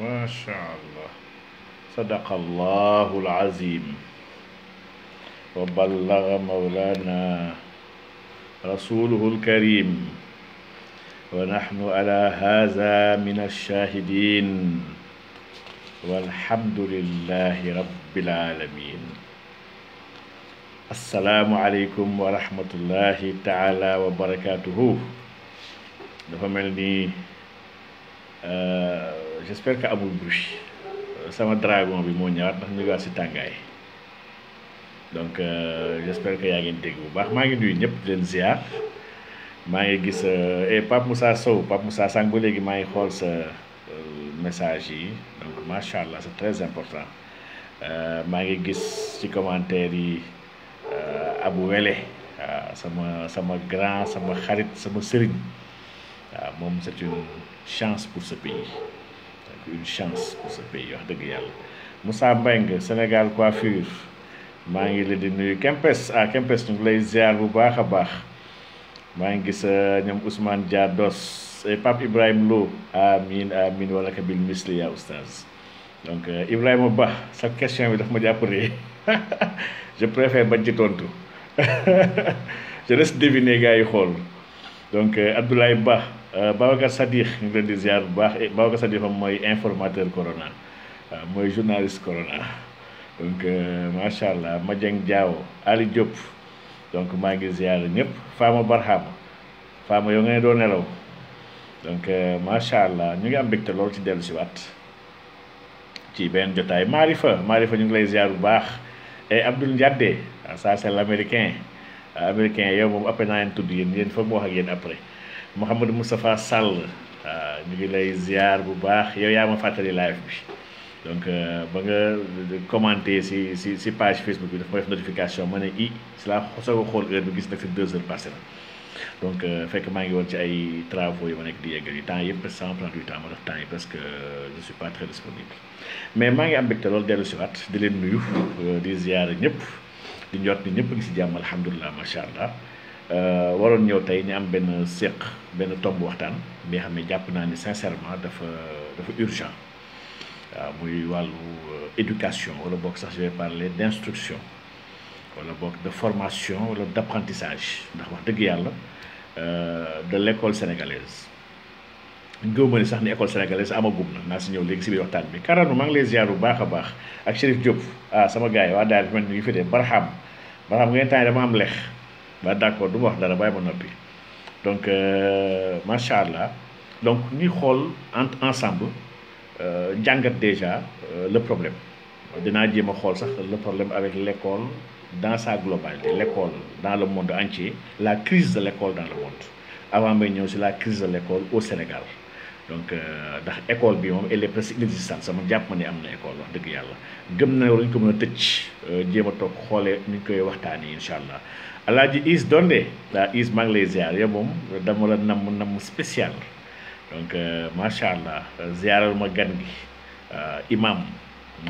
ما شاء الله صدق الله العظيم وبلغ مولانا رسوله الكريم ونحن على هذا من الشاهدين والحمد لله رب العالمين السلام عليكم ورحمة الله تعالى وبركاته دفع ملني آه، j'espère que amul bruit euh, sama dragon bi mo ñëwaat ndax ñu ngi waat si tàngaay donc euh, j'espère que ya ngeen dégg bu baax maa ngi nuyu ñëpp di leen ziar maa ngi gis euh, et eh, pap Moussa Sow pap Moussa sang ba léegi maa ngi xool sa euh, message yi donc macha allah c'est très important euh, maa ngi gis ci commentaire yi Abu Wele waaw sama sama grand sama xarit sama sëriñ waaw moom c'est une chance pour ce pays. une chance pour ce pays wax dëgg yàlla Moussa Mbengue Sénégal coiffure maa ngi leen di nuyu Kempes ah Kempes ñu lay ziar bu baax a baax maa ngi gis euh, ñoom Ousmane Dia Dos et Pape Ibrahima Lo amin amin wala kabil misli ya oustaz donc euh, Ibrahima Ba sa question bi daf ma jàppale je préfère bañ ci tontu je reste deviner gars xool donc euh, Abdoulaye Ba. Euh, Babacar Sadikh ñu ngi leen di ziar bu baax eh, Babacar Sadikh am mooy informateur corona waaw euh, mooy journaliste corona donc euh, macha allah Madieng Diawo Ali Diop donc maa ngi ziar ñëpp Fama Barhama Fama yow nga ne doo nelaw donc macha allah ñu ngi am mbégte loolu ci dellu si waat ci benn jotaay Marifa Marifa ñu ngi lay ziar bu baax et eh, Abdoul Ndiadé ah, ça c'est l'américain ah, américain yow moom après naa leen tudd yéen yéen foog mu wax ak yéen après. Mouhamadou Moustapha Sall waaw euh, ñu ngi lay ziar bu baax yow yaa ma fàttali live bi donc euh, ba nga euh, commenté si si si page Facebook bi dafa ma def notification ma ne i si laa soog a xool heure bi gis na fi deux heures passé na maa ngi woon ci ay travaux yu ma nekk di yeggali temps yëpp sans prendre du temps ma def temps parce que je suis pas très disponible mais maa ngi am te loolu dellu si waat di leen nuyu di ziar ñëpp di njort ni ñëpp ngi si jàmm alhamdulilah macha allah. Euh, waroon ñëw tey ñu am benn séq benn tomb waxtaan bi nga xam ne jàpp naa ni sincèrement dafa dafa urgent waaw muy wàllu euh, éducation wala book sax je parler d' instruction wala boog de formation wala d' ndax wax dëgg yàlla euh, de l' école sénégalaise gëw ma sax ni école sénégalaise amagum na naa si ñëw léegi si biir waxtaan bi karanu maa ngi lay ziar bu baax a baax ak Chérif Diop ah, sama gars yi waa daal fi man ñu ngi fi de ngeen temps am lex ba d'accord du ma wax dara bàyyi ma noppi donc euh, macha allah donc ñuy xool ensemble euh, jàngat déjà euh, le problème dinaa jéem a xool sax le problème avec l' école dans sa globalité l' école dans le monde entier la crise de l' école dans le monde avant may ñëw si la crise de l' école au Sénégal donc ndax école bi moom elle est presque inexistante sama jàpp ma ni am na école wax dëgg yàlla gëm na ñu ko mën a tëj jéem a toog xoolee ni ñu koy waxtaanee incha allah. alaaji is donde daa is maa ngi lay ziar yow moom dama la namm namm spécial donc euh, macha allah ziaral ma gan gi euh, imam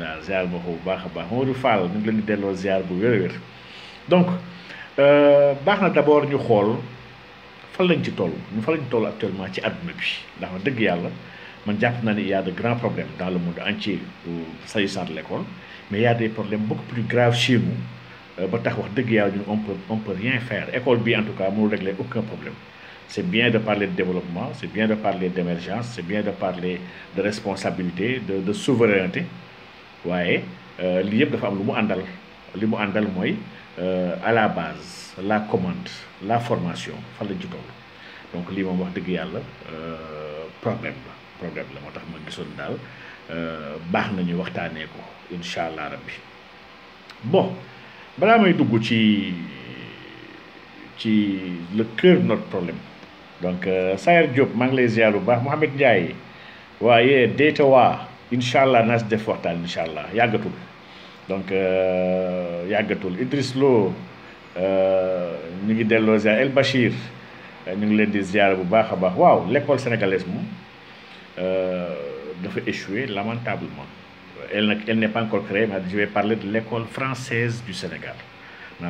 waaw ziar ma ko bu baax a baax Mamadou Fall ñu ngi leen delloo ziar bu wér a wér donc euh, baax na d'abord ñu xool fan lañ ci toll ñu fal lañ toll actuellement ci àdduna bi ndax ma dëgg yàlla man jàpp naa ne il y a de grands problèmes dans le monde entier s'agissant de l'école mais il y a des problèmes plus graves chez Euh, ba tax wax on peut on peut rien faire école en tout cas mënul régler aucun problème c'est bien de parler de développement c'est bien de parler d'émergence c'est bien de parler de responsabilité de de souveraineté waaye euh, lii yëpp dafa am lu mu àndal li mu àndal euh, à la base la commande la formation fa la ci donc lii moom wax dëgg yàlla problème la problème la moo tax ma gisoon daal baax nañu waxtaanee ko rabbi bon balaa may dugg ci ci le cœur de problème donc euh, Sayer Diop maa ngi lay ziar bu baax Mouhamed Ndiaye waaye déeta waa incha allah naa si def waxtaan incha allah yàggatul donc euh, yàggatul Idriss Lo euh, ñu ngi delloo ziar El Bachir ñu ngi leen di ziar bu baax a baax waaw l'école sénégalaise moom dafa échoué lamentablement elle, n'est pas encore créée, mais je vais parler de l'école française du Sénégal.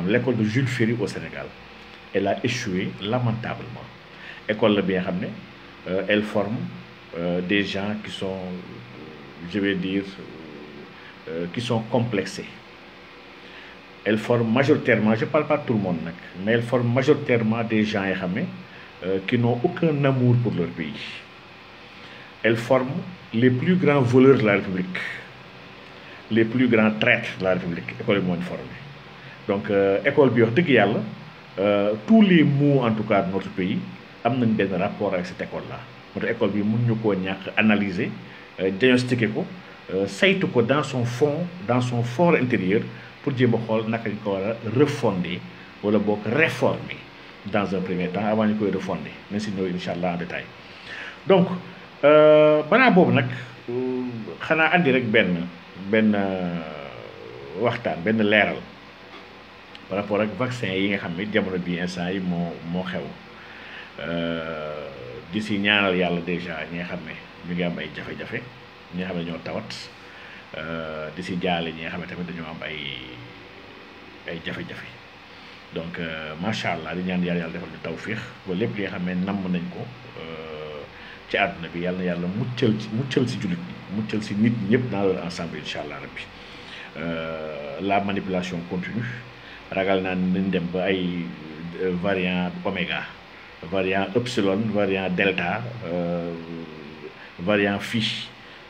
L'école de Jules Ferry au Sénégal. Elle a échoué lamentablement. École de bien euh, elle forme euh, des gens qui sont, euh, je vais dire, qui sont complexés. Elle forme majoritairement, je ne parle pas de tout le monde, mais elle forme majoritairement des gens qui n'ont aucun amour pour leur pays. Elle forme les plus grands voleurs de la République les plus grands traîtres de la République école est moo donc euh, école bi wax dëgg euh, tous les mots, en tout cas de notre pays ont un rapport avec cette école là Notre école bi mun ñu analyser euh, diagnostiquer ko saytu ko dans son fond dans son fort intérieur pour dire a xool refonder wala réformer dans un premier temps avant de refonder Mais sinon, Inch'Allah, en détail donc banaa boobu nous, je vais rek benn benn euh, waxtaan benn leeral par rapport ak vaccin yi nga xam ne jamono bi instant yi moo moo xew euh, di si ñaanal yàlla dèjà ñi nga xam ne ñu ngi am ay jafe-jafe ñi nga ñoo tawat euh, di si jaale ñi nga xam ne tamit dañoo am ay ay jafe-jafe donc macha allah di ñaan yàlla yàlla defal ñu tawfiix ba lépp li nga xam ne namm nañ ko. ci aduna bi yalla yalla muccel muccal ci muccal si jullit bi muccal nit ñep ñëpp ensemble inshallah allah rabbi euh, la manipulation continue ragal na ni dem ba ay euh, variant omega variant epsilon variant delta euh, variant phi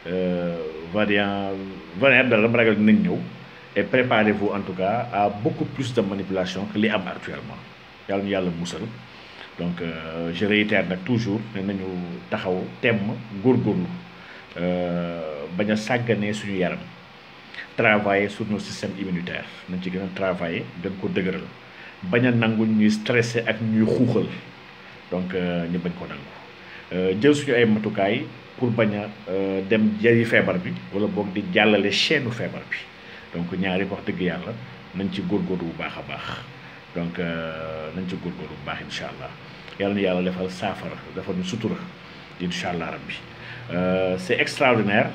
euh, variant variant daal ragal dinañ ñëw et préparez-vous en tout cas à beaucoup plus de manipulation que les am actuellement yalla yalla yàlla musal donc euh, je réitère nag toujours ne nañu taxaw temm góorgóorlu euh, bañ a sàgganee suñu yaram travailler sur nos systèmes immunitaires nañ ci gën a travailler gën ko dëgëral bañ a nangu ñuy stressé ak ñuy xuuxal donc euh, ñu bañ ko nangu jël suñu ay matukaay pour bañ a dem jëri feebar bi wala boog di jàllale chaîne feebar bi donc ñaari wax dëgg yàlla nañ ci góor góor bu baax a baax donc nañ ci góor bu baax incha allah. yàlla na yàlla defal saafara defal ñu sutura inshallah allah rabbi euh, c'est extraordinaire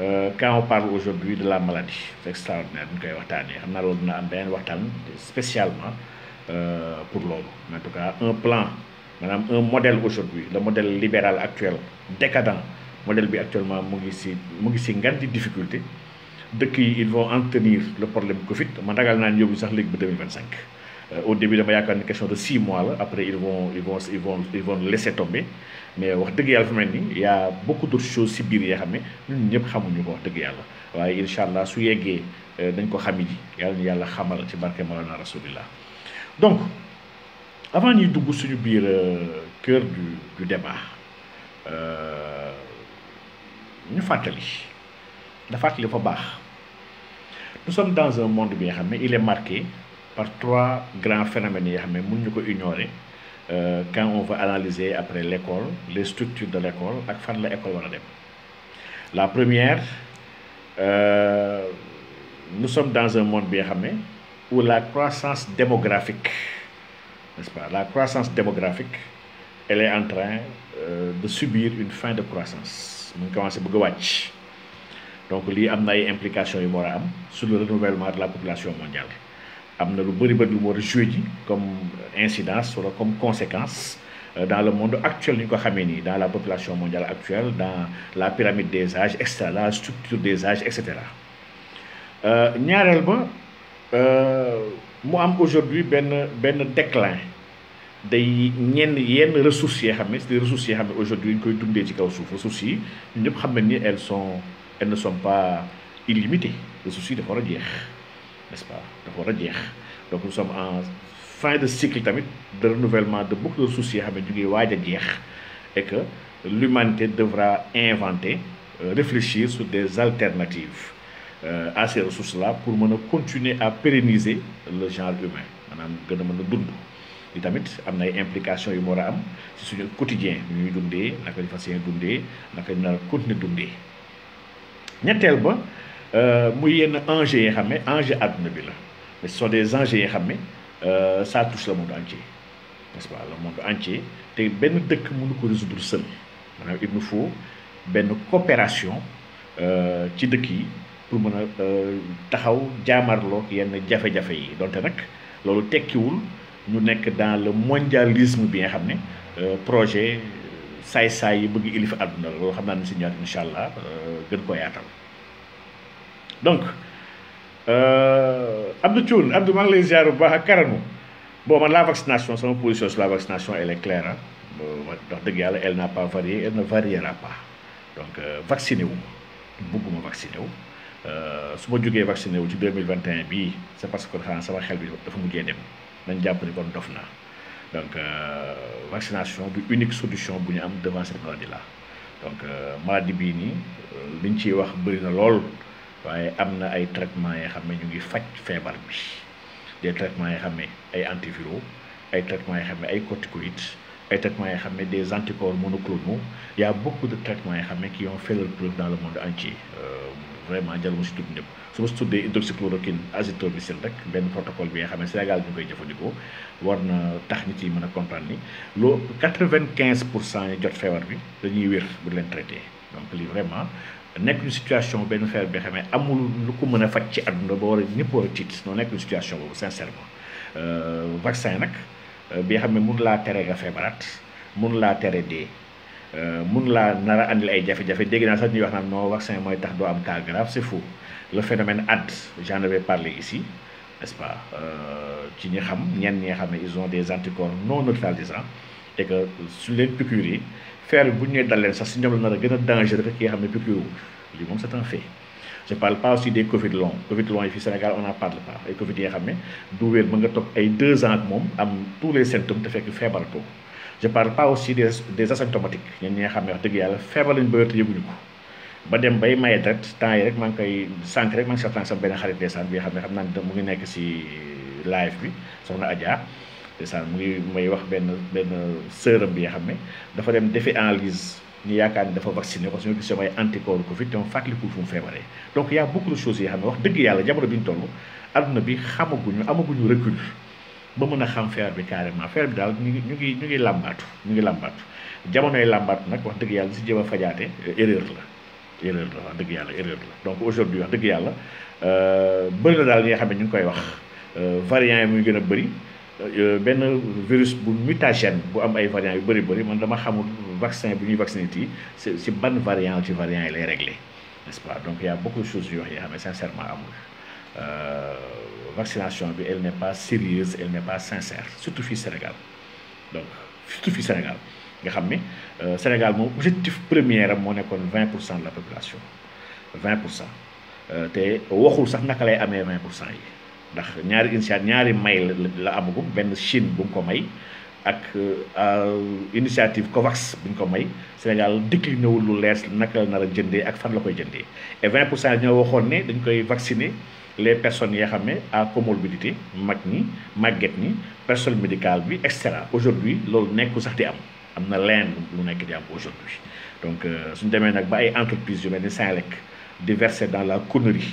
euh, quand on parle aujourd'hui de la maladie c'est extraordinaire ñu koy waxtaanee xam naa loolu am beneen waxtan spécialement euh, pour loolu en tout cas un plan maanaam un modèle aujourd'hui le modèle libéral actuel décadent modèle bi actuellement mu ngi si mu ngi si ngandi difficulté dëkk yi ils vont en tenir le problème Covid man ragal naa ne sax leg ba 2025 euh, au début dama yaakaar une question de 6 mois Là. après ils vont ils vont ils vont ils vont laisser tomber mais wax dëgg yàlla fi mel y a beaucoup d'autres choses si biir yoo ne ñun ñëpp xamuñu ko wax dëgg yàlla waaye incha allah su yeggee dañ euh, ko xami ji yàlla ñu xamal ci barke Mawlana donc avant de dugg suñu biir euh, cœur du du débat ñu fàttali da fàttali fa baax nous sommes dans un monde bi nga il est marqué par trois grands phénomènes que nous ne ignorer euh, quand on va analyser après l'école les structures de l'école ak la la première euh, nous sommes dans un monde bien où la croissance démographique n'est-ce pas la croissance démographique elle est en train euh, de subir une fin de croissance Nous commencé donc il y a implications sur le renouvellement de la population mondiale amna le lu de bari lu ji comme incidence wala comme conséquence euh, dans le monde actuel ni ñu ko xamé ni dans la population mondiale actuelle dans la pyramide des âges extra la structure des âges et euh ñaarel ba euh, mu am aujourd'hui ben ben déclin day ñen yenn ressources yi xam des ressources yi aujourd'hui ñu koy dundé ci kaw suuf ressources yi ni elles sont elles ne sont pas illimitées ressources yi dafa jeex n'est-ce pas donc nous sommes en fin de cycle tamit de renouvellement de beaucoup de soucis et que l'humanité devra inventer euh, réfléchir sur des alternatives euh, à ces ressources-là pour continuer à pérenniser le genre humain maanaam gën a tamit amna implications yu mu am quotidien nous dundé dundee naka ñu nous yéene dundee naka ñu nar continuer dundé ñettel ba euh, muy yenn enjeux yi ange ne enjeu àdduna bi la mais ce sont des anges yi xam ne euh, ça touche le monde entier n'est-ce pas le monde entier te benn dëkk mënu ko résoudre seul maanaam il nous faut benn coopération euh, ci dëkk yi pour mën a taxaw jaamarloog yenn jafé jafé. yi nak, nag loolu tekkiwul ñu nekk dans le mondialisme bi nga euh, projet saay-saay yi bëgg ilif àdduna la loolu xam naa ne si ñaar incha allah gën ko yaatal. donc euh, Abdou Thioune Abdou maa ngi lay ziar ba karamu bon man la vaccination sama position sur la vaccination elle est claire ah wax deug yalla elle n'a pas varié elle ne variera pas donc euh, vacciné wu ma bugguma vacciné wu euh suma jogué vacciné wu ci 2021 bi c'est parce que xanaa sama xel bi dafa mujjé dem nañ japp ni kon dofna donc donc euh, vaccination bi unique solution bu ñu am devant cette maladie là donc maladie bi ni liñ ci wax bari na lol waaye am na ay traitements yoo xam ne ñu ngi faj feebar bi des traitements yoo xam ne ay antiviraux ay traitements yoo xam ne ay corticoïdes ay traitements yoo xam ne des anticorps monoclonaux y a beaucoup de traitements yoo xam ne qui ont fait leur preuve dans le monde entier euh, vraiment jarul si tudd ñëpp su ma si tuddee hydroxychloroquine azithromycine rek benn protocole bi nga xam ne Sénégal ñu koy jëfandikoo war na tax nit yi mën a comprendre ni loo 95 pour cent jot feebar bi dañuy wér bu leen traité donc li vraiment nek ñu situation ben feebar bi xamé amul lu ko mën a ci àdduna bo war a ñëpp war a tiit noo nekk situation boobu sincèrement euh vaccin nak euh, bi xamé ne la téré ga nga feebaraat mun laa tere dee euh, mun laa nar a andil ay jafé jafé dégg na sax ñu wax na non vaccin moy tax do am cas grave c'est fou le phénomène ADD j'en avais parlé ici n'est-ce pas euh, ci ñi xam ñen ñi xam ne ils ont des anticorps non neutralisants et que sur les piqûre fer bi bu ñu nee dal leen sax si ñoom la nar a gën a dangereux ki nga xam c'est un fait je parle pas aussi des covid long covid long yi fii Sénégal on en parle pas ay covid yi nga xam ne du wér ay deux ans ak moom am tous les symptômes te fekk feebaratoo je parle pas aussi des des asymptomatiques ñun ñi nga xam ne wax dëgg yàlla feebar lañu ba te yëguñu ba dem bay maye deret temps yi rek maa ngi koy sank rek maa ngi tan sama ben xarit ndeysaan bi nga xamna ne ngi nekk ci live bi soxna Adja ndeysaan mu ngi may wax benn benn sëram bi nga xam ne dafa dem defi analyse ñu yaakaar ni dafa vacciné parce que ñoo gis samay anticorps Covid te mu fàttalikul fu mu feebaree donc y' a beaucoup de xam ne wax dëgg yàlla jamono bi ñu toll adduna bi xamaguñu amaguñu recul ba mën a xam feebar bi carrément feebar bi daal ñu ngi ñu ngi ñu ngi làmbaatu ñu ngi làmbaatu jamonoy làmbaatu nag wax dëgg yàlla si jëm a fajaate euh, erreur la erreur la wax dëgg yàlla erreur la donc aujourd'hui wax dëgg yàlla euh, bëri na daal li xam ne ñu ngi koy wax euh, variant yi muy gën a bëri ben virus bu mutagène bu am ay variants yu bari bari man dama xamul vaccin bu ñuy vacciné ci ci ban variant ci variant lay réglé n'est-ce pas donc il y a beaucoup de choses yi xam sincèrement amul euh, vaccination bi elle n'est pas sérieuse elle n'est pas sincère surtout fii Sénégal donc surtout fii Sénégal nga xam euh, Sénégal moom objectif premier am moo nekkoon 20 de la population 20 pour cent te waxul sax naka lay amee 20 ndax ñaari INSEAD ñaari may la amagum benn Chine bu ko may ak euh, initiative COVAX bu ñu ko may Sénégal décliné wul lu leer naka la nar a jëndee ak fan la koy jëndee et 20 pour cent ñoo waxoon ne dañ koy vacciner les personnes yoo xam ne à comorbidité mag ñi màgget ñi personnel médical bi et cetera aujourd'hui loolu nekku sax di am am na leen lu nekk di am aujourd'hui donc euh, suñu demee nag ba ay entreprise yu mel ni Senelec di verser dans la cournerie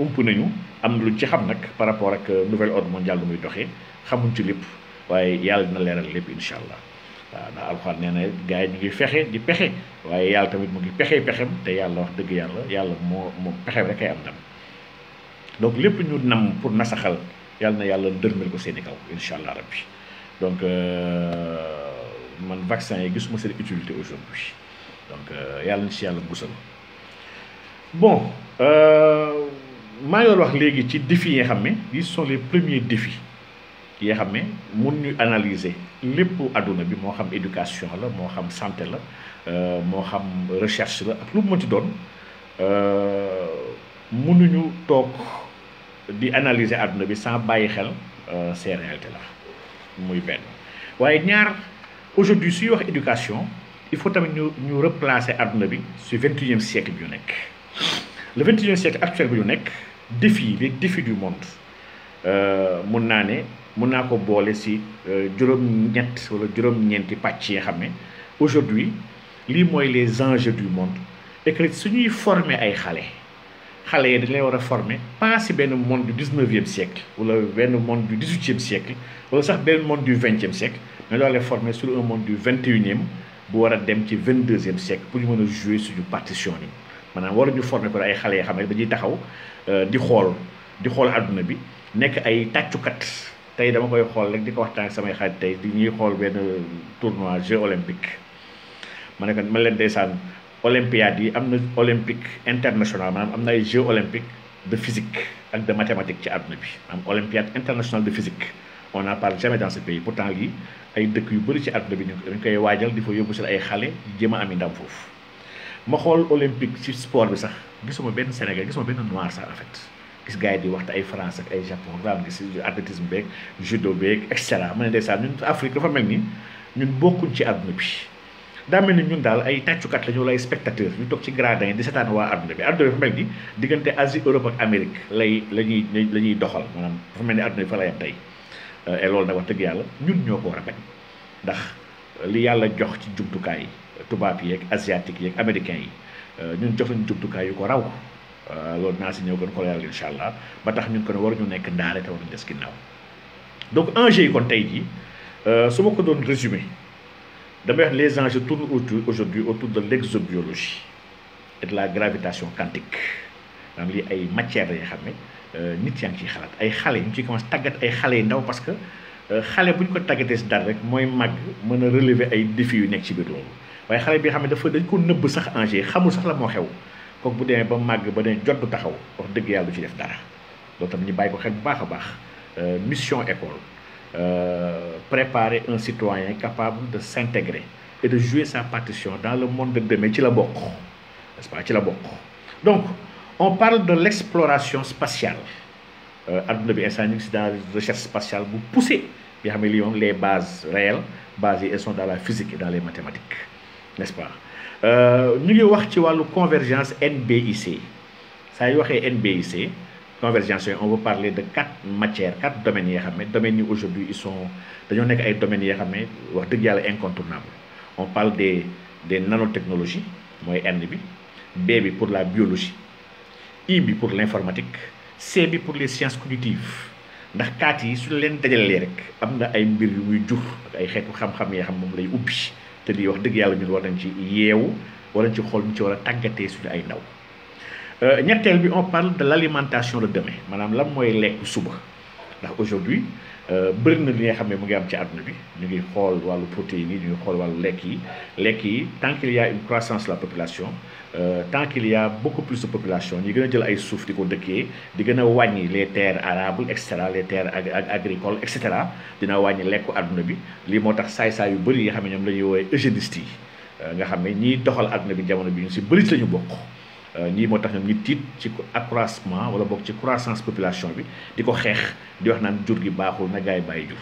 ump nañu am na lu ci xam nag par rapport ak euh, nouvel ordre mondial lu muy doxee xamuñ ci lépp waaye yàlla dina leeral lépp incha allah waaw ndax alxuraan nee na gars yi ñu ngi fexe di pexe waaye yàlla tamit mu ngi pexe pexem te yàlla wax dëgg yàlla yàlla moo moom pexem rek ay am ndam donc lépp ñu nam pour nasaxal yàlla na yàlla mel ko seeni kaw incha allah rabbi donc euh, man vaccin yi gisuma seen utilité aujourd'hui donc euh, yàlla na si yàlla musal ma ngi wax léegi ci défi yi xamné xam ne sont les premiers défis yi xamné xam ñu analyser lépp aduna bi mo xam éducation la mo xam santé la euh mo xam recherche la ak lu mu mënti doon euh, ñu tok di analyser aduna bi sans bayyi xel euh ces réalités la muy benn waye ñaar aujourd'hui suy wax éducation il faut tamit ñu ñu replacer aduna bi su 21e siècle bi ñu nekk le 21e siècle actuel bi ñu nekk les défis du monde. Euh, euh à Aujourd'hui, ce sont les anges du monde. Et que si nous formons les enfants, les enfants devraient être formés, pas si bien au monde du 19e siècle, ou le monde du 18e siècle, ou le monde du 20e siècle, mais nous les former sur un monde du 21e, pour aller 22e siècle, pour jouer sur le partition. maanaam waruñu former ko ay xale yoo xam ne dañuy taxaw euh, di xool di xool àdduna bi nekk ay tàccukat tey dama koy xool rek di ko waxtaan ak samay xarit tey di ñuy xool benn tournoi jeu olympique ma ne ko man leen ndeysaan olympiade yi am na olympique international maanaam am na ay jeu olympique de physique ak de mathématique ci adduna bi maanaam olympiade internationale de physique on n'en parle jamais dans ce pays pourtant lii ay dëkk yu bëri ci adduna bi ñu dañ koy waajal di fa yóbbu si ay xale jéem a foofu ma xool olympique ci sport bi sax gisuma benn Sénégal gisuma benn noir sax en fait gis gars yi di waxte ay France ak ay Japon daan gis athlétisme beeg judo beeg et cetera ma ne ndeysaan ñun Afrique dafa mel ni ñun bokkuñ ci àdduna bi daa ni ñun daal ay tàccukat lañu wala ay spectateur ñu toog ci gradin yi di seetaan waa àdduna bi àdduna bi dafa mel ni diggante Asie Europe ak Amérique lay la ñuy doxal maanaam dafa mel ni àdduna bi fa la tey euh, et loolu nag wax dëgg yàlla ñun ñoo ko war ndax li yàlla jox ci jumtukaay yi tubaab yeeg asiatique yeeg américain yi euh, ñun jox nañu jumtukaay yu ko raw euh, loolu naa si ñëw gën ko leeral incha allah ba tax ñun kon waruñu nekk ndaare te waruñu des ginnaaw donc enjeux yi kon tey jii euh, su ma ko doon résumé damay wax les enjeux tournent autour aujourd'hui autour de l'exobiologie et de la gravitation quantique maanaam li ay matière la xamné euh nit yaa ci xalat ay xalé ñu ci commence tagat ay xalé ndaw parce que xalé buñ ko tagaté si dara rek moy mag mëna relever ay défis yu nekk ci biir loolu waaye xale bi xam ne dafa dañ ko nëbb sax enjeu xamul sax la moo xew kooku bu demee ba màgg ba dee jot du taxaw wax dëgg yàlla du ci def dara loolu tamit ñu bàyyi ko xel bu baax a baax euh, mission école euh, préparer un citoyen capable de s'intégrer et de jouer sa partition dans le monde de demain ci la bokk n'est-ce pas ci la bokk donc on parle de l'exploration spatiale euh, adduna bi instant ñu ngi si dans recherche spatiale bu poussée bi xam ne li les bases réelles bases yi elles sont dans la physique et dans les mathématiques n'est-ce pas euh, ñu ngi wax ci convergence NBIC Ça, c'est est NBIC convergence on veut parler de quatre matières quatre domaines Les domaines aujourd'hui ils sont dañoo nekk ay domaines yoo wax dëgg incontournable on parle des des nanotechnologies moi N B pour la biologie I bi pour l'informatique C pour les sciences cognitives ndax quatre yi suñu leen dajalee rek am na ay mbir yu muy jur ak ay xeetu xam-xam qui xam moom lay te lii wax dëgg yàlla ñun war nañ ci yeewu war nañ ci xool ñu ci war a tàggatee suñu ay ndaw euh, ñetteel bi on parle de l'alimentation de demain maanaam lan mooy lekk suba ndax aujourd'hui euh, bëri na li nga xam ne mu ngi am ci àdduna bi ñu ngi xool wàllu protéines yi ñu ngi xool wàllu lekk yi lekk yi tant qu'il y a une croissance de la population Euh, tant qu'il y a plus de population ñi gën a jël ay suuf di ko dëkkee di gën a wàññi les terres arables et cetera les terres agricoles et cetera dina wàññi lekku àdduna bi lii moo tax saay-saay yu bëri yi nga xam ne ñoom la ñuy woowee eugénistes yi euh, nga xam ne ñiy doxal adduna bi jamono bi ñu si bëri ci la bokk euh, ñii moo tax ñoom ñu tiit ci accroissement wala bokk ci croissance population bi di ko xeex di wax naan jur gi baaxul na gaay bàyyi jur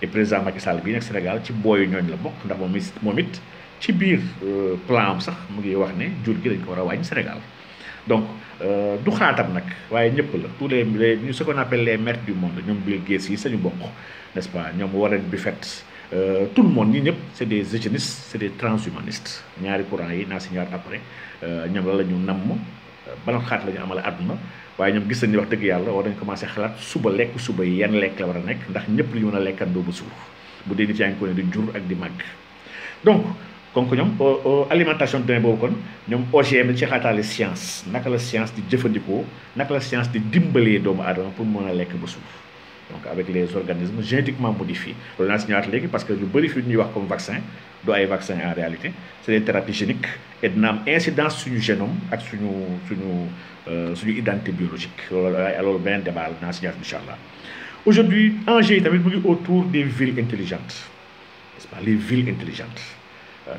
et président Macky Sall bii ci booyu ñooñu la bokk ndax moom it moom it ci biir euh, plan sax mu ngi wax ne jur gi dañ ko war a wàññi Sénégal donc euh, du xaatam nag waaye ñëpp la tous les les ñu ce qu'on appelle les maîtres du monde ñoom Bill Gates yi sañu bokk n'est-ce pas ñoom Warren Buffett euh, tout le monde ñi ñëpp c'est des eugénistes c'est des transhumanistes ñaari courant yi naa si ñaar après euh, ñoom la la ñu namm ban xaat la ñu amal àdduna waaye ñoom gis nañ wax dëgg yàlla war nañ commencé xalaat suba lekk suba yi yan lekk la war a nekk ndax ñëpp li ñu mën a lekkandoo ba suuf bu dee nit yaa ngi ko ne di jur ak di màgg donc donc l'alimentation euh, euh, alimentation de boobu kon ñoom OGM les sciences, science avons la science di jëfëndiko naka la science di dimbalee doomu aadama pour mën a lekk ba suuf donc avec les organismes génétiquement modifiés Nous naa signé ñëwaat parce que le bari fi ñuy wax comme vaccin doit ay vaccin en réalité c'est des thérapies géniques et dina am incidence le génome ak sur euh, suñu identité biologique Alors, bien, débat nous naa aujourd'hui Angers, est tamit mu autour des villes intelligentes pas les villes intelligentes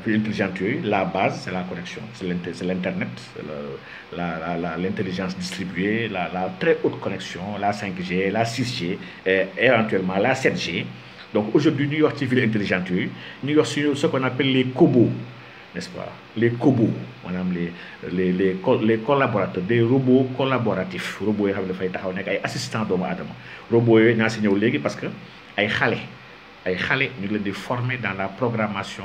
intelligente euh, la base, c'est la connexion, c'est l'Internet, l'intelligence distribuée, la, très haute connexion, la 5G, la 6G, éventuellement la 7G. Donc aujourd'hui, New York, City, ville intelligente. New York, c'est ce qu'on appelle les cobots, n'est-ce pas Les cobots, on les, les, les, les, collaborateurs, des robots collaboratifs, robots qui sont des assistants d'hommes Adam. Robots qui sont parce que ils sont des nous les former dans la programmation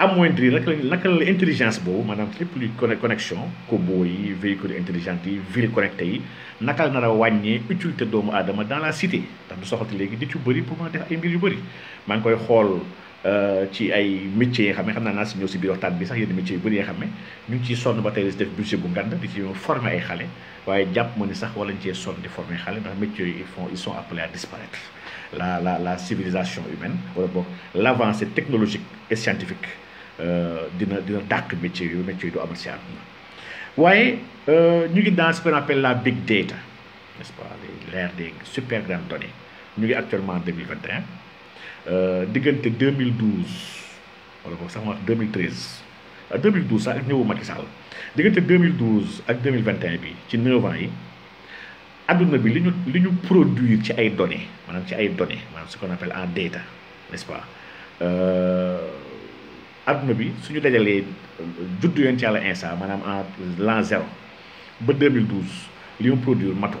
amoindrir naka la la intelligence boobu maanaam lépp luy connexion ko yi véhicule intelligent yi ville connectée yi nakal la nar a utilité doomu adama dans la cité ndax du soxla légui di yu bëri pour ma def ay mbir yu bëri mang koy xol euh ci ay métier yi xam ne xam naa naa si ñëw biir waxtaan bi sax yenn métier yu bëri yoo xam ñu ngi ciy sonn ba tay di def budget bu ngand di ci former ay xalé waye japp mo ni sax wala ñu cee sonn di former xale ndax métier yi ils font ils sont appelés à disparaître la, civilisation humaine l'avancée technologique et scientifique euh, dina dina métier yu métier du euh, dans ce qu'on appelle la big data n'est-ce pas l'ère des super grandes données Nous sommes actuellement en 2021 Nous 2012 wala 2012, 2013 2012 sax ak ah, ñëwu Macky Sall en 2012 à 2021 bi ci 9 ans adduna bi liñu liñu produire ci ay données manam ci ay données manam ce qu'on appelle en data n'est-ce pas euh, adduna bi suñu dajalé euh, judd yon ci yalla instant manam en l'an 0 ba 2012 li ñu produire matu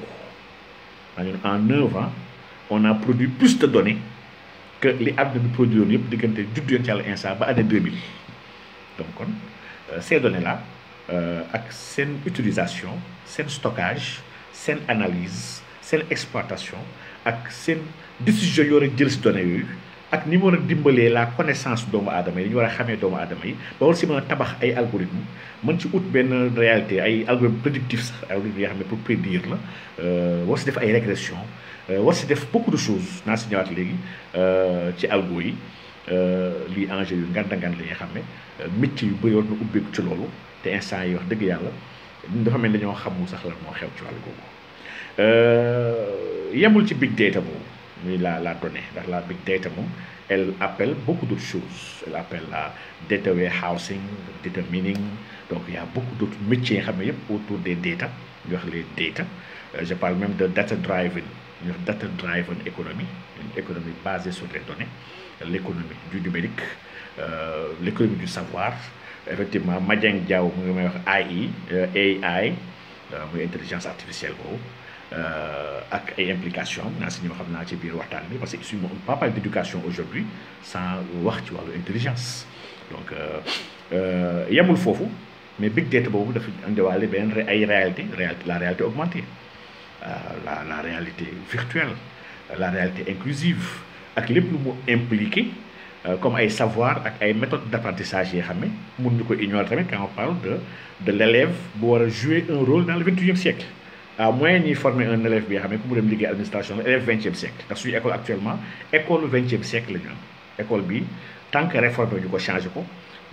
en 9 ans on a produit plus de données que li adduna bi produire yoon yëpp diggante judd yoon ci yalla instant ba année 2000 donc euh, ces données là ak sen utilisation sen stockage sen analyse sen exploitation ak sen décision yoo war a jël si données yooyu ak ni mo war dimbalé la connaissance doomu aadama yi dañu wara xamé doomu aadama yi ba war si mën tabax ay algorithme mën ci out benn réalité ay algorithme prédictifs sax algorithme yoo pour prédire la euh, war si def ay régression euh, war si def beaucoup de choses naa si ñëwaat léegi euh, ci algo yi euh li enjeu yu nganda ngand la nga xam métier yu bëri won na ubbeeku ci lolu té instant yi wax dëgg yàlla dafa mel ni dañoo xamul sax la mo xew ci wàllu googu euh, yamul ci big data boobu la la donnée la big data elle appelle beaucoup d'autres choses elle appelle la data warehousing data mining donc il y a beaucoup d'autres métiers qui autour des data les data euh, je parle même de data driven data driven économie une économie basée sur les données l'économie du numérique euh, l'économie du savoir effectivement Madiang Diaw mu ngi wax AI AI intelligence artificielle euh, ak ay implication parce que si on ne parle pas d'éducation aujourd'hui sans wax ci wàllu intelligence donc il euh, euh, y mais big data de dafa indiwaale benn ay réalité réalité la réalité augmentée la réalité virtuelle la réalité inclusive ak les plus mu comme ay savoir et ay méthodes d'apprentissage on ne peut ñu ko ignorer quand on parle de de l'élève bu jouer un rôle dans le 21e siècle à moins ñuy former un élève bi mais xam ne ku administration élève e siècle Parce suis école actuellement école e siècle école bi tant que réforme ñu ko changé ko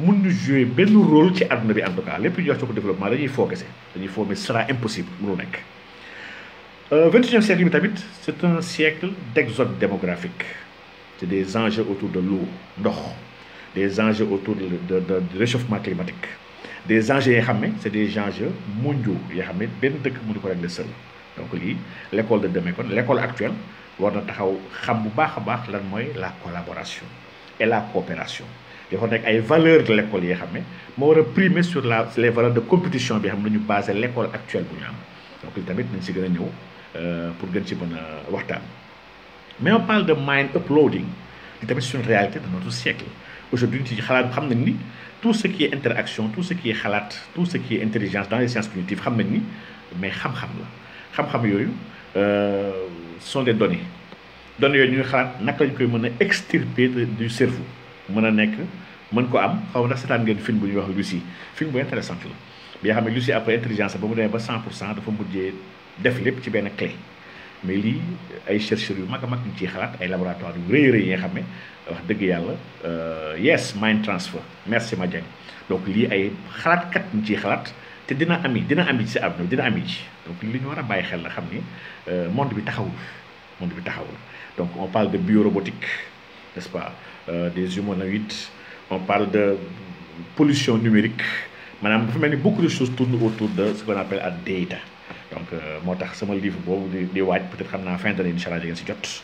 mun jouer benn rôle ci àdduna bi en tout cas lépp lu ñuy faut. ci ko développement dañuy foo dañuy sera impossible mënu nekk. Euh, vingt et e siècle c'est un siècle d'exode démographique C'est des enjeux autour de l'eau d'or, des enjeux autour de de de réchauffement climatique des enjeux yoo c'est des enjeux mondiaux yoo xam ne benn dëkk mënu ko régler seul donc li l'école de demain kon l'école actuelle war na taxaw xam bu baax baax lan moy la collaboration et la coopération dafa nekk ay valeurs de l'école, école yoo xam primer sur la les valeurs de compétition bi xam ne ñu l'école actuelle bu ñu donc il tamit nañ ci gën ñëw euh pour gën ci mën waxtaan mais on parle de mind uploading tamit c'est une réalité de notre siècle aujourd'hui ci xalaat xam nañ ni tout ce qui est interaction tout ce qui est khalat, tout ce qui est intelligence dans les sciences cognitives xam nañ ni mais xam-xam la xam-xam euh sont des données données yooyu ñu xalat naka lañ koy mëna extirper du cerveau Mëna nek mën ko am xaw na seetaan ngeen film bu ñuy wax Lucie film bu intéressante la bi nga xam ne Lucie après intelligence ba mu demee ba 100 dafa mujjee def lépp ci benn clé mais lii ay chercheurs yu mag a mag ñu ciy xalaat ay laboratoires yu rëy rëy yi nga xam wax dëgg yàlla euh, yes mind transfer merci ma Madiagne donc lii ay xalaatkat ñu ciy xalaat te dina ami dina ami ci ab àdduna dina ami ci donc li ñu war a bàyyi xel la xam ni euh, monde bi taxawul monde bi taxawul donc on parle de biorobotique n'est-ce pas euh, des humanoïdes on parle de pollution numérique maanaam dafa mel ni beaucoup de choses tournent autour de ce qu'on appelle à data donc moo tax sama livre boobu di di waaj peut xam naa fin d'année incha allah di si jot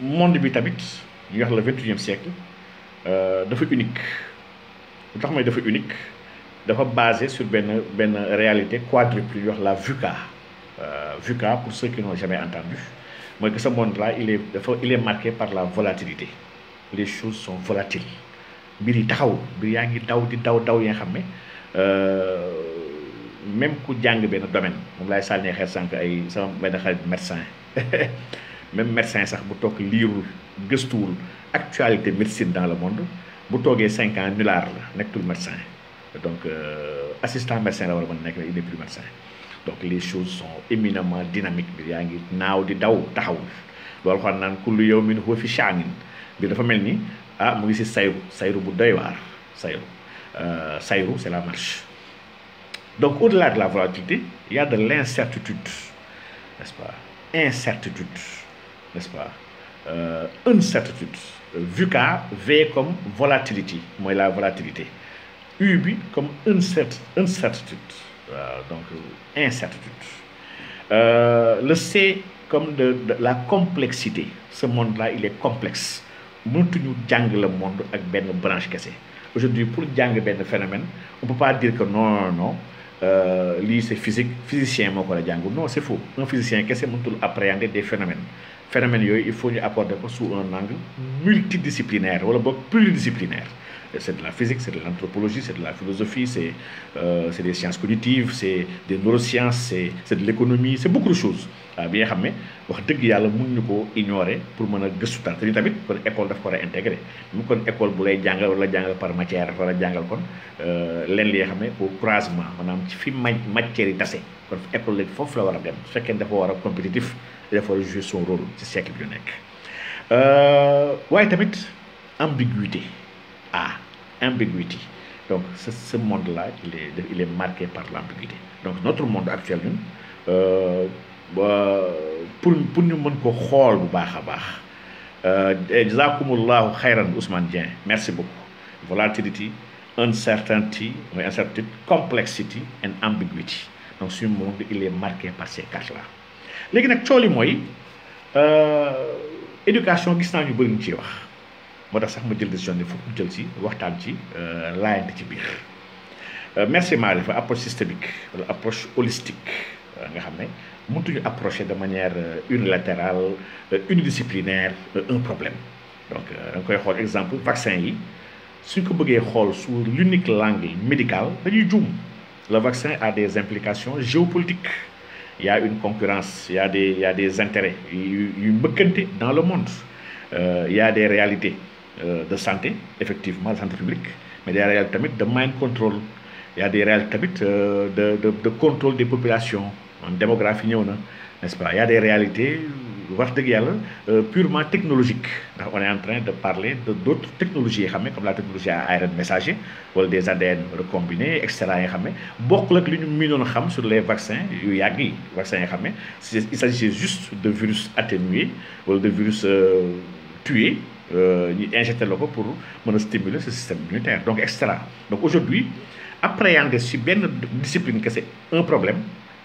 monde bi tamit ñu wax la 21e siècle euh, dafa unique lu tax mooy dafa unique dafa basé sur benn benn réalité quadruple ñu wax la VUCA euh, VUCA pour ceux qui n'ont jamais entendu mooy que ce monde là il est dafa il est marqué par la volatilité les choses sont volatiles mbir yi taxaw mbir yaa ngi daw di daw daw yi nga xam ne euh, même ku jàng benn domaine moom laay sànnee xeer sànq ay sama benn xarit médecin même médecin sax bu tok liirul gëstuwul actualité médecine dans le monde bu togué cinq ans nulaar la nekkul médecin donc euh, assistant médecin la wala a mën n'est plus médecin donc les choses sont éminemment dynamiques bi yaa naw di daw taxaw loolu xon nan kullu yawmin huwa fi sha'nin bi dafa melni ah mu ngi si sayru sayru bu doy waar sayru euh, sayru c'est la marche donc au-delà de la volatilité il y a de l'incertitude n'est-ce pas incertitude n'est-ce pas incertitude euh, vu V comme volatilité moi la volatilité U comme euh, incertitude donc euh, incertitude le C comme de la complexité ce monde là il est complexe nous jàng le monde avec une branche cassée aujourd'hui pour dire un phénomène on ne peut pas dire que non non c'est physique physicien la non c'est faux un physicien kese peut appréhender des phénomènes phénomène yoy il faut ñu aborder sous un angle multidisciplinaire wala pluridisciplinaire c'est de la physique c'est de l'anthropologie c'est de la philosophie c'est euh, des sciences cognitives c'est des neurosciences c'est de l'économie c'est beaucoup de choses Il y a wax deug yalla ignorer pour que l'école soit intégrée. tamit kon école daf ko war mu école bu lay wala par matière wala a jàngal kon euh, li croisement manam fi matière yi est kon école est la wara L'école dem dafa wara compétitif il faut jouer son rôle ci siècle bi ñu nekk euh, waaye tamit ambiguïté ah ambiguïté donc ce monde là il est il est marqué par l'ambiguïté donc notre monde actuel euh, bah, pour pour nous mën ko xool bu baax a baax xayran euh, Ousmane merci beaucoup volatility uncertainty incertitude complexity and ambiguity donc ce monde il est marqué par ces quatre là ce qui moy euh éducation gis naa ñu bëri wax moo tax sax ma jël décision ne foog jël ci waxtaan ci euh, laayante ci biir euh, merci Marie pour approche systémique wala approche holistique euh, nga xamné approcher de manière unilatérale unidisciplinaire un problème donc dang koy xol exemple vaccin yi suñ ko bëggee xool sur l'unique langue médicale dañuy juum le vaccin a des implications géopolitiques il y a une concurrence, il y a des, il y a des intérêts, dans le monde. Euh, il y a des réalités euh, de santé, effectivement, santé publique, mais il y a des réalités de mind control, il y a des réalités euh, de, de, de contrôle des populations, en démographie, n'est-ce pas Il y a des réalités wax dëgg euh, purement technologique on est en train de parler de technologies comme la technologie à ARN messager wala des ADN recombinés etc. cetera yi a xam de li xam sur les vaccins yu vaccins yi il s'agit juste de virus atténués, ou de virus euh, tués injectés euh, injecté pour stimuler ce système immunitaire donc et donc aujourd'hui appréhender si benn discipline que c'est un problème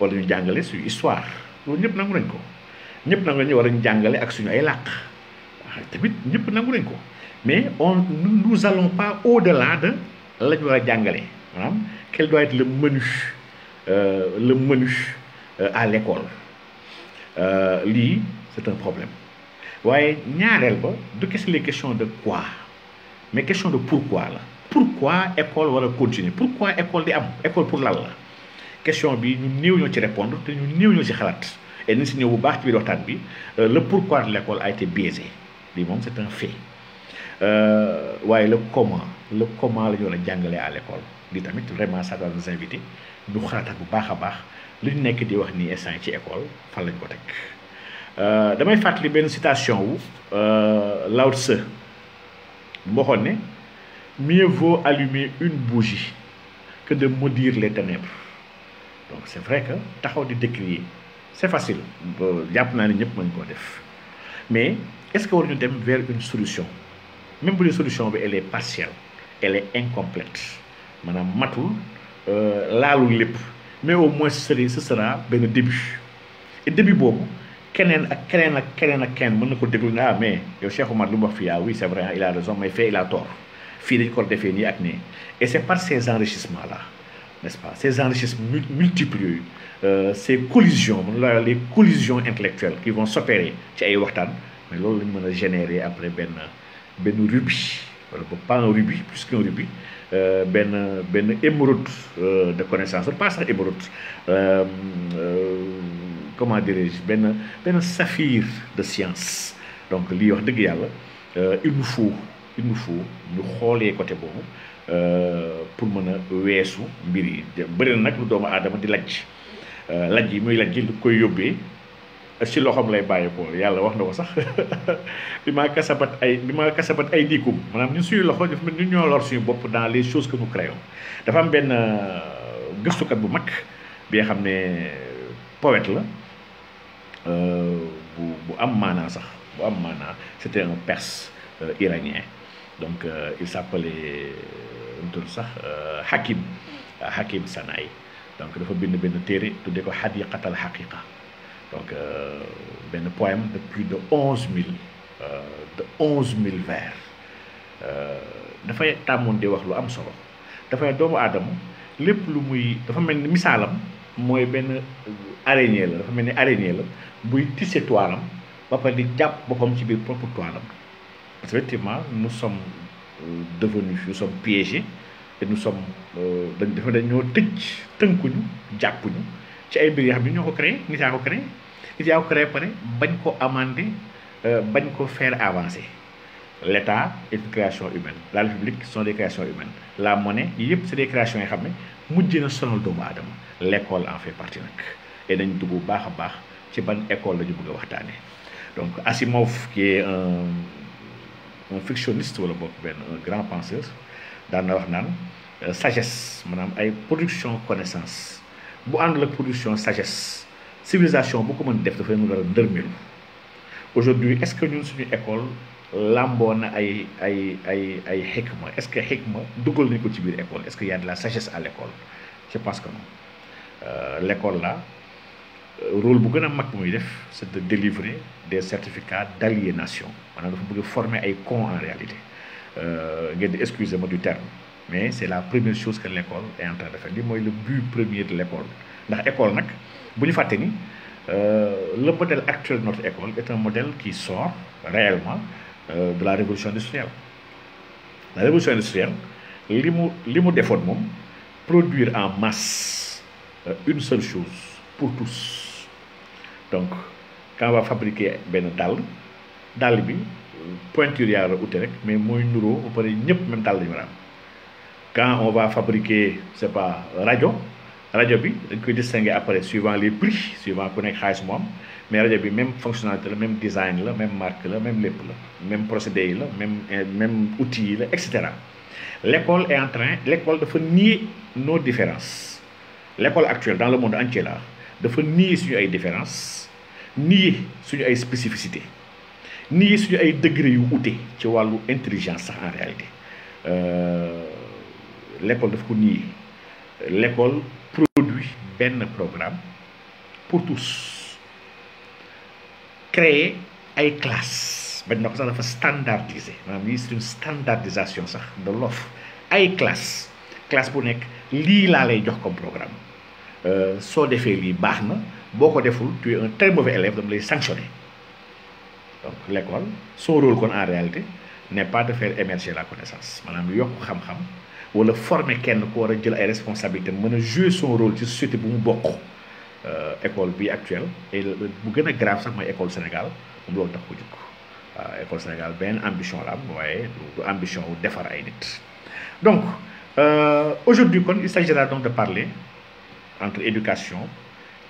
On ñu jàngale suñu histoire loolu ñëpp nangu nañ ko ñëpp nangu nañu war a jàngale ak suñu ay làkk ah, tamit ñëpp nangu nañ ko mais on nous allons pas au-delà de ce ñu war a quel doit être le menu euh, le euh, à l'école euh, c'est un problème waaye ñaareel ba du kese les questions de quoi mais question de pourquoi pourquoi école war continuer pourquoi école di am école pour lan question bi ñu néew ñoo ci répondre te ñu néew ñoo ci xalaat et nañ si ñëw bu baax ci biir waxtaan bi euh, le pourquoi de l'école a été biaisé lii moom c'est un fait euh, waaye le comment le comment la ñu war a jàngalee à l'école di tamit vraiment ça doit nous inviter ñu xalaataat bu baax a baax li ñu nekk di wax ni instant ci école fan lañ ko teg euh, damay fàttali benn citation wu Lao Tse mu waxoon ne mieux vaut allumer une bougie que de maudire les ténèbres donc c'est vrai que taxaw di décrier c'est facile facile jàpp naa ne ñëpp mën ko def mais est ce que war ñu dem vers une solution même bu dee solution bi elle est partielle elle est incomplète manam matul euh laalul lepp mais au moins ce sera ben début et début bobu keneen ak keneen ak keneen ak keneen mën na ko déglu ne ah mais yow Cheikh Oumar lu mu wax fii ah oui c' est vrai il a raison mais fait il a tort fii dañ ko defee nii ak nii et c' est par ces enrichissements là n'est-ce pas Ces enrichissements multiples euh, ces collisions les collisions intellectuelles qui vont s'opérer c'est ay mais loolu lañ générer après ben ben rubis pas un rubis plus qu'un rubis ben, émeraude euh, de connaissances pas ça émeraude comment dirais-je ben saphir de science donc wax il nous faut il nous faut nous côtés côté bon Eh, pour mëna a mbir yi bëri nak lu doomu adam di lajj eh, lajj yi muy lajj lu koy yóbbee ci loxoom lay ko yalla wax na ko sax bima kasabat ay bima kasabat ay dikum manam ñu suyu loxo def ñu ñoo lor suñu bopp dans les choses que nous créons dafa am ben benn eh, kat bu mak bi xamné poète la euh bu am mana sax bu am mana c'était un perse iranien donc il s'appelait tur sax euh, Hakim euh, Hakim Sanaay donc dafa bind benn téere tudde ko xadiqatal xaqiqa donc euh, benn poème de plus de onze mille de onze mille vers dafay tàmmoon de wax lu am solo dafay doomu aadama lépp lu muy dafa mel ni misaalam mooy benn araignée la dafa mel ni araignée la buy tisse toilam ba pare di jàpp boppam ci biir propre toilam parce que effectivement devenus nous sommes piégés et nous sommes euh, dañ dafa dañ ñoo tëj tënkuñu jàppuñu ci ay mbir yoo xam ne ñoo ko créé nit yaa ko créé nit yaa ko créé pare bañ ko amandé euh, bañ ko faire avancer l'État est une création humaine la République sont des créations humaines la monnaie yépp c'est des créations yi xamné ne na sonal doomu adam l'école en fait partie nak et dañ dugg bu baax baax ci ban école lañu bëgg waxtané donc Asimov qui est un un fictionniste wala ben un grand penseur dans na wax nan euh, sagesse manam ay production connaissance bu de la production sagesse civilisation bu ko mën def dafay mën aujourd'hui est-ce que nous sommes école l'école, ay ay ay ay est-ce que hikma dugal ni ko ci biir école est-ce qu'il y a de la sagesse à l'école je pense que non euh, l'école là rôle bu gën a c'est de délivrer des certificats d'aliénation on dafa bëgg de former ay cons en réalité euh, excusez-moi du terme mais c'est la première chose que l'école est en train de faire le but premier de l'école ndax école euh, le modèle actuel de notre école est un modèle qui sort réellement euh, de la révolution industrielle la révolution industrielle li produire en masse une seule chose pour tous donc quand on va fabriquer ben tal la bi pointure yaa mais moy nuro on pare de même quand on va fabriquer c'est pas radio, radio bi dañ distinguer après suivant les prix suivant ku nekk mais radio bi même fonctionnalité le même design la même marque la même lèpre, même procédé même euh, même outil etc. l'école est en train l'école dafa nier nos différences l'école actuelle dans le monde entier là dafa nier suñu ay différences nier suñu ay spécificité nier suñu ay degré yu outé ci walu intelligence en réalité euh, l'école daf ko nier l'école produit un programme pour tous créer ay classes ben na standardiser c'est une standardisation sax de l'offre ay classes classe bu nek li la lay jox comme programme euh, so défé li baxna si deful tu es un très mauvais élève pouvez lay sanctionner donc l'école son rôle en réalité n'est pas de faire émerger la connaissance xam-xam wala former kenn jël ay responsabilités meuna jouer son rôle ci société bu mu euh, école bi actuelle et bu grave sax école Sénégal tax euh, ambition ambition donc euh, aujourd'hui il s'agira donc de parler entre éducation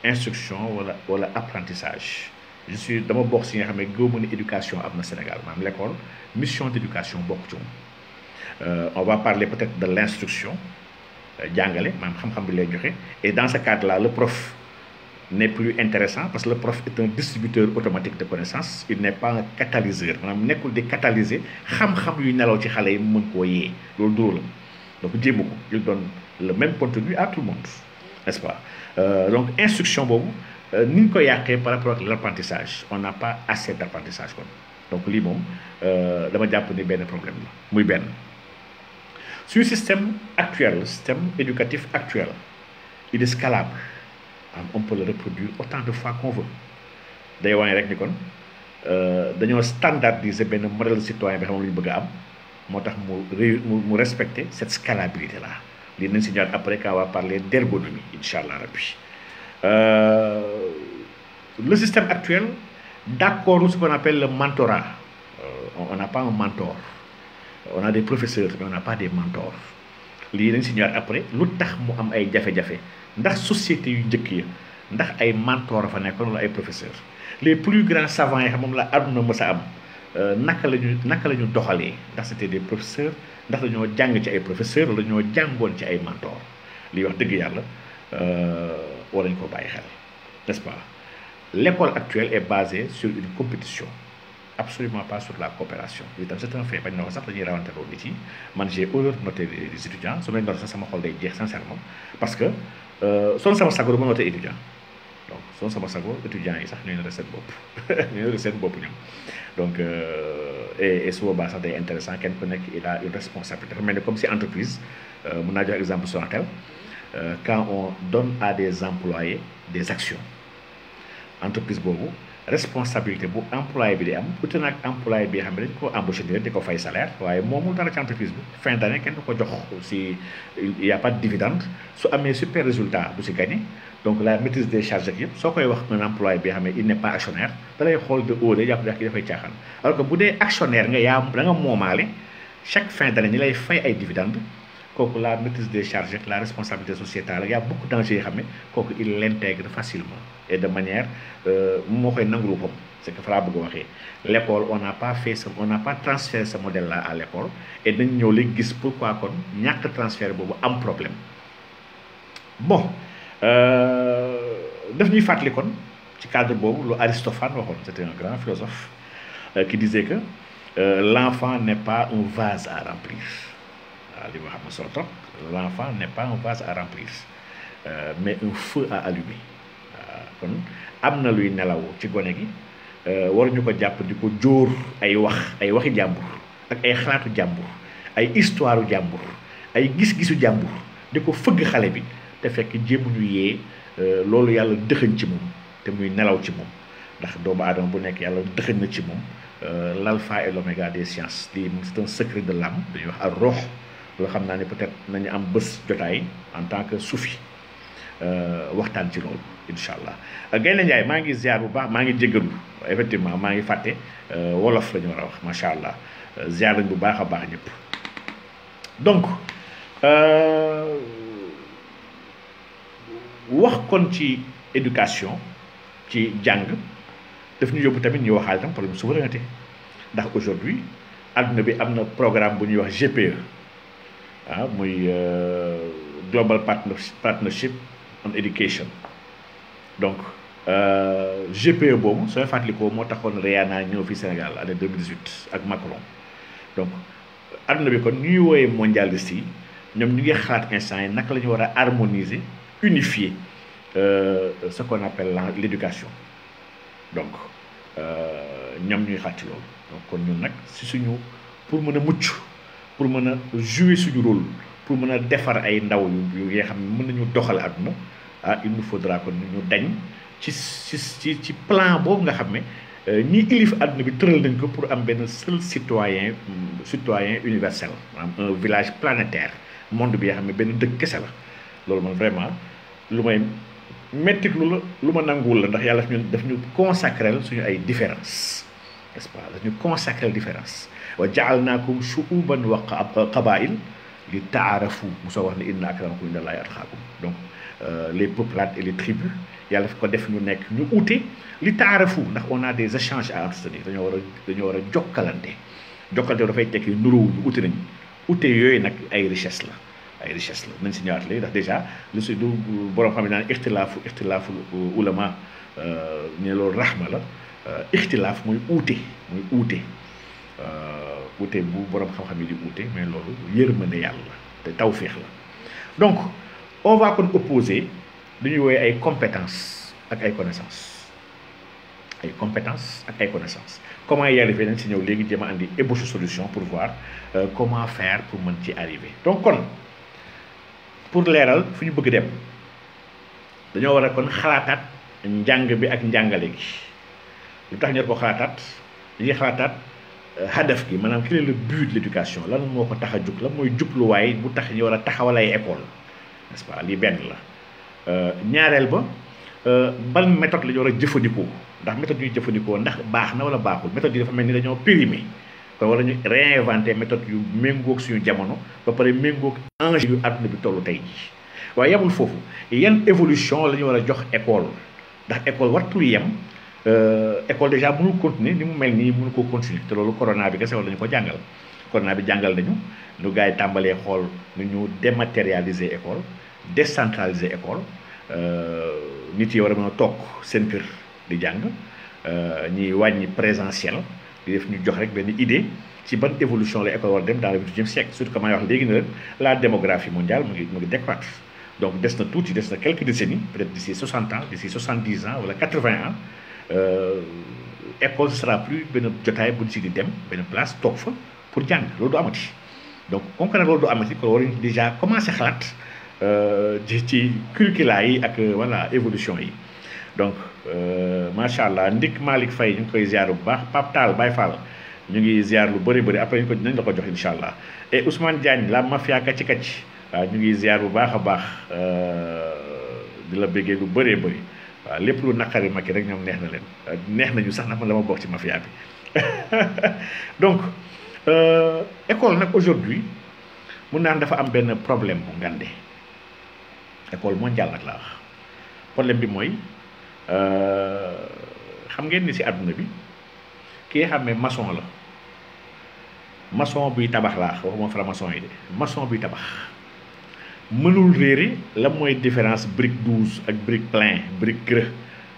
instruction ou wala apprentissage je suis dans mon si nga suis dans éducation au Sénégal l'école mission d'éducation euh, on va parler peut-être de l'instruction euh, et dans ce cadre-là le prof n'est plus intéressant parce que le prof est un distributeur automatique de connaissances il n'est pas un catalyseur Il n'est di catalyser xam-xam yu nelaw ci yi mën donc il donne le même contenu à tout le monde n'est-ce pas euh, donc instruction bon, euh, ni ko yàqee par rapport à l'apprentissage on n'a pas assez d'apprentissage. donc li donc euh dama japp ni ben problème la muy Sur le système actuel système éducatif actuel il est scalable ah, on peut le reproduire autant de fois qu'on veut day wone rek ni kon euh, dañoo standardiser ben modèle citoyen bi xam lu bëgg a am motax mu mu respecter cette scalabilité là dinañ si après quand on va parler d'ergonomie incha rabbi euh, le système actuel d'accord ce qu'on appelle le mentorat euh, on n'a pas un mentor on a des professeurs mais on n'a pas des mentors Les dañ après lu tax mu am ay jafe-jafe ndax société yu njëkk ya ndax ay fa professeurs les plus grands savants yi la am euh, des professeurs ndax dañoo jàng ci ay professeurs la ñoo jàngoon ci ay mentor li wax dëgg yàlla euh, war nañ ko bàyyi xel n'est-ce pas l'école actuelle est basée sur une compétition absolument pas sur la coopération li tam c'est un fait bañ na ko sax dañuy rawanteloo nit yi man j'ai honneur noté les étudiants su ma leen sax sama xol day jeex sincèrement parce que euh, son sama sagoro ma noté étudiant donc son sama sago étudiant yi sax ñu nara recette bopp ñooy recette seen bopp ñoom donc euh, et su boobaa sax day intéressant kenn ku nekk il a une responsabilité mais mel ni comme si entreprise euh, mun naa jox exemple Sonatel euh, quand on donne à des employés des actions entreprise boobu responsabilité bu employé bi di am embaucher employé bi xam ne dañ ko embauché direct di fay salaire waaye moomul dara entreprise bi fin d'année kenn du jox si il y a pas de dividende su amee super résultat du si gagné donc la maîtrise de charges ak yëpp soo koy wax un employé bi nga xam ne il n'est pas actionnaire da xool de haut de jàpp ne ki dafay caaxaan alors que bu dee actionnaire nga yaa da nga moomaale chaque fin d'année ñi lay fay ay dividendes kooku la maîtrise des charges ak la responsabilité sociétale ak y a beaucoup d'enjeux yi xam ne kooku il l'intègre facilement et de manière euh, moo koy nangul boppam c'est que fa laa bëgg a waxee l'école on n'a pas fait ce on n'a pas transféré ce ñëw léegi gis pourquoi kon ñàkk transfert boobu am problème Euh, daf ñuy fàttali kon ci cadre boobu lu Aristophane waxoon c'était un grand philosophe euh, qui disait que euh, l'enfant n'est pas un vase à remplir Allez ah, li ma xam ne solo trop l'enfant n'est pas un vase à remplir mais un feu à allumer waaw ah, kon am na luy nelaw ci gone gi waruñu ko jàpp di ko jóor ay wax ay waxi jàmbur ak ay xalaatu jàmbur ay histoire jàmbur ay gis-gisu jàmbur di ko fëgg xale bi te fekk jéemu ñu yee euh, loolu yàlla dëxañ ci moom te muy nelaw ci moom ndax doomu aadama bu nekk yàlla dëxañ na ci moom euh, lal fa et l'oméga des sciences di c'est un secret de l'âme dañuy wax ak rox loo xam naa ne peut-être nañu am bës jotaay en tant que soufi euh, waxtaan ci loolu incha allah Gaynde Njaay maa ngi ziar bu baax maa ngi jéggalu effectivement maa ngi fàtte wolof la ñu war a macha allah ziar lañ bu baax a baax ñëpp wax kon ci éducation ci jang daf ñu yóbbu tamit ñu waxaale tam problème souveraineté ndax aujourd'hui aduna bi amna programme bu ñuy wax GPE ah muy euh, global partnership on education donc euh, GPE boobu sooy fàttalikoo mo taxone Rihanna ñëw fi Sénégal année 2018 ak Macron donc aduna bi kon ñuy woyé mondialiste ñom ñoom ñu ngi xalaat instant nak lañu wara harmoniser unifier euh, ce qu'on appelle l'éducation donc euh, ñoom ñuy xàcc loolu donc kon ñun nag si suñu pour mën a mucc pour mën a jouer suñu rôle pour mën a defar ay ndaw yu yoo xam ne mën nañu doxal àdduna ah il nous faudra que ñu dañ ci ci ci plan boobu nga xam ne euh, ñi ilif àdduna bi tëral nañ ko pour am benn seul citoyen citoyen universel un village planétaire monde bi nga xam ne benn dëkk loolu man vraiment lu may mettit lu la lu ma nanguwul la ndax yàlla daf ñu daf ñu consacrel suñu ay différence n'est-ce pas daf ñu consacrel différence wa jaalnaakum shuuban wa qabail li taarafu mu soo wax ne inna akramakum inda llaahi atqaakum donc euh, les peuplades et les tribus yàlla ko def ñu nekk ñu uute li taarafu ndax on a des échanges à entretenir dañoo war a dañoo war a jokkalante jokkalante dafay tekki ñu uute nañu uute yooyu nag ay richesse la ay richesse la nañ si ñëwaat léegi ndax dèjà lu si du borom xam ne naan ixtilaafu ixtilaafu ulama ne euh, loolu raxma la euh, ixtilaaf mooy uute mooy uute euh, uute bu borom xam-xam yi di uute mais loolu yërmande yàlla la te tawféex la donc on va kon opposer lu ñuy woowee ay compétences ak ay connaissances ay compétences ak ay connaissances comment y arriver nañ si ñëw léegi jéem a andi ébauche solution pour voir comment faire pour mën ci arriver donc kon. pour leeral fu ñu bëgg dem dañoo war a kon xalaataat njàng bi ak njàngale gi lu tax ñu ko xalaataat dañuy xalaataat euh, hadaf gi maanaam quel est le but de l'éducation lan moo ko tax a jug la mooy jubluwaay bu tax ñu war a taxawal ay école nest benn la euh, ñaareel ba euh, ban méthode la ñu war a jëfandikoo ndax méthode yu jëfandikoo ndax baax na wala baaxul méthode yi dafa mel ni dañoo périmé te wala ñu réinventer méthode yu méngoog suñu jamono ba pare méngoog enjeu yu àdduna bi tollu tey ji waaye yemul foofu yan évolution la ñu war a jox école ndax école wartul yem euh, école déjà mënul continuer ni mu mel nii mënu ko continuer te loolu corona bi kese wala ñu ko jàngal corona bi jàngal nañu lu gars tàmbalee xool nu ñu dématérialiser école décentraliser école euh, nit yi war a mën a toog seen kër di jàng euh, ñuy wàññi présentiel di def ñu jox rek benn idée ci ban évolution la école dem dans le vingt e siècle surtout que may wax léegi la démographie mondiale mu décroître donc dès na tuuti des na quelques décennies peut-être d'ici 60 ans d'ici 70 ans voilà, 80 ans euh, école sera plus benn jotaay pour ñu dem benn place toog pour jàng loolu du amati donc comme que nag loolu du amati kon war nañu déjà commencé xalaat euh, ci ci curricula yi ak euh, voilà évolution yi donc. Euh, macha allah ndik Malick fay ñu ngi koy ziar bu baax Pape Tall Baye Fall ñu ngi ziar lu bëri bëri après ñu ko dinañ la ko jox incha allah et Ousmane Diagne laa mafia ka kàcci waaw ñu ngi ziar bu baax a baax euh, di la béggee lu bëree bëri waaw lépp lu naqari Macky rek ñoom neex na leen neex nañu sax nag man la ma bokk ci mafia bi donc euh, école nag aujourd'hui mun naan dafa am benn problème bu ngande école mondiale nag laa problème bi mooy. Euh, xam ngeen ni si àdduna bi ki nga xam ne maçon la maçon buy tabax laa waxuma franc-maçon yi de maçon buy tabax mënul réere la mooy différence brique douze ak brique plein brique creux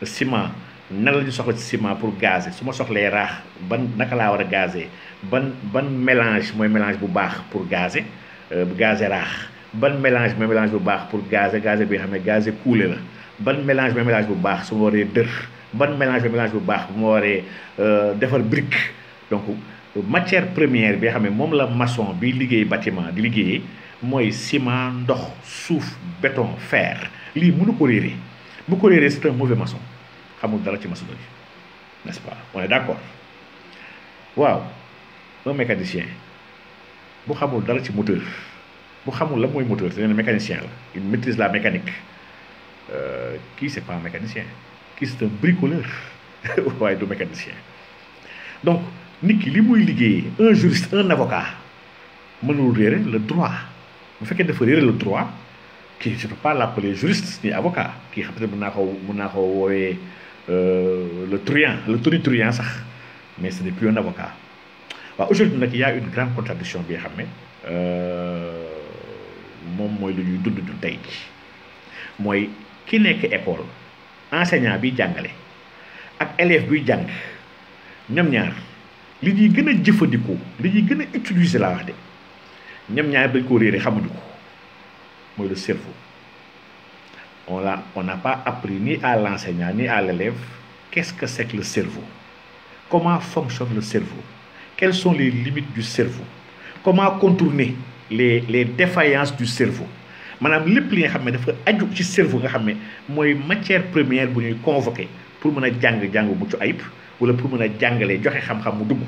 ciment nan lañu ñu soxla ciment pour gazer su ma soxlee raax ban naka laa war a gazer ban ban mélange mooy mélange bu baax pour gazer euh, gazer raax ban mélange mooy mélange bu baax pour gazer gaze bi nga xam ne gazer coulé la ban mélange ba mélange bu baax su ma waree dër ban mélange ba mélange bu baax bu ma waree euh, defar brique donc matière première bi nga xam la maçon bi liggéey bâtiment di liggéeyee mooy ciment ndox suuf béton fer lii mënu ko réeree bu ko réeree c'est un mauvais maçon dara ci n'est-ce pas on est d'accord waaw un mécanicien bu xamul dara ci moteur bu xamul la mooy moteur c'est un mécanicien la il maîtrise la mécanique euh, qui c'est pas un mécanicien qui c'est un bricoleur Ou un mécanicien donc Niki, qui li muy ligué un juriste un avocat mënul le droit Le fait, de faire le droit qui, je ne peux pas l'appeler juriste ni avocat qui est te le truand le tonitruand mais ce n'est plus un avocat aujourd'hui il y a une grande contradiction bien xam ne euh, moom moi, lu le ki nekk école enseignant bi jàngale ak élève bi jàng ñoom ñaar li ñuy gën a jëfandikoo li ñuy gën a utiliser la wax de ñoom ñaar dañ ko ko le cerveau on on n'a pas appris ni à l'enseignant ni à l'élève qu'est-ce que c'est que le cerveau comment fonctionne le cerveau quelles sont les limites du cerveau comment contourner les les défaillances du cerveau manam lepp li nga xamné dafa aju ci cerveau nga xamné moy matière première bu ñuy convoquer pour mëna jang jang jàng mucc ayib wala pour mëna jangalé jàngalee joxe xam-xam mu dugg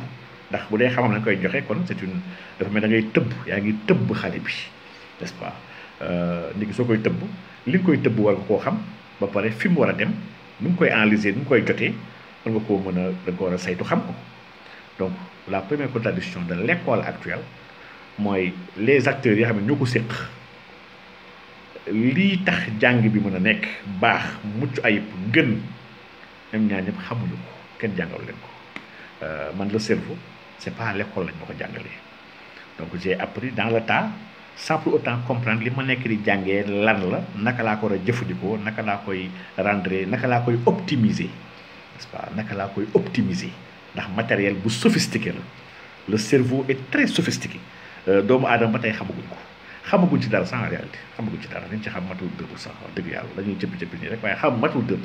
ndax bu dee xam-xam lañ koy joxe kon c'est une dafa mel da ngay teub ya ngi teub xale bi n'est-ce pas euh soo koy teub li koy teub war ko xam ba paré fim wara dem nu nga koy analyser nu nga koy joté war nga koo mën da nga ko war saytu xam ko donc la première contradiction de l'école actuelle moy les acteurs yi xamné ne ñoo ko séq lii tax jàng bi mën a nekk baax mucc ayib gën même ñaar ñëpp xamuñu ko kenn jàngalu leen ko euh, man le cerveau c'est pas lekkool lañ ma ko jàngalee donc j'ai appris dans le temps sans pour autant comprendre li ma nekk di jàngee lan la naka laa ko war a jëfandikoo naka laa koy rendre naka laa koy optimise n'est-ce pas naka laa koy optimiser ndax matériel bu sophistiqué la le cerveau est très sophistiqué euh, doomu aadama ba tey xamaguñ ko. xamaguñ ci dara sans réalité xamaguñ ci dara liñ ci xam matul 2 pour cent wax dëgg yàlla dañuy jëpp jëpp nii rek waaye xam matul 2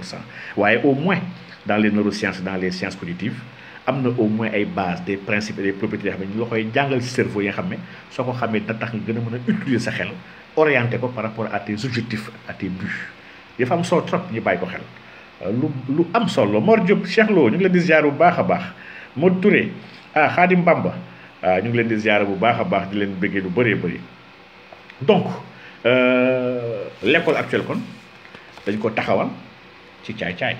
au moins dans les neurosciences dans les sciences cognitives am na au moins ay bases des principes et des propriétés yoo xam ne ñu la koy jàngal ci cerveau yi xam ne soo ko xamee dina tax nga gën a mën a utiliser sa xel orienté ko par rapport à tes objectifs à tes buts dafa am soo trop ñu bàyyi ko xel lu lu am solo Mor Diop Cheikh Lo ñu ngi leen di ziar bu baax a baax Modou Touré ah Khadim Bamba ah ñu ngi leen di ziar bu baax baax di leen bëggee lu bëree bëri donc euh, l'école actuelle kon dañ ko taxawal ci caay-caay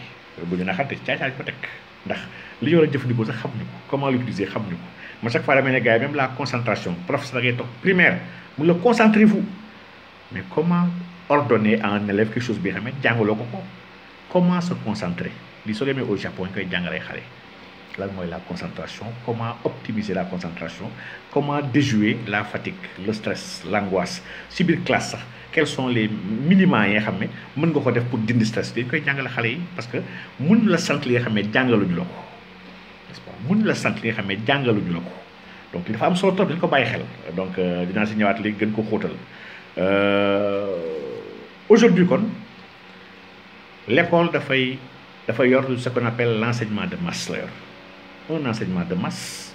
bu ñu naxante ci caay-caay ko teg ndax li ñu war a jëfandikoo sax xam comment l'utiliser xam ma chaque fois la ne gars même la concentration professeur da ngay tok primaire mu le concentrez-vous mais comment ordonner à un élève quelque chose bi nga xam ko ko comment se concentrer li soo demee au Japon ñu koy jàngalee xale lan mooy la concentration comment optimiser la concentration comment déjouer la fatigue le stress l'angoisse si classe quels sont les minima yi xamné xam mën nga ko def pour dindi stress dañ koy jàngale xalé yi parce que mun la sant li xamné xam ne jàngaluñu la n'est-ce pas mun la sant li xamné xam ne jàngaluñu la donc il dafa am solo top dañ ko bàyyi xel donc euh, dina si ñëwaat léegi gën ko xóotal euh, aujourd'hui kon l'école dafay dafa yor ce qu'on appelle l'enseignement de masse la yor un enseignement de masse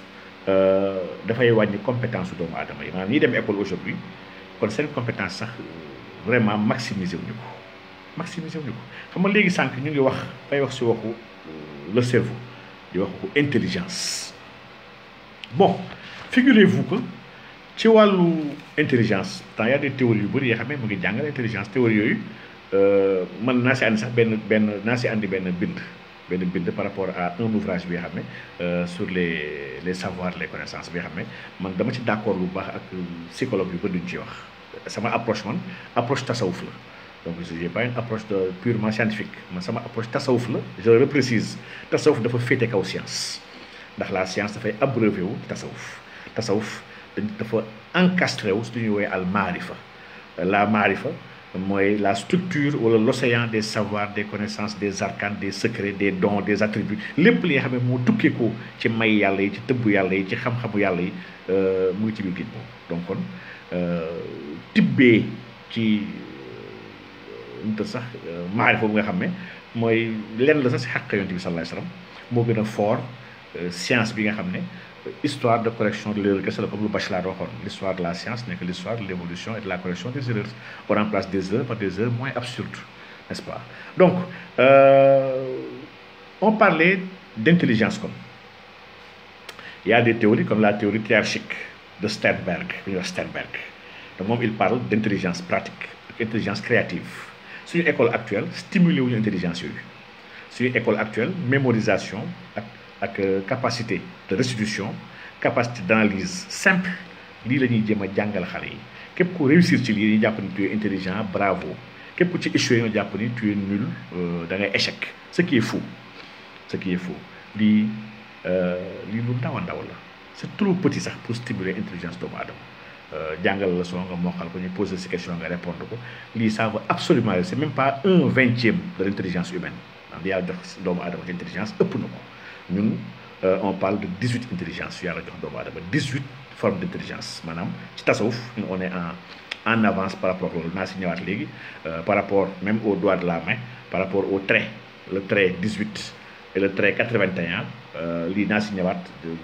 euh, dafay une compétence de l'homme aadama yi aujourd'hui kon compétence vraiment maximiser maximiser euh, le cerveau di intelligence bon figurez-vous que tu vois intelligence il y a des théories intelligence théorie euh, ben ben bind par rapport à un ouvrage bi xamné euh sur les les savoirs les connaissances bi xamné man dama ci d'accord bu baax ak psychologue bi ba ci wax sama approche man approche tasawuf la donc j'ai pas une approche de purement scientifique man ma approche tasawuf la je le précise tasawuf dafa féete kaw science ndax la science dafay abreuver wu tasawuf tasawuf dañ dafa encastré wu su ñuy al marifa, la marifa la structure ou l'océan des savoirs des connaissances des arcanes des secrets des dons des attributs les li nga que ci may yi ci yi ci xam-xamu aller yi euh, donc euh, ci euh, nta nga lenn la c'est sallallahu alayhi fort science histoire de correction de l'erreur, le L'histoire de la science n'est que l'histoire de l'évolution et de la correction des erreurs. On remplace des erreurs par des erreurs moins absurdes, n'est-ce pas Donc, euh, on parlait d'intelligence comme. Il y a des théories comme la théorie triarchique de Sternberg, Sternberg. Donc, il parle d'intelligence pratique, d'intelligence créative. Sur école actuelle, stimuler l'intelligence. Sur école actuelle, mémorisation, ak euh, capacité de restitution capacité d'analyse simple li lañuy ñuy jéem a jàngal yi képp ko réussir ci li ñi japp ni tu es intelligent bravo képp ko ci échouer ñoo japp ni tu es nul euh, da ngay échec ce qui est fou ce qui est faux euh, li lu ndaw ndaw la c'est trop petit sax pour stimuler intelligence homme. aadama euh, jàngal la soo nga mokkal ko ñu poser ces questions nga répondre ko li ça va absolument c'est même pas un vingtième de l'intelligence humaine Il y a doomu l'intelligence intelligence ëpp nu ko nous, euh, on parle de 18 intelligences 18 formes d'intelligence Madame, on est en avance par rapport euh, par rapport même au doigt de la main par rapport au trait le trait 18 et le trait 81 euh, li de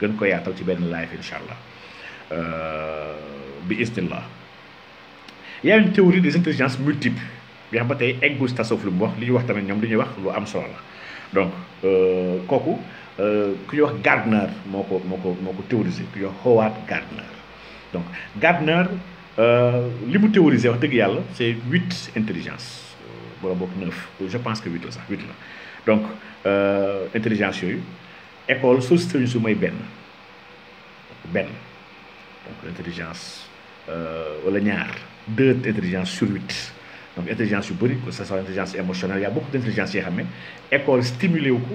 gën ko yaatal ci y a une théorie des intelligences multiples lu wax li wax donc euh, ku ñuy wax Gardner moo ko moo ko moo ko théorisé ku ñuy wax Howard Gardner donc Gardner euh, li mu théorisé wax dëgg yàlla c'est huit intelligence euh, wala bokk neuf je pense que huit la sax huit la donc intelligence yooyu école solsité su may benn benn donc intelligence wala ñaar deux intelligence sur huit donc intelligence yu bëri que ce soit intelligence émotionnelle y a beaucoup d'intelligence yoo xam ne école stimulé wu ko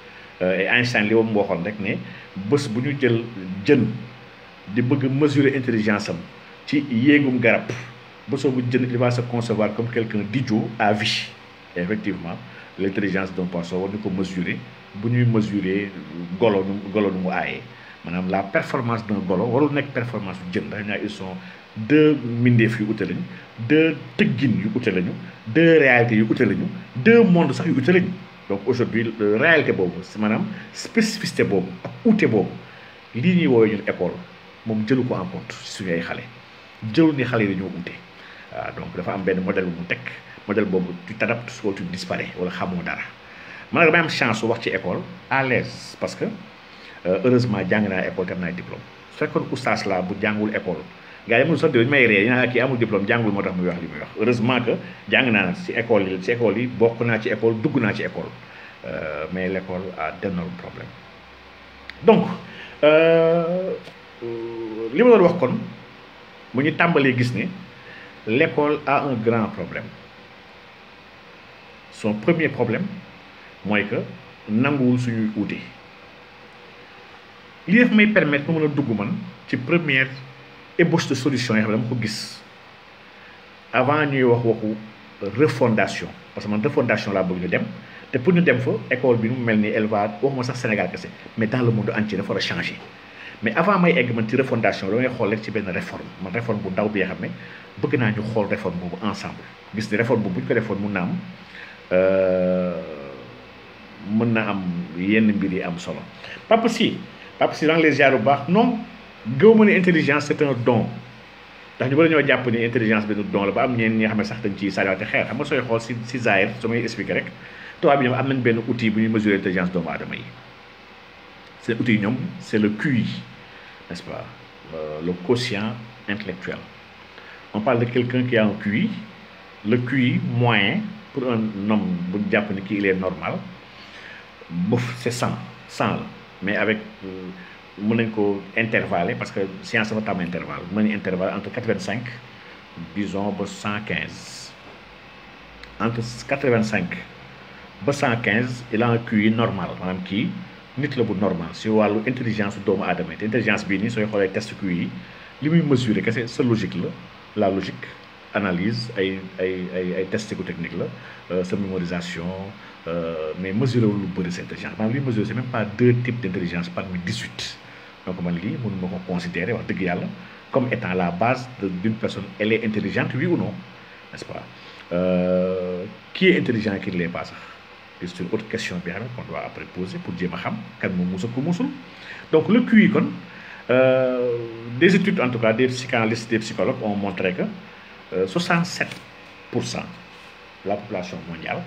Euh, et Einstein li wam waxoon rek ne bëss bu ñu jël jën di bëgg mesurer intelligence am ci yéegum garab bu jën il va se concevoir comme quelqu'un d'idiot à vie effectivement l'intelligence d'un poisson war ñu ko mesurer bu ñuy mesurer golo golo mu ayé manam la performance d'un golo warul nek performance yu jën dafa ñaar ils sont deux mindeef yu ute lañu deux teggine yu ute lañu deux réalités yu ute lañu deux mondes sax yu ute lañu donc aujourd'hui réalité boobu maanaam spécificité boobu ak uute boobu lii ñuy woowee ñun école moom jëlu ko en compte suñu xale jëlu ni xale yi dañoo uute waaw ah, donc dafa am benn modèle bu mu teg modèle boobu tu t'adaptes ou tu disparais wala xamoo dara man nag damay am chance wax ci école à l'aise parce que euh, heureusement jàng naa école te am naa diplôme su fekkoon oustaz la bu jàngul école gars yi amul sotti dañu may ree ñu naan kii amul diplôme jàngul moo tax muy wax li muy wax heureusement que jàng naa si école yi si école yi bokk naa ci école dugg naa ci école euh, mais l' école a d'énormes problèmes donc euh, li ma doon wax kon mu ñu tàmbalee gis ni l' école a un grand problème son premier problème mooy que nanguwul suñu uute li def may permettre ma mën a dugg man ci première ébauche de solution yoo xam ko gis avant ñuy wax waxu refondation parce que man refondation la bëgg ñu dem té pour ñu dem fa école bi ñu melni ni elle va waxuma sax Sénégal kese mais dans le monde entier dafa war a changer mais avant may egg man ci refondation la may xool ci benn réforme man réforme bu daw bi xamné bëgg naa ñu xool réforme bobu ensemble gis ni réforme boobu bu ñu ko defoon mu na euh mën na am yenn mbir yi am solo Papa si Papa si maa les lay bax non gëw ma ne intelligence c'est un don ndax ñu bari ñoo jàpp ni intelligence benn don la ba am ñeen ñi nga xam ne sax dañ ciy sànniwaate xeer xam nga sooy xool si si zaahir su may expliquer rek tubaab bi ñoom am nañ benn outil bu ñuy mesurer intelligence doomu aadama yi seen outil ñoom c'est le QI n'est-ce pas euh, le quotient intellectuel on parle de quelqu'un qui a un QI le QI moyen pour un homme bu ñu jàpp ni kii il est normal bof c'est 100 100 la mais avec euh, mën nañ ko intervaller parce que science dafa tam intervalle mën nañu intervalle entre 85 et, disons ba entre 85 et 115, ba il a un QI normal maanaam kii nit la bu normal si wàllu intelligence doomu aadama te intelligence bii nii sooy xoolee test QI yi li muy mesurer kese sa logique la la logique analyse ay ay ay ay test technique la euh, mémorisation euh, mais mesurer ou le bëri de cette intelligence? c'est même pas deux types d'intelligence pas parmi 18 donc comme on nous considérer wax comme étant la base d'une personne elle est intelligente oui ou non n'est-ce pas euh, qui est intelligent et qui ne l'est pas c'est une autre question bien qu'on doit après poser pour dire que xam kan donc le QI euh, des études en tout cas des psychanalystes des psychologues ont montré que 67 de la population mondiale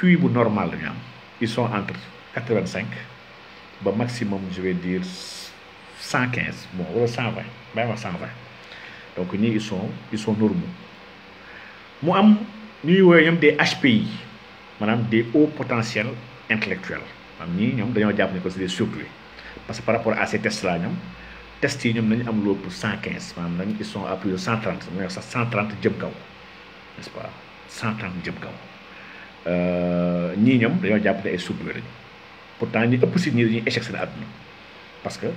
QI normal, ils sont entre 85, le maximum, je vais dire 115, bon, 120, même 120. Donc, ils sont, ils sont normaux. Moi, nous avons des HPI, des hauts potentiels intellectuels. Nous avons des surplus. Parce que par rapport à ces tests-là, les tests sont à plus de 115, ils sont à plus de 130, 130 djemkaw. N'est-ce pas? 130 djemkaw. Euh, ñii ñoom dañoo jàpp ne ay souple pourtant ñi ëpp si ñii dañuy échec seen parce que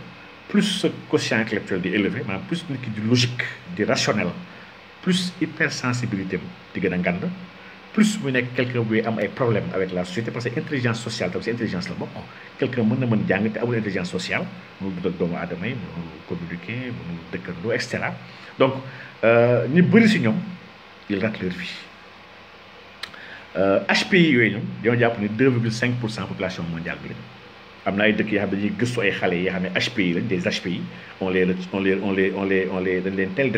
plus ce quotient intellectuel di élevé maanaam plus nit ki di logique di rationnel plus hypersensibilité di gën a plus mu nekk quelqu'un buy am ay problème avec la société parce que intelligence sociale tam si intelligence la bokk quelqu'un mën na mën jàng te amul intelligence sociale mu dund ak doomu aadama yi mënul communiquer mu dëkkandoo et etc. donc ni euh, bëri si ñoom ils ratent leur vie HPI euh, yooyu ñoom dañoo 2,5 de la population mondiale bi la am ay dëkk ay yi HPI des HPI on les on les on les on les on dañ leen tel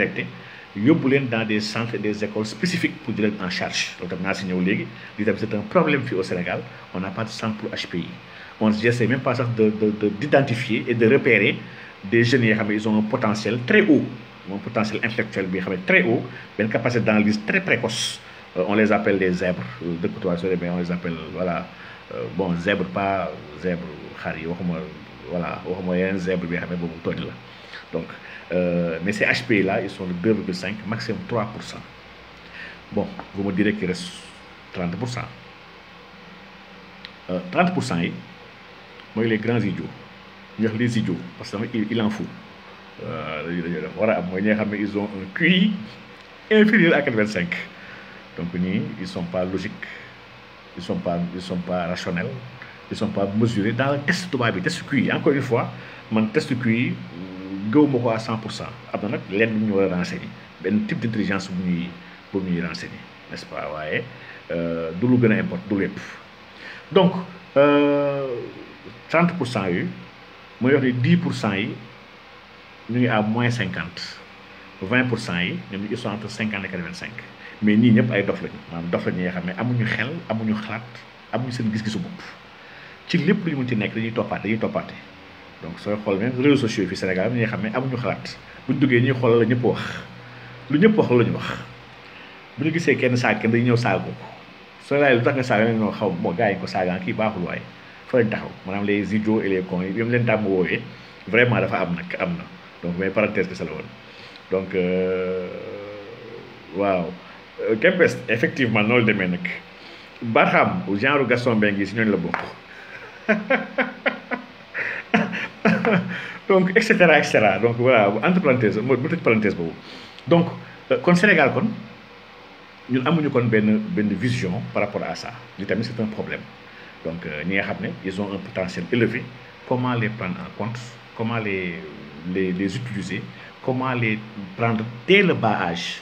leen dans des centres et des écoles spécifiques pour di leen en charge loolu tam naa c'est un problème au Sénégal on n'a pas de centre pour HPI on essaie même pas de de d'identifier et de repérer des jeunes qui ils ont un potentiel très haut un potentiel intellectuel bi très haut benn capacité d'analyse très précoce euh, on les appelle des zèbres euh, de à tubaab mais on les appelle voilà euh, bon zèbre pas zèbre khari, voilà au moyen zèbre mais nga xam ne là là. donc mais ces HP, là ils sont de 2,5 maximum 3 bon vous me direz qu'il reste 30 30 oui, les grands idiots les idiots parce que il en foutent. Voilà a ils ont un QI inférieur à 85. Donc, ils ne sont pas logiques, ils ne sont, pas rationnels, ils ne sont pas mesurés dans le test de test QI. Encore une fois, mon test QI, je y a à 100%. Après, y a un type d'intelligence pour nous renseigner, n'est-ce pas? Euh, de importe, Donc, 30%, il y a 10%, il y moins 50%. 20%, ils sont entre 50 et 85%. mais ñii ñëpp ay dof lañu maanaam dof lañu nga xam ne amuñu xel amuñu xalaat amuñu seen gis-gisu bopp ci lépp lu ñu mën ci nekk dañuy toppaate dañuy toppaate donc sooy xool même réseaux sociaux yi fi Sénégal ñi nga xam ne amuñu xalaat buñ duggee ñuy xool la ñëpp wax lu ñëpp wax la ñu wax bu ñu gisee kenn saag kenn dañuy ñëw saagu ko soo laaj lu tax nga saaga noo xaw moo gars yi ko saagaan kii baaxul waaye fa lañ taxaw maanaam les idiots et les cons yi yom leen tàmm woowee vraiment dafa am nag am na donc mais parenthèse bi sa la woon donc euh, Euh, Kempes effectivement noonu la demee nag Barham genre Gaston Mbengue si ñooñu la bokk donc et cetera et cetera donc voilà entre parenthèse moo tëj parenthèse donc euh, kon Sénégal kon ñun amuñu kon benn benn vision par rapport à ça li tamit c'est un problème donc euh, ñi nga xam ils ont un potentiel élevé comment les prendre en compte comment les les les utiliser comment les prendre dès le bas âge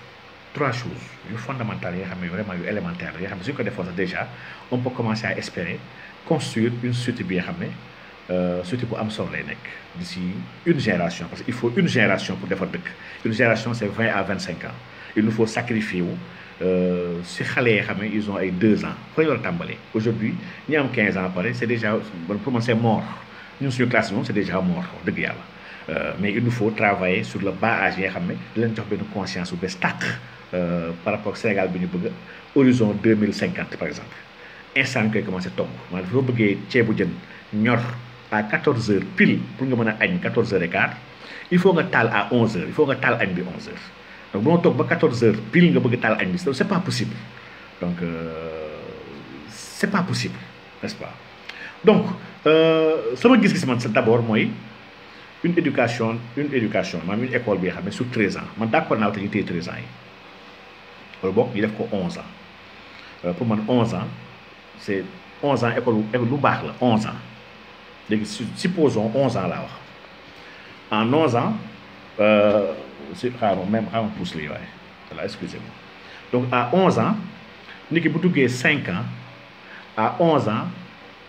trois choses le fondamentales vraiment yu élémentaire xamné suko déjà on peut commencer à espérer construire une société bien xamné xam euh, société am lay d'ici une génération parce qu'il faut une génération pour des une génération c'est 20 à 25 ans il nous faut sacrifier Ces euh, si ils ont eu deux ans fa la tambalé aujourd'hui ñi am 15 ans Paris c'est déjà pour Nous, c'est mort Nous, sur classe c'est déjà mort euh, mais il nous faut travailler sur le bas âge yi nga xam conscience bu euh, par rapport au Sénégal, horizon 2050, par exemple. Un sang qui commence à tomber. Vous voulez que vous ayez à 14h pile, pour que vous ayez 14h15, il faut que tal à 11h, il faut que tal à 11h. Donc, si vous ayez 14h pile, vous voulez tal à 11h, ce n'est pas possible. Donc, euh, ce n'est pas possible, n'est-ce pas? Donc, ce que je veux dire, c'est d'abord, une éducation, une éducation, une école, mais sur 13 ans. Je suis d'accord avec 13 ans. Il a 11 ans euh, pour moi, 11 ans c'est 11 ans école 11 ans supposons 11 ans là. en 11 ans c'est... Euh, rare, même pousse excusez-moi donc à 11 ans Niki 5 ans à 11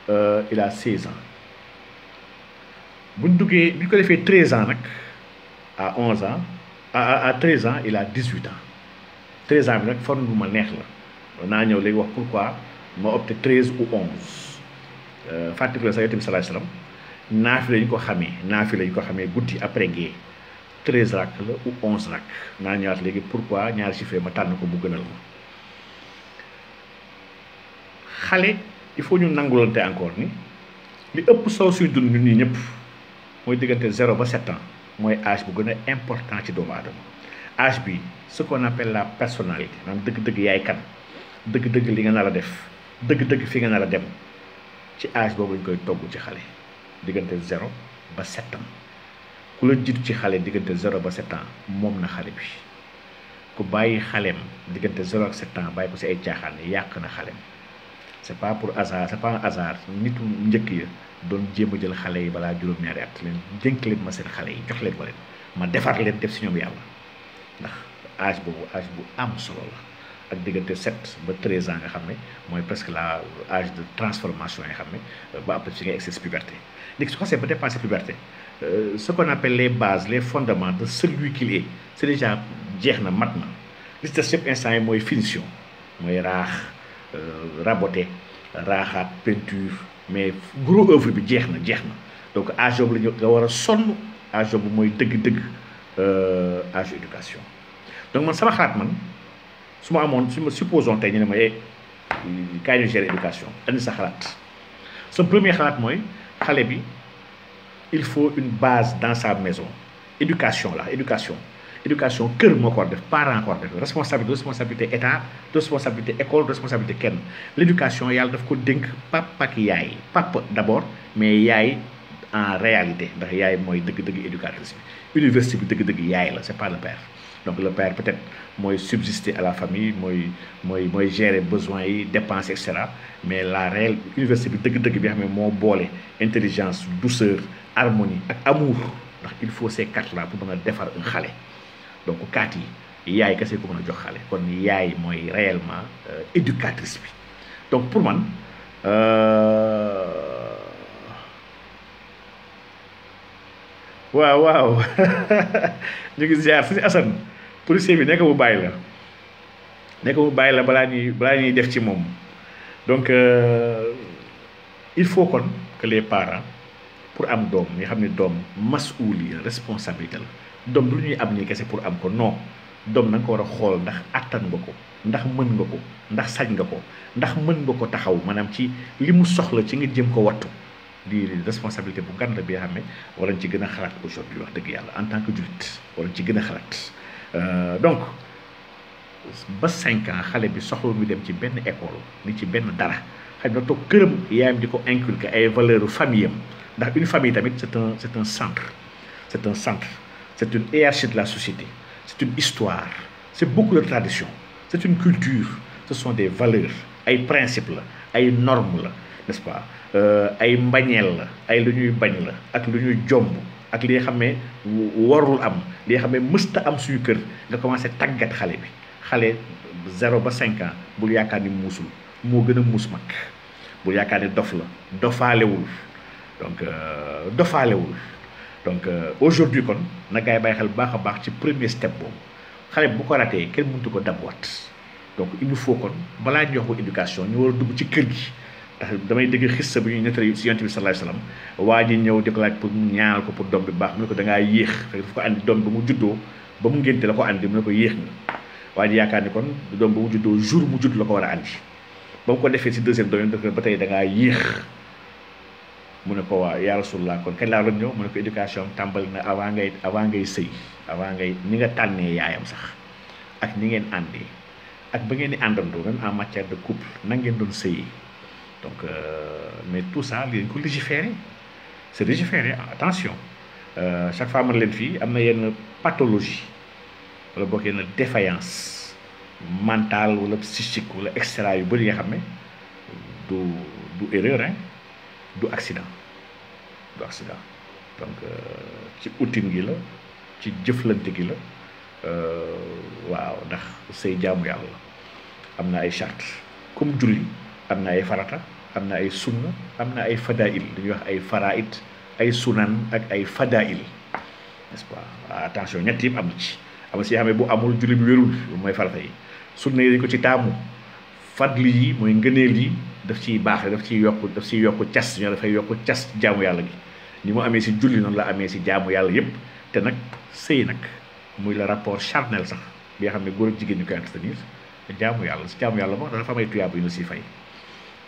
euh, ans il a 16 ans bu ñu fait 13 ans à 11 à 13 ans il a 18 ans. treize ans bi nag forme bu ma neex la naa ñëw léegi wax pourquoi ma opté treize ou onze euh, fàttali la sax yonent bi salaay salaam naafi lañu ko xamee naafi lañu ko xamee guddi après gée treize rakk la ou onze rakk naa ñëwaat léegi pourquoi ñaari chiffres ma tànn ko mu gënal ma xale il faut ñu nangulante encore ni li ëpp soo suy dund ñun ñi ñëpp mooy diggante zéro ba sept ans mooy âge bu gën a important ci doomu aadama âge bi ce qu'on appelle la personnalité maanaam dëgg-dëgg yaay kan dëgg-dëgg li nga nar a def dëgg-dëgg fi nga nar a dem ci âge boobu ñu koy togg ci xale diggante zéro ba sept ans ku la jiitu ci xale diggante zéro ba sept moom na xale bi ku bàyyi xaleem diggante zéro ak sept ans bàyyi ko si ay caaxaan yàq na xaleem c'est pas pour hasard c'est pas un hasard nitu njëkk ya doon jéem a jël xale yi balaa juróom-ñaari at leen jënk leen ma seen xale yi jox leen ma leen ma defar leen def si ñoom yàlla âge boobu âge bu am solo la ak diggante 7 ba 13 ans nga xamné moy presque la âge de transformation nga xamné euh, ba après si nga excès puberté léegi su xasee ba dépasser puberté euh, ce qu'on appelle les bases les fondements de celui qu'il est c'est déjà jeex na mat na li ci instant moy finition moy rax euh, raboté raaxaat peinture mais gros œuvre bi jeex na jeex na donc âge boobu la wara nga war a sonn âge boobu mooy dëgg-dëgg euh, âge éducation donc man sama xalaat man su ma amoon su ma supposons tey ñu ne ma yee kaay ñu gérer éducation andi sa xalaat sa premier xalaat mooy il faut une base dans sa maison éducation là, éducation éducation kër moo ko war def parent ko def responsabilité responsabilité état responsabilité école responsabilité ken. l'éducation yàlla daf ko dénk papa ak yaay papa d'abord mais yaay en réalité ndax yaay mooy dëgg-dëgg éducatrice université bi dëgg-dëgg yaay la c'est pas le père donc le père peut-être moi subsister à la famille moi moi moi gérer besoins et dépenses etc. mais la réelle université de dëgg de bi nga intelligence douceur harmonie amour Donc il faut ces quatre là pour pouvoir faire un xale donc kaat y yaay kese ko mën a jox il y a moi réellement euh, éducatrice donc pour moi waouh Waouh, waouh! ngi c'est assez Assane policier bi nekk bu bàyyi la nekk bu bàyyi la balaa ñuy balaa ñuy def ci moom donc euh, il faut kon que les parents pour am doom ñu xam ne doom masuuli responsabilité la doom du lu ñuy am nii kese pour am ko non doom na nga ko war a xool ndax attan nga ko ndax mën nga ko ndax sañ nga ko ndax mën nga ko taxaw maanaam ci li mu soxla ci nga jëm ko wattu di responsabilité bu ngan la bi nga xam ne war ci gën a xalaat aujourd'hui wax dëgg yàlla en tant que jullit war ci gën a xalaat euh, donc ba 5 ans xalé bi soxlo mu dem ci ben école ni ci ben dara xale tok na toog këram yaayam di inculquer ay valeurs famille ndax une famille tamit c'est un c'est un centre c'est un centre c'est une hiérarchie de la société c'est une histoire c'est beaucoup de tradition c'est une culture ce sont des valeurs ay principes la ay normes la n'est-ce pas euh, ay mbagnel la ay luñuy bagn la ak luñuy ñuy ak li nga xam ne warul am li nga xam ne mësta am suñu kër nga commencé tàggat xale bi xale zéro ba cinq ans bul yaakaar ni muusul moo gën a muus mag bul yaakaar ni dof la dofaalewul donc euh, dofaalewul donc euh, aujourd'hui kon na gars yi bàyyi xel baax a baax ci premier step boobu xale bu ko ratee kenn mëntu ko dabwaat donc il faut kon balaa ñu jox ko éducation ñu war a dugg ci kër gi damay dégg xissa bu ñuy nettali si yonent bi sallallahu alayhi wasallam waa ji ñëw di ko laaj pour ñaanal ko pour doom bi baax mu ne ko da ngaa yéex fekk dafa ko andi doom bi mu juddoo ba mu ngénte la ko andi mu ne ko yéex na waa ji yaakaar ni kon doom bi mu juddoo jour mu judd la ko war a andi ba mu ko defee si deuxième doom yi ba tey da ngaa yéex mu ne ko waaw yaa rasulullah kon kañ laa doon ñëw mu ne ko éducation tàmbali na avant ngay avant ngay sëy avant ngay ni nga tànnee yaayam sax ak ni ngeen àndee ak ba ngeen di àndandoo même en matière de couple na ngeen doon sëyi donc euh, mais tout ça li dañ ko légiférer c' est légiféré attention euh, chaque femme mën leen fii am na yenn pathologie wala boog une défaillance mentale wala psychique wala extra yu bëri nga xam du du erreur hein du accident du accident donc euh, ci outil gi la ci jëflante gi la waaw ndax say jaamu yàlla am ay charte comme julli am ay farata amna ay sunna amna ay fadail dañ wax ay faraid ay sunan ak ay fadail n'est-ce pas attention ñetti am ci am ci xamé bu amul julib wërul moy farata yi sunna yi dañ ko ci tamu fadli yi moy ngeeneel yi daf ci baax daf ci yokk daf ciy yokk cas ñoo dafay yokk cas jaamu yalla gi ni mu amé ci julli non la amé ci jaamu yalla yépp té nak sey nak muy la rapport charnel sax bi xamné goor jigéen ñu koy entretenir jaamu yalla si jaamu yalla mo dafa am ay tuyaab yu ñu ci fay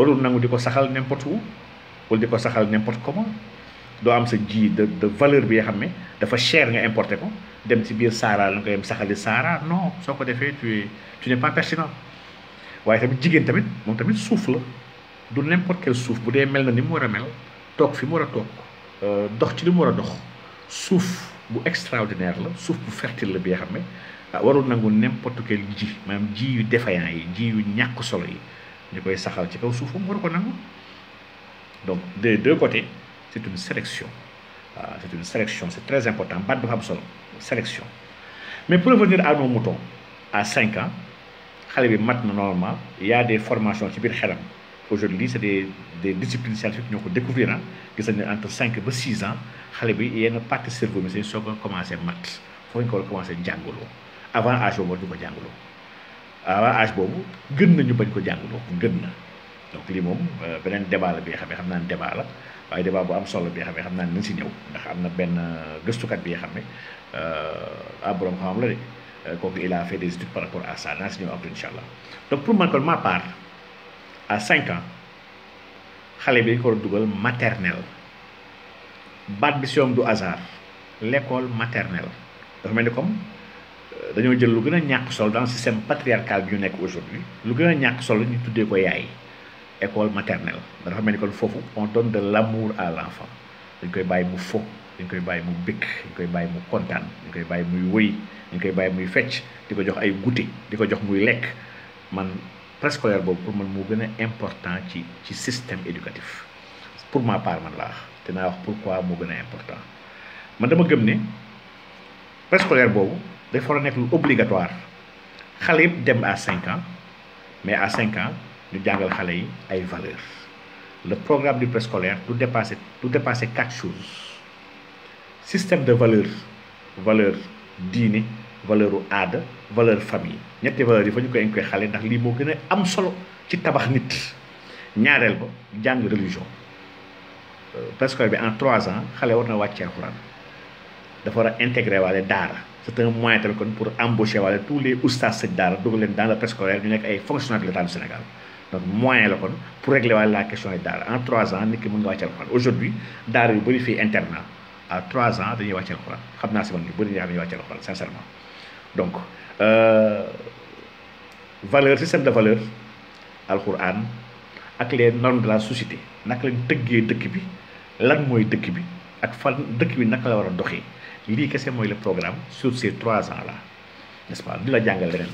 warul nangu di ko saxal n'importe où wala di ko saxal n'importe comment doo am sa ji de de valeur bi nga xam ne dafa cher nga importer ko dem ci biir Sahara la nga dem saxali Sahara non soo ko defee tu es tu n'es pas pertinent waaye tamit jigéen tamit moom tamit suuf la du n'importe quel suuf bu dee mel na ni mu war a mel toog fi mu war a toog euh, dox ci li mu war a dox suuf bu extraordinaire la suuf bu fertile la bi nga xam ne ah, warul nangu n'importe quel ji maanaam ji yu défaillant yi ji yu ñàkk solo yi saxal ci donc des deux côtés c'est une sélection ah, C'est une sélection c'est très important sélection mais pour revenir à nos moutons à 5 ans il y a des formations ci très aujourd'hui c'est des des disciplines scientifiques ñoo ko découvrir hein. entre 5 et 6 ans y a une partie cerveau mais c'est soo commencer commencé mat faut ñu commencer war a commencé avant âge boobu du Ah, waaw âge boobu gën ñu bañ ko jàngloo gën na donc lii moom euh, beneen débat bi xam ne xam naa ne débat la waaye débat bu am solo bi xam ne xam naa ni nañ si ñëw ndax am na benn euh, gëstukat bi nga xam ne euh, ah borom xam-xam la de kooku il a naa si ñëw après incha donc pour man kon ma part à 5 ans xale bi dañ ko a dugal maternelle baat bi si du hasard l' école maternelle dafa mel ni comme. dañoo jël lu gën a ñàkk sol dans système patriarcal bi ñu nekk aujourd'hui lu gën a ñàkk sol ñu tuddee ko yaay école maternelle dafa mel ni kon foofu on donne de l'amour à l'enfant dañ koy bàyyi mu fo dañ koy bàyyi mu bëgg dañ koy bàyyi mu kontaan dañ koy bàyyi muy wëy dañ koy bàyyi muy fecc di ko jox ay goûter di ko jox muy lekk man préscolaire boobu pour man moo gën a important ci ci système éducatif pour ma part man laa wax te naa wax pourquoi moo gën a important man dama gëm ne préscolaire boobu il faut obligatoire xale à 5 ans mais à 5 ans ñu jangal xale ay valeurs le programme du préscolaire tout dépasser tout dépasser quatre choses système de valeurs, valeurs dîner valeurs ad, valeurs famille ñetti valeurs yi inculquer ndax li mo gëna am solo ci tabax nit ba religion euh, préscolaire en 3 ans war na alcorane. dafa war a intégré waale daara c'est un moyen tamit kon pour embaucher waale tous les oustaz sëñ daara dugal leen dans le préscolaire ñu nekk ay fonctionnaires de l'État du Sénégal donc moyen la kon pour régler waale la question des daara en trois ans nit ki mën nga wàcce alxuraan aujourd'hui daara yu bëri fii internat à trois ans dañuy wàcce alxuraan xam naa si man ñu bëri ñaa dañuy wàcce alxuraan sincèrement donc euh, valeur système de valeur alxuraan ak les normes la société naka lañ dëkk bi lan mooy dëkk bi ak fan dëkk bi naka la war a lii kese mooy la programme sur ces trois ans là n'est-ce pas du la jàngal leneen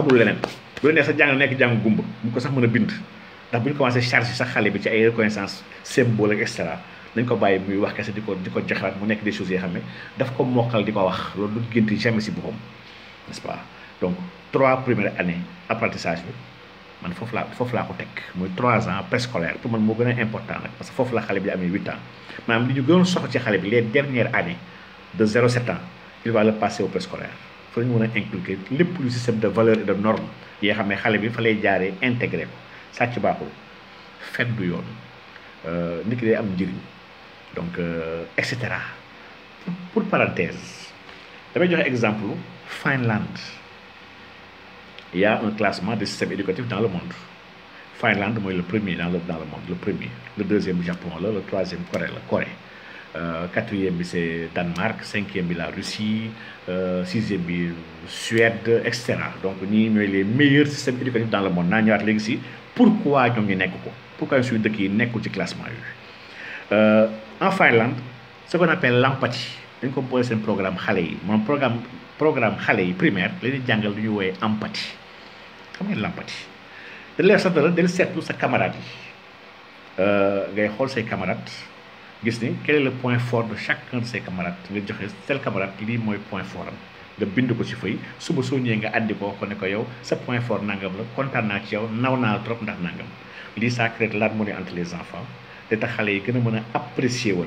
amul leneen bu la neex sa jàngal nekk jàng gumba bu ko sax mën a bind ndax bu ñu commencé chargé sax xale bi ci ay reconnaissance symbole ak et cetera dañ ko bàyyi muy wax kese di ko di ko joxaat mu nekk des choses yoo xam ne daf ko mokkal di ko wax loolu du génti jamais si boppam n'est-ce pas donc trois premières années apprentissage bi man fof la fof la ko tek moy trois ans préscolaire pour man mo gëna important parce que fof la xalé bi amé 8 ans manam li ñu gënoon sox ci xalé bi les dernières années de 07, ans il va le passer au préscolaire fa ñu mëna a inculquer lu système de valeur et de normes, yi xam xalé bi fa lay jaaree intégré ko sàcc baaxul fet du yoon euh, nit ki day am njëriñ donc euh, et cetera pour parenthèse damay joxe exemple Finlande il y a un classement des systèmes éducatifs dans le monde. Finlande, est le premier dans le, monde, le premier. Le deuxième, Japon, le troisième, Corée. La Corée. Euh, quatrième, c'est Danemark. Cinquième, c'est la Russie. Euh, sixième, Suède, etc. Donc, nous avons les meilleurs systèmes éducatifs dans le monde. Nous Pourquoi nous sommes pas Pourquoi nous sommes pas classement euh, En Finlande, ce qu'on appelle l'empathie. Nous avons un programme Halei. Mon programme, programme Halei primaire, c'est l'empathie. empathie xam ngeen l'empathie dañ dara camarade euh, ngay quel est le point fort de chacun de ses camarades nga joxe camarade point fort bind ko ci fay suba soo nga andi ko ko point fort nangam la kontaan ci yow de l'harmonie entre les enfants te yi a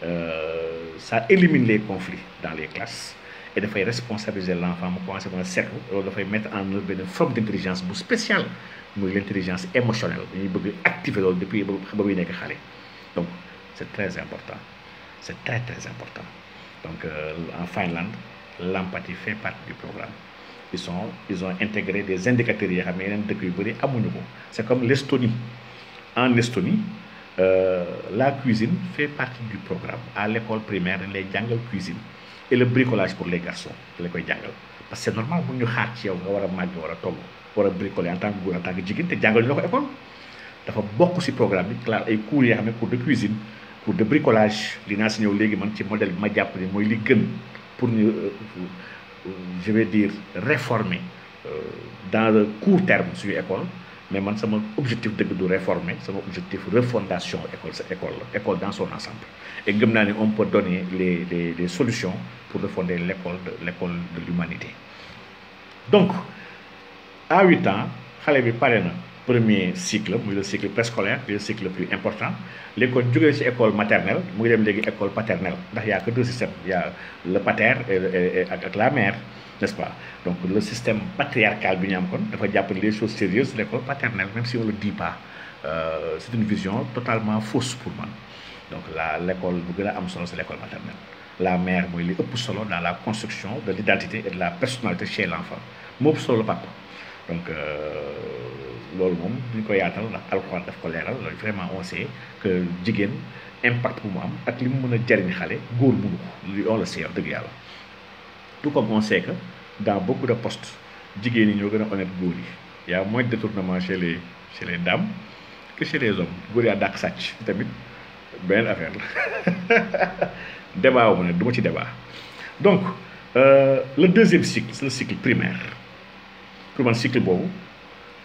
euh, ça élimine les conflits dans les classes il faut responsabiliser l'enfant, il faut mettre en œuvre une forme d'intelligence spéciale l'intelligence émotionnelle Il faut activer depuis que vous avez donc c'est très important C'est très très important donc euh, en Finlande l'empathie fait partie du programme ils sont ils ont intégré des indicateurs à ont niveau. C'est comme l'Estonie. en Estonie euh, la cuisine fait partie du programme à l'école primaire les jungles cuisinent. cuisine et le bricolage pour les garçons la koy jàngal parce que normal bu ñu xaar ci yow nga war a màgg war a togg war a bricoler en tant que góor en tant jigéen te jàngal ñu la ko école dafa bokk si programme bi clair ay cours yoo xam ne cours de cuisine cours de bricolage dinaa si ñëw léegi man ci modèle bi ma jàpp ni mooy li gën pour ñu euh, euh, je vais dire réformer euh, dans le court terme suñu école mais c'est mon objectif de réformer, réformer mon objectif refondation école l'école dans son ensemble et comme on peut donner les solutions pour refonder l'école de l'école de l'humanité donc à 8 ans xalé bi premier cycle le cycle préscolaire le cycle le plus important L'école du jógee école maternelle l'école école paternelle Il n'y a que deux systèmes il y a le pater et la mère n'est-ce pas donc le système patriarcal bi faut dire les choses sérieuses l'école paternelle même si on ne le dit pas euh, c'est une vision totalement fausse pour moi. donc l'école bu c'est l'école maternelle la mère est li ëpp solo dans la construction de l'identité et de la personnalité chez l'enfant Moi, solo le papa donc euh, loolu moom duñ ko yaatal ndax alxuraan daf ko leeral loolu vraiment on sait que jigéen impact bu mu am ak li mu mën a jariñ xale góor mënu ko li on le sait dëgg yàlla tout ko on dans beaucoup de postes jigéen ñi ñoo gën a honnête góor yi y a moins de détournement chez les chez les les hommes góor yaa dàq sàcc tamit benn affaire la débat wu ma ne du ci débat donc euh, le deuxième cycle c'est le cycle primaire pour man cycle boobu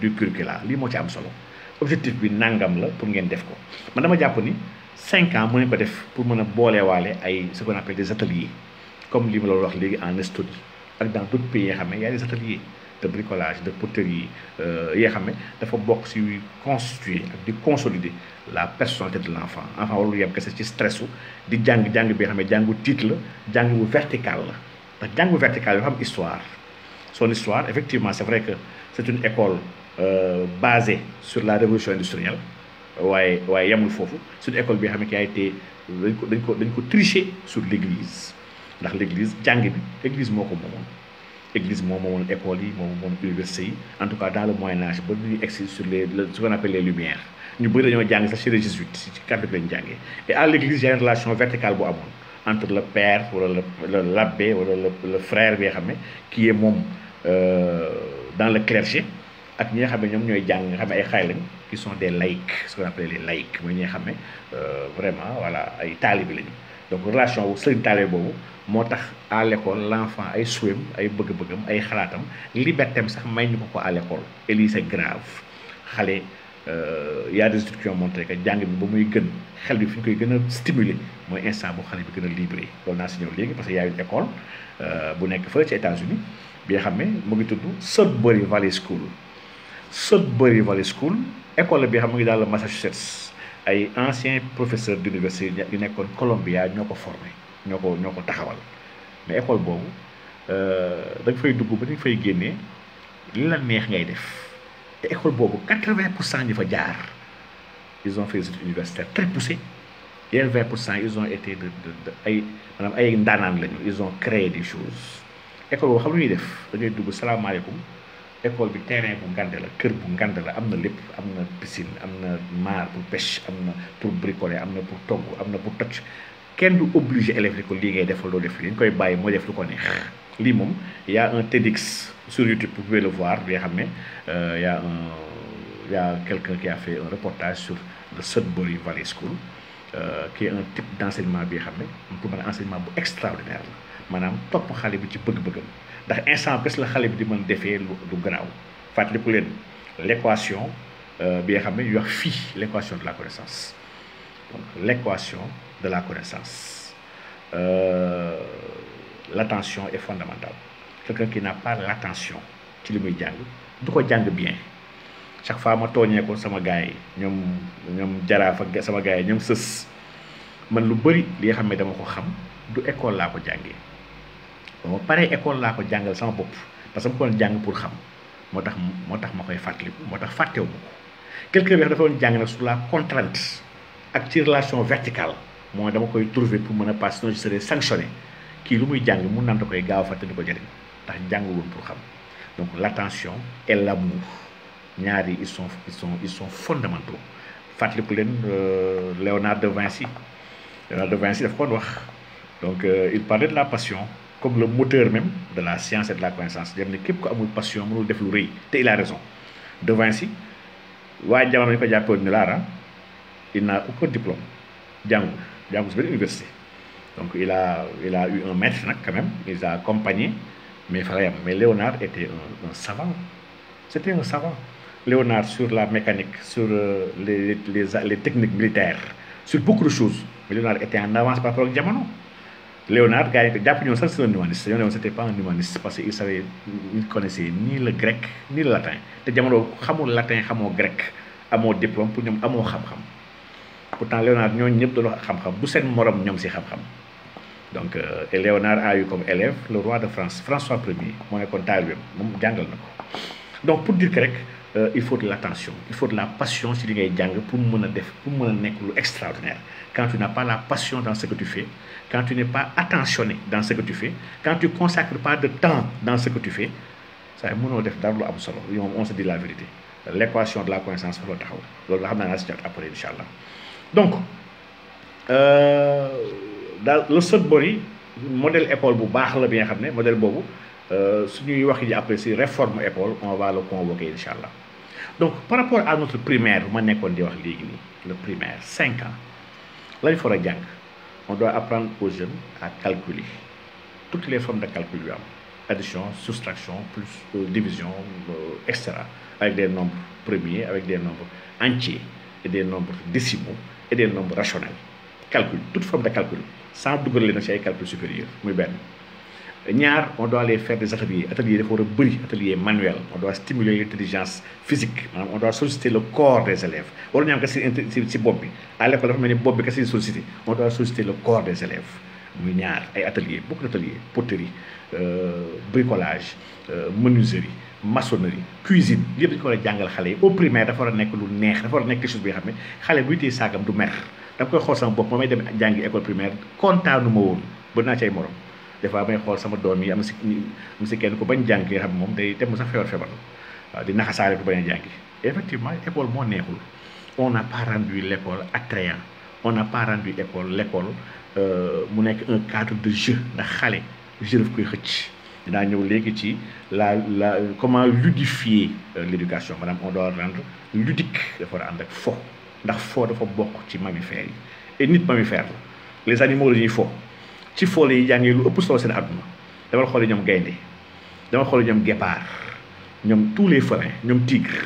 du curriculum Li mo ci am solo objectif bi nangam la pour ngeen def ko man dama japp ni cinq ans mën nañ ko def pour mën bolé walé ay ce qu'on appelle des ateliers comme li ma lo wax légui en Estonie ak dans tout pays yoo y a des ateliers de bricolage de poterie Euh, il faut de dafa constituer ak consolider la personnalité de l'enfant Enfin, warul yem kese ci stressu di jàng jàng bi nga xam titre la vertical la ndax jàng bu vertical xam histoire son histoire effectivement c'est vrai que c'est une école euh, basé sur la révolution industrielle waaye waaye yemul foofu suñu école bi nga xam ne yaa été dañ ko dañ ko dañ ko tricher sur l'église ndax l'église jàng bi église moo ko moomoon église moo moomoon école yi moom moom université yi en tout cas dans le moyen âge ba ñuy egsi sur le, ce qu'on appelle les lumières ñu bëri dañoo jàng sax chez les jésuites ci catholique lañu jàngee et à l'église y a une relation verticale bu amoon entre le père wala le l'abbé wala le frère bi nga qui est moom euh, dans le clergé ak ñi nga xam ne ñoom ñooy jàng nga xam ay xay lañ qui sont des laïcs ce qu'on appelle les laïcs mooy ñi nga xam ne euh, vraiment voilà ay taalibi lañu donc relation wu sëriñ taalibe boobu moo tax à l'école l'enfant ay souhaim ay bëgg-bëggam ay xalaatam libertéem sax may ñu ko ko à l'école et lii c'est grave xale euh, y a des études qui ont montré que jàng bi ba muy gën xel bi fi ñu koy gën a stimuler mooy instant bu xale bi gën a libre loolu naa si ñëw léegi parce que y a une école euh, bu nekk fële ci États-Unis bi nga xam ne mu ngi tudd Sudbury Valley School Sudbury Valley School école bi xam nga daal Massachusetts ay anciens professeurs d'université yu nekkoon Columbia ñoko formé ñoko ñoko taxawal mais école bobu euh nga fay dugg ba dañ fay génné li la neex ngay def Et école bobu 80% ñi fa jaar ils ont fait des études universitaires très poussées yeneen vingt ils ont été de de ay maanaam ay ndaanaan lañu ils ont créé des choses école boobu xam lu ñuy def da ngay dugg salaamaaleykum. école bi terrain bu ngànte la kër bu ngànte la amna lepp amna piscine amna mar pour pêche amna pour bricoler amna pour togg amna pour toj kenn du obligé élève yi ko li ngay defal loo def li ngoy koy mo def lu ko neex li mom il y a un TEDx sur YouTube vous pouvez le voir bi nga xam ne euh, y a un y a quelqu'un qui a fait un reportage sur le Sudbury Valley School euh, qui est un type d'enseignement enseignement bi nga xam ne pour extraordinaire manam top topp xale bi ci bëgg-bëggam l'équation instant de la connaissance l'équation de la connaissance euh, l'attention est fondamentale quelqu'un qui n'a pas l'attention attention ci li bien chaque fois ma tooñee ko sama gars yi sama man ba ma paree école laa ko jàngal sama bop parce que ma jang pour xam motax motax makoy tax motax koy fàttali moo tax quelque bi dafa won jàng nag sur la contrainte ak ci relation verticale moi dama koy trouver pour mën a sinon je serai sanctionné kii lu muy jàng mu naan koy gaaw faté fàtte di ko jëriñ ndax jànguwul pour xam donc l'attention et l'amour ñaari ils sont ils sont ils sont fondamentaux fàttaliku len euh, Léonard de Vinci Léonard de Vinci daf koon wax donc euh, il parlait de la passion comme le moteur même de la science et de la connaissance que une passion il a raison de Vinci il n'a aucun diplôme université donc il a il a eu un maître quand même il a accompagné mais mais Léonard était un savant c'était un savant Léonard sur la mécanique sur euh, les les les techniques militaires sur beaucoup de choses mais Léonard était en avance par rapport à Léonard, gars, c'est un humaniste. Léonard, ce n'était pas un humaniste parce qu'il savait, il connaissait ni le grec, ni le latin. Il savait le latin, le grec, amoo diplôme, pour ñoom amoo xam-xam. Pourtant, Léonard, ñooñu ñëpp dañoo xam-xam, bu seen morom ñoom si xam-xam. Donc, euh, et Léonard a eu comme élève le roi de France, François Ier, er nekkoon taalibeem, moom jàngal na Donc, pour dire que rek, euh, il faut de l'attention, il faut de la passion si li ngay pour pouvoir faire def, pour d'extraordinaire. a lu extraordinaire quand tu n'as pas la passion dans ce que tu fais, quand tu n'es pas attentionné dans ce que tu fais, quand tu ne consacres pas de temps dans ce que tu fais, ça est mon def on se dit la vérité. L'équation de la connaissance, euh, euh, c'est va après, Inch'Allah. Donc, dans le Sudbury, modèle Le modèle bien le modèle bobu. Euh, si nous est apprécié réforme épaule, on va le convoquer, Inch'Allah. Donc, par rapport à notre primaire, le primaire, 5 ans. Là, il un gang on doit apprendre aux jeunes à calculer toutes les formes de calcul addition soustraction plus euh, division euh, etc. avec des nombres premiers avec des nombres entiers et des nombres décimaux et des nombres rationnels calcul toute forme de calcul sans doubler les calculs supérieurs. calcul supérieur ñaar on doit aller faire des ateliers ateliers dafa war a bëri atelier manuel on doit stimuler l'intelligence physique maanaam on doit solliciter le corps des élèves wala ñu am kese si si bopp bi à l'école dafa mel ni bopp bi kese sollicité on doit solliciter le corps des élèves muy ñaar ay ateliers beaucoup d'ateliers poterie euh, bricolage euh, menuiserie maçonnerie cuisine yëpp dañu ko war a jàngal xale yi au primaire dafa war a nekk lu neex dafa war a nekk quelque chose bi nga xam ne xale buy téye saagam du mer dama koy xool sama bopp ma may dem jàngi école primaire kontaanu woon ba naa cay morom des fois may xool sama doom yi am si am si kenn ku bañ jàng nga xam moom day dem mu sax feebar feebar waaw di naxasaale ku bañ a jàngi effectivement école moo neexul on a pas rendu l'école attrayant on a pas rendu école l'école euh, mu nekk un cadre de jeu ndax xale jeu daf koy xëcc dinaa ñëw léegi ci la la comment ludifier euh, l'éducation maanaam on doit rendre ludique dafa war a ànd ak fo ndax fo dafa bokk ci mammifères yi et nit mammifère la les animaux la ñuy fo ci foole yi jàngee lu ëpp solo seen àdduna dama xooli ñoom gaynde dama xooli ñoom guépard ñoom tous les félins ñoom tigre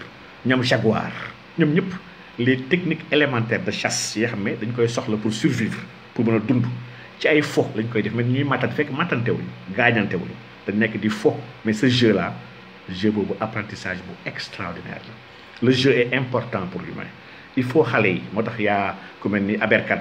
ñoom jaguar ñoom ñëpp les techniques élémentaires de chasse yi xam ne dañ koy soxla pour survivre pour mën a dund ci ay fo lañ koy def mais ñuy màttan fekk màttantewuñu gaañantewuñu dañ nekk di fo mais ce jeu là jeu boobu apprentissage bu extraordinaire la le jeu est important pour l'humain il faut xale yi moo tax yaa ku mel ni Aberkan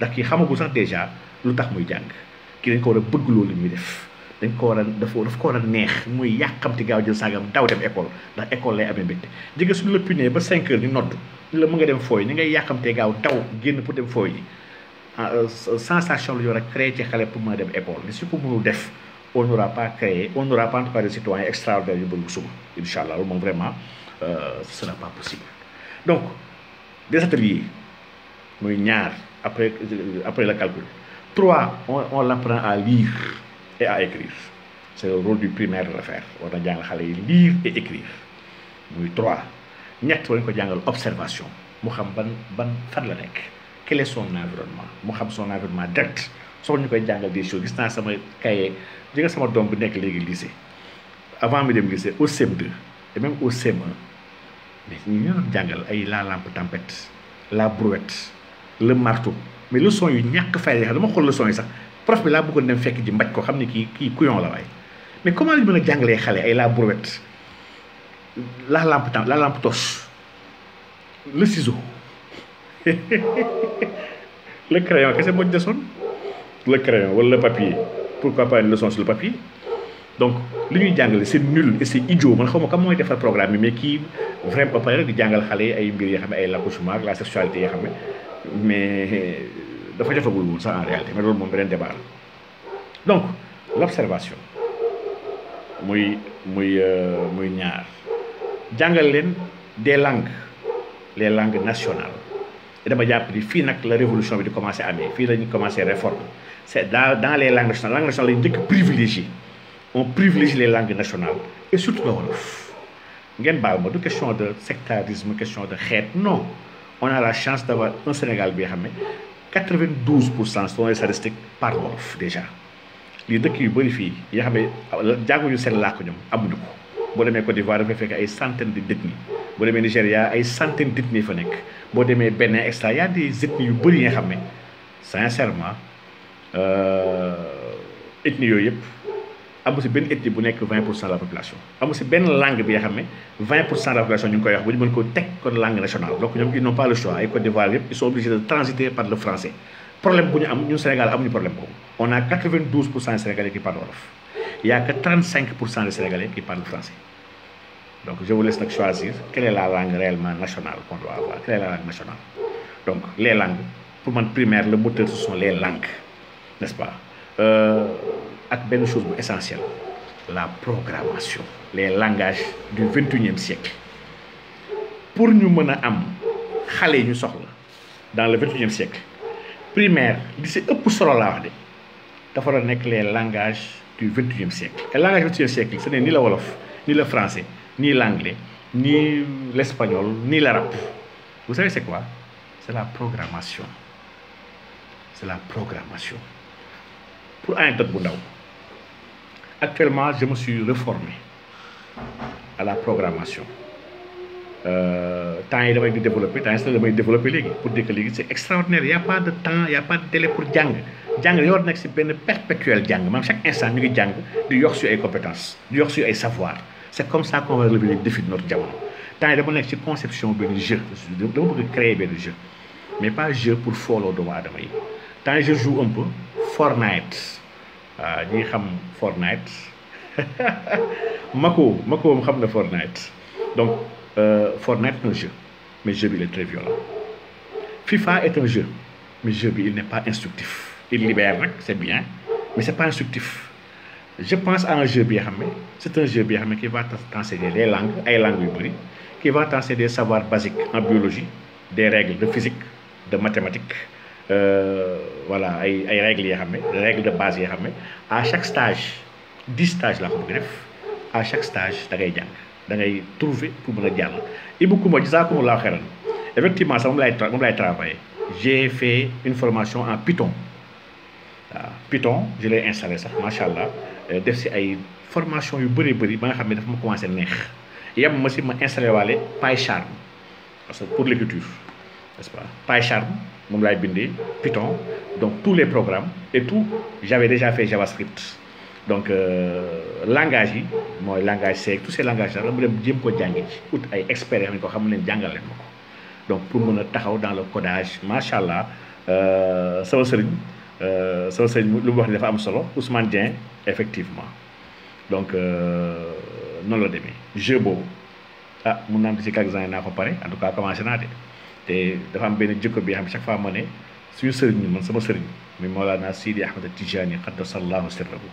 ndax kii xamagul sax dèjà lu tax muy jàng kii dañ ko war a bëgg loolu muy def dañ ko war a dafa dafa ko war a neex muy yàqamti gaaw jël saagam daw dem école ndax école lay amee mbégte jege suñu la punee ba 5 heures ñu nodd ñu la mu nga dem fooy ni ngay yàqamtee gaaw daw génn pour dem fooy yi ah, euh, sensation la ñu war ci xale pour mën dem école mais su ko mënul def on n'aura pas créé on n'aura pas en yu bëgg suba incha allah loolu vraiment euh, ce sera pas possible donc des ateliers muy ñaar après, après le calcul. Trois, on, on l'apprend à lire et à écrire. C'est le rôle du primaire de faire. On a lire et écrire muy trois ñett war ko observation mu xam ban ban fan la quel est son environnement mu xam son environnement direct soo ñu koy jàngal des choses gis naa sama cahier ji nga sama doom bi nekk léegi lycée avant mi dem lycée au CM2 et même au CM1 mais ñu doon ay la lampe tempête la brouette le marteau mais leçon yu ñak fay yi dama xool leçon yi sax prof bi la bëggoon dem fekk ji mbaj ko xam ne kii kii couillon la waaye mais comment lañ mën a jàngalee xale ay la brouette la lampe la lampe torse le ciseau le crayon kese moo de son? le crayon wala le papier pourquoi pas une leçon sur le papier donc li ñuy jàngale c'est nul et c'est idiot man xaw ma kam mooy defar programme mais kii vraiment ba pare rek di jàngal xale ay mbir yi xam ne ay ak la sexualité yi xam mais dafa jotagul woon ça en réalité mais je ne beneen débat donc l'observation, c'est muy muy euh, ñaar des langues les langues nationales et dama jàpp ni fii la révolution a commencé à fii la commencer commencé réforme c'est dans les langues nationales Les langues nationales sont privilégiées. on privilégie les langues nationales et surtout il wolof a des ma du question de sectarisme question de haine non on a la chance d'avoir un Sénégal bi nga xam ne 92 pour cent sont les statistiques par wolof déjà lii dëkk yu bëri fii yi nga xam ne jànguñu seen làkk ñoom amuñu ko boo demee Côte d'Ivoire dafay fekk ay centaine de ethnies boo demee Nigéria ay centaine d'ethnies fa nekk boo demee Bénin extra y a des yu bëri yi nga xam ne sincèrement euh, ethnies yooyu yëpp. Il n'y a 20 de la population amu langue bi nga 20 de la population ñu koy wax langue nationale donc ils n'ont pas le choix Côte d'Ivoire ils sont obligés de transiter par le français problème bu ñu am ñun Sénégal problème on a 92 des Sénégalais qui parlent Il y a que 35 des Sénégalais qui parlent français donc je vous laisse choisir quelle est la langue réellement nationale qu'on doit avoir quelle est la langue nationale donc les langues pour moi primaire le moteur ce sont les langues n'est-ce pas euh, ak ben chose essentielle la programmation les langages du 21 e siècle pour nous mëna am xalé ñu dans le 21 e siècle primaire li si ëpp solo la wax les langages du 21 e siècle les langage du 21 e siècle ce n'est ni le wolof ni le français ni l'anglais ni l'espagnol ni l'arabe vous savez c'est quoi c'est la programmation c'est la programmation pour un bu ndaw Actuellement, je me suis reformé à la programmation. Euh, temps yi il di développé temps il développé pour dire que c'est extraordinaire. Il n'y a pas de temps il n'y a pas de délai pour Djang. Djang, c'est une perpétuelle Djang. Même chaque instant nous ngi jàng di yokk compétences nous yokk si ay savoir C'est comme ça qu'on va relever les défis de notre Djang. Tant il dama a une conception de jeu de créer un jeu mais pas un jeu pour follow de aadama yi temps je joue un peu Fortnite. Ah, ñi xam Fortnite Mako Mako moom xam na Fortnite donc euh, Fortnite un jeu mais jeu il est très violent FIFA est un jeu mais jeu il n'est pas instructif il libère c'est bien mais c'est pas instructif je pense à un jeu bien xamé c'est un jeu bien xamé qui va t'enseigner des langues ay langues yu qui va t'enseigner des savoirs basiques en biologie des règles de physique de mathématiques euh, voilà ay ay règles yi xam règles de base yi xam à chaque stage 10 stages la ko bëgg def à chaque stage da ngay jang da ngay trouver pour mën a jàll Ibou Koumba jazaakumullaahu xayran effectivement sax moom laay mom lay travailler j'ai fait une formation en Python waaw Python je l'ai installé ça machallah allah euh, def ci ay formation yu bëri bëri ba nga xam dafa ma commencé neex yam ma ci ma installé waale PyCharm parce que pour l'écriture n'est-ce pas PyCharm moom laay Python donc tous les programmes et tout j'avais déjà fait JavaScript donc euh, langage moi langage C tous ces langages là mu dem ko jàngi ci ay experts ko donc pour mën taxaw dans le codage macha allah euh, sama sëriñ euh, sama sëriñ lu mu wax ni dafa am solo Ousmane Dieng effectivement donc non le demee je beau. ah mon nom am ci quelques années naa ko pare en tout cas commencé naa te dafa am benn jikko bi xam chaque fois ma ne suñu sëriñ man sama sëriñ mi Mawlana Sidi Ahmad Tijani qaddasallahu sirrahu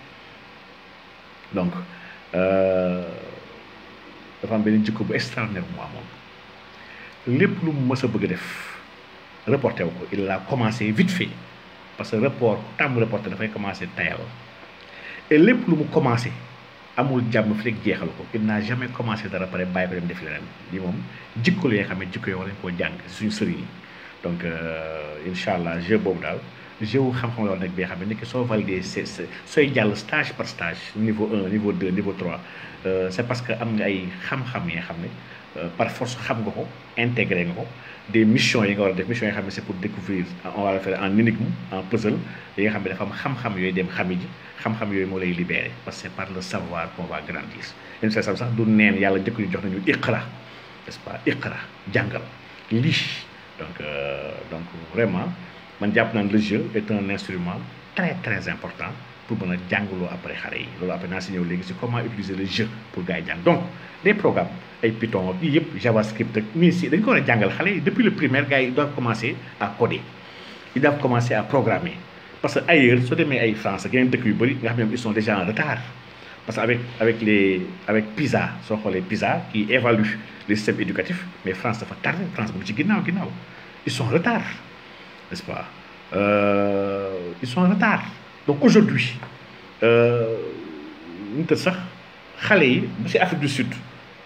donc euh, dafa am benn jikko bu extraordinaire mu amoon lépp lu mu mës a bëgg a def reporté wu ko il a commencé vite parce que report tàmm reporté dafay commencé tayal et lépp lu mu commencé amul jàmm fekk jeexal ko il n'a jamais commencé dara pare bay ko dem def leneen lii mom jikko la yoo xam ne jikko yoo xam ne koo suñu sëriñ donc euh, inshallah je boobu dal je wu xam-xam la woon nag bi nga xam ne ni ki soo validé sooy stage par stage niveau 1 niveau 2 niveau 3 euh, c'est parce que am nga ay xam-xam yi xamné xam euh, par force xam nga ko intégré nga ko des missions yi nga wara def missions yi xamné c'est pour découvrir on va le faire en énigme en puzzle yi nga xamné dafa am xam-xam yooyu dem xami ji xam-xam yooyu moo lay libéré parce que par le savoir qu'on va grandir yéen sa sam sax du neen yàlla njëkk ñu jox nañu iqra n'est-ce pas iqra jàngal li. donc euh, donc vraiment man jàpp naan le jeu est un instrument très très important pour mën a jàngaloo après xale yi loolu après naa si ñëw comment utiliser le jeu pour gars yi jàng donc les programmes ay Python ak yii JavaScript ak mais si dañ ko war a jàngal yi depuis le primaire gars yi doivent commencer à coder ils doivent commencer à programmer parce que ailleurs soo demee ay France ak yeneen dëkk yu bëri nga ils sont déjà en retard parce que avec avec les avec PISA soo les PISA qui évalue le système éducatif mais France dafa tard. France mu ngi ci ils sont en retard n'est-ce pas euh, ils sont en retard donc aujourd'hui euh, ñu tëdd sax xale yi ba si Afrique du Sud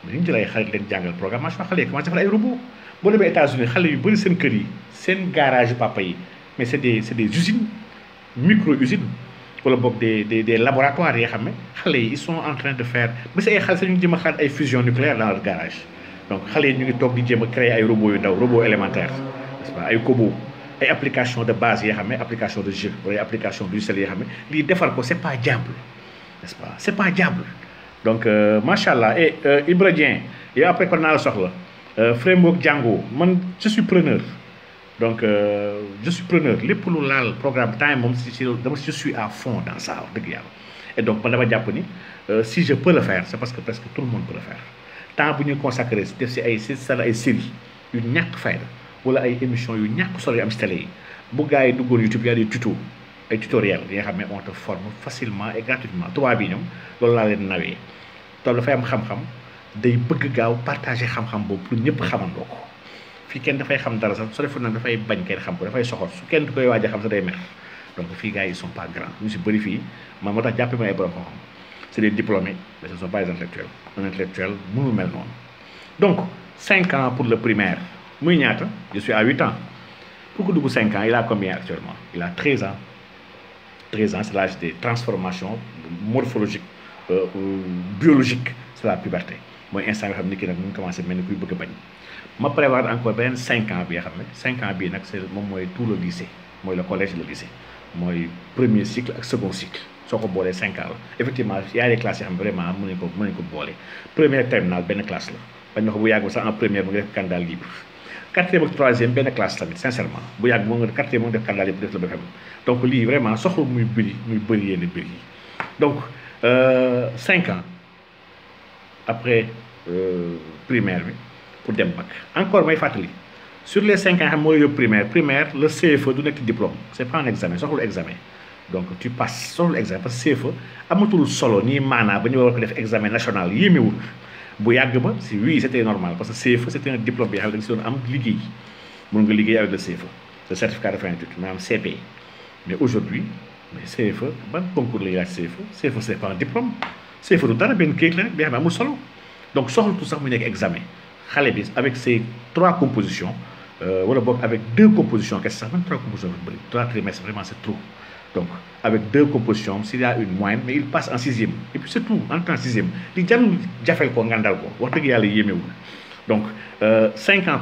mais ñu jël ay xale leen jàngal programmation xale yi commencé defar ay robot boo demee États-Unis xale yu bëri seen kër yi garage papa yi mais c'est des c'est des usines micro usine pour le des des des laboratoires yoo xam ne ils sont en train de faire ba c'est ay xale sax jëm ay fusion nucléaire dans le garage donc xale yi ñu ngi toog di jéem créer ay robots yu ndaw robots élémentaires n'est-ce pas ay kobo ay application de base yoo xam ne application de jeu wala application logicielle yoo xam ne lii defar ko c'est pas diable n'est-ce pas c'est pas diable donc euh, macha allah et euh, Ibra Dieng yow après kon naa la soxla euh, framework Django man je suis preneur donc euh, je suis preneur lépp lu laal programme time moom si dama je suis à fond dans ça dëgg yàlla et donc man dama jàpp ni euh, si je peux le faire c'est parce que presque tout le monde peut le faire temps bu ñuy consacré def si ay si sala ay série yu ñàkk fayda wala ay émissions yu ñàkk solo yu am si télé yi bu gars yi duggoon YouTube y a des tutos ay tutoriels yi nga xam ne on te forme facilement et gratuitement tubaab yi ñoom loolu laa leen nawee te dafay am xam-xam day bëgg gaaw partager xam-xam boobu pour ñëpp xamandoo ko fii kenn dafay xam dara sax su deful nag dafay bañ kenn xam ko dafay soxor su kenn koy waaj a xam sa day mer donc fii gars yi sont pas grands ñu si bëri fii man moo tax jàppe ma ay borom xam-xam c'est des diplômés mais ce sont pas des intellectuels un intellectuel mënul mel noonu donc 5 ans pour le primaire muy ñaata je suis à 8 ans pour que dugg 5 ans il a combien actuellement il a 13 ans 13 ans c'est l'âge des transformations morphologiques euh, euh, biologiques c'est la puberté mooy instant un xam ni ki nag mu ngi commencé mel ni kuy bëgg a bañ je prévois encore 5 ans. 5 ans, c'est tout le lycée. Le collège et le lycée. Le premier cycle et second cycle. Si on a 5 ans. Effectivement, il y a des classes qui sont vraiment moins Le Premier terminal, une classe. Je ne sais pas si en premier, je suis candidat libre. Quatrième et troisième, une classe, sincèrement. Je suis en quatrième, je suis candidat libre. Donc, c'est vraiment, je suis vraiment beaucoup plus libre. Donc, 5 euh, ans après euh, primaire pour dem bac encore may fatali sur les cinq ans xam primaire primaire le CFE du nekk diplôme c'est pas un examen soxlu examen donc tu passes sur examen parce que CFE amatul solo ni mana ba war ko def examen national wul bu yàgg ba si oui c'était normal parce que CFE c' e, un diplôme bi nga xam ne da nga si doon am liguey mën nga liguey avec le CFE le certificat de fin d'études maanaam CP mais aujourd'hui mais CFE ban concours lay laaj CFE CFE c'est pas un diplôme CFE du dara benn kayit la bi nga xam amul solo donc sax mu nek examen avec ses trois compositions euh, avec deux compositions qu'est-ce que ça dire trois compositions trois trimestres vraiment c'est trop donc avec deux compositions s'il y a une moyenne mais il passe en sixième et puis c'est tout entre en sixième a ko ngandal ko dëgg donc euh, cinq ans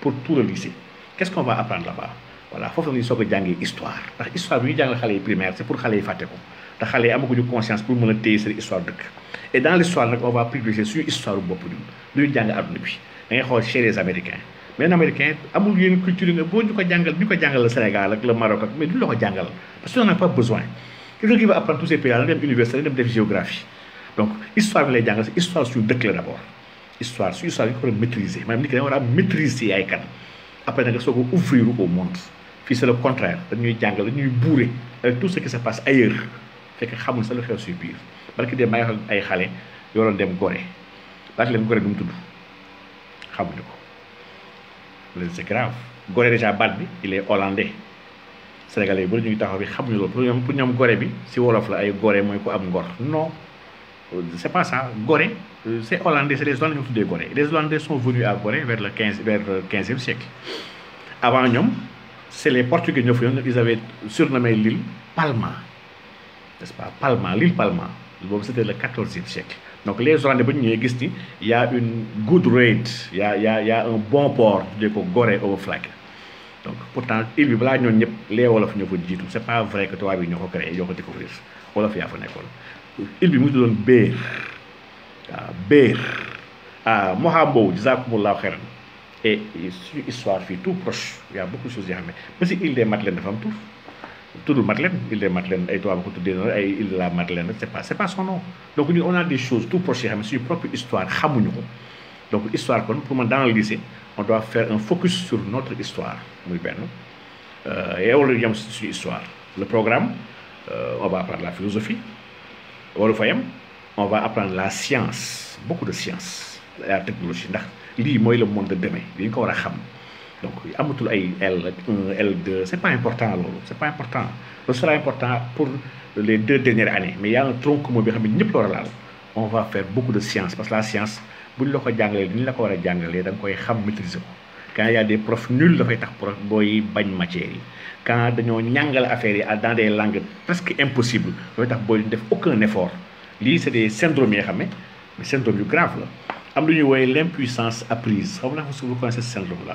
pour tout le lycée qu'est-ce qu'on va apprendre là-bas voilà Faut faire ñuy soog a l'histoire. histoire L'histoire, histoire bi jàngal primaire c'est pour xale yi fàtte ko a beaucoup de conscience pour monter cette histoire et dans l'histoire nag on va privilégier suñu histoire bopp ñun duñu jàng adduna bi da ngay xool chez les américains mais américain amul yenn culture nga boo ñu ko jàngal ñu ko jàngal le Sénégal ak le Maroc ak mais duñu la ko jàngal parce que on n'a pas besoin quelqu'un qui va apprendre tous ces pays là dem université dem def géographie la ko war a maîtriser maanaam nit ki da war a maîtriser yaay nag soo ko ouvrir au monde fii c'est le contraire dañuy jàngal dañuy bourrer avec tout ce qui se passe ailleurs fekk xamul sa lu barki dem may wax ay xalé yoroon dem goré Parce leen Gorée nu mu tudd xamuñu ko Le c'est grave déjà baat bi il est hollandais sénégalais yi bu ñu ngi taxaw bi xamuñu loolu pour ñam pour ñoom Gorée bi si wolof la ay goré moy ko am ngor non c'est pas ça goré c'est hollandais c'est les hollandais ñoo tuddee goré les hollandais sont venus à goré vers le 15 vers le 15e siècle avant ñom c'est les portugais ñoo fa ils avaient surnommé l'île Palma n'est-ce pas Palma l'île Palma boobu c'était le 14e siècle donc les Hollandais ba ñu il y a une good rate il y a y a y a un bon port de ko Gorée Hoofdvlakte donc pourtant il bi balaa ñoon ñëpp les wolof ñoo fa jiitu c'est pas vrai que toi, yi ñoo créé ñoo ko découvrir wolof yaa fa nekkoon île bi mu ngi tuddoon Béer waaw Béer ah Moham Mbow jazakumullahu xeyran et suñu histoire fii tout proche Il y a beaucoup de choses yoo xam ne ba si île des Madeleines de am tur tout le Madeleine il est Madeleine ay toi, ko de noonu il est la Madeleine c'est pas c'est pas son nom donc on a des choses tout proches yoo xam c'est propre histoire donc histoire comme pour nous dans le lycée on doit faire un focus sur notre histoire euh, Et on et on yem histoire le programme euh, on va apprendre la philosophie on va apprendre la science beaucoup de science la technologie ndax lii le monde de demain dañ ko war xam donc amatul ay L L2 c'est pas important loolu c'est pas important ce sera important pour les deux dernières années mais il y a un tronc commun bi xam ne on va faire beaucoup de sciences. parce que la science buñ la ko jàngalé ni la ko wara jàngalé jàngalee koy xam maîtriser ko quand y a des profs nuls dafay tax prof booy bañ matière yi quand daño ñàngal affaire yi dans des langues presque impossible dafay tax booy def aucun effort li c'est des syndromes yoo xam mais syndrome yu grave la am lu ñuy l'impuissance apprise xam naa ko su vous connaissez ce syndrome là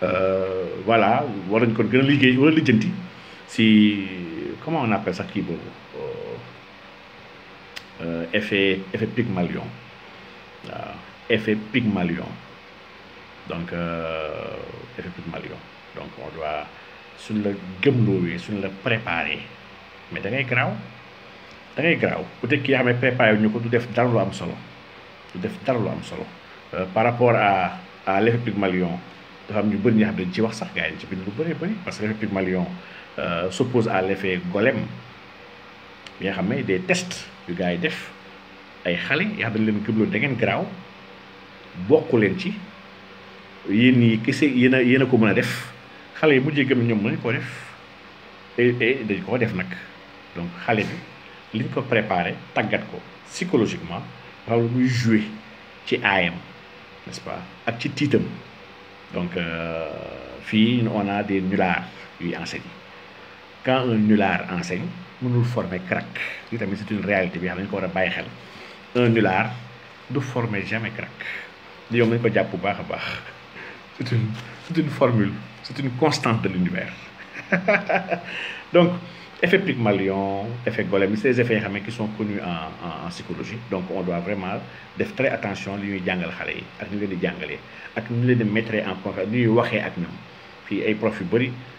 Euh, voilà war nañ kon gën a liggéey si comment on appelle ça, qui euh, effet effet Pygmalion effet Pygmalion donc euh, effet Pygmalion donc on doit suñ la gëmloowee suñ la mais préparé du def am solo du def par rapport à à l'effet Pygmalion nga ñu ñi xam dañ ci parce que l'effet Pygmalion euh, s'oppose à l'effet Golem Il y des tests yu sont faits def ay xale a dañ leen gëmloon da ngeen garaaw bokku leen ci yéen a yéen ko mën def xale yi mujjee gëm ñoom mënuñ def et et donc liñ ko psychologiquement pour lu à joué ci n'est-ce pas ak ci donc, euh, on a des nullards qui enseignent. Quand un nullard enseigne, nous former crack. C'est une réalité. Un nullard ne forme jamais crack. C'est une, une formule, c'est une constante de l'univers. Donc, effet pygmalion, effet golem, c'est des effets qui sont connus en, en, en, psychologie. Donc, on doit vraiment faire très attention à ce qu'on dit à ce qu'on dit à ce qu'on de mettre en contact, à ce qu'on dit avec nous. Puis, les profs,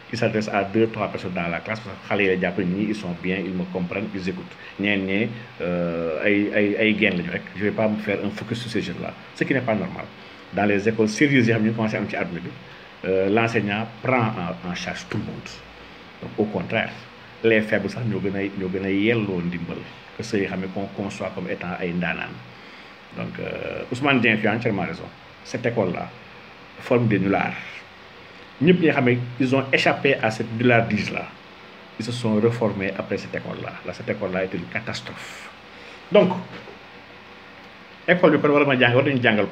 qui s'adressent à deux, trois personnes dans la classe, parce que les Japonais, ils sont bien, ils me comprennent, ils écoutent. Ils euh, Je ne vais pas me faire un focus sur ces jeunes-là, ce qui n'est pas normal. Dans les écoles sérieuses, ils commencé à euh, l'enseignant prend en, en charge tout le monde. Donc, au contraire, les faibles sont ñoo gën a ñoo gën que ceux yi conçoit comme étant un ndaanaan donc euh, Ousmane Dien tu entièrement raison cette école là forme des nullards ils ont échappé à cette nullardise là ils se sont reformés après cette école là cette école là est une catastrophe donc école bi Père war na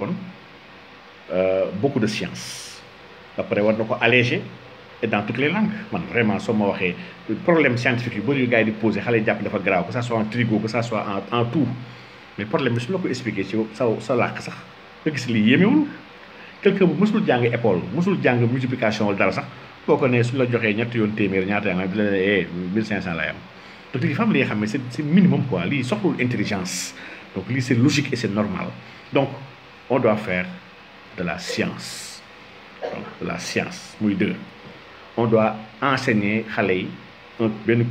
euh, beaucoup de sciences. après war na allégé. alléger et dans toutes les langues man vraiment soo ma le problème scientifique yu bëri gars de poser, posé xale dafa que ça soit en trigo que ça soit en en tout mais problème bi su la ko expliqué ci ça. sa làkk sax nga gis lii yéemewul quelqu'un bu mosul jàng école mosul multiplication wala dara sax boo ko nee su la joxee ñetti yoon téeméer ñaata yaa ngi lay ne eh 1500 lay donc les fam c'est minimum quoi lii soxlul intelligence donc c'est logique et c'est normal donc on doit faire de la science donc de la science muy deux on doit enseigner à yi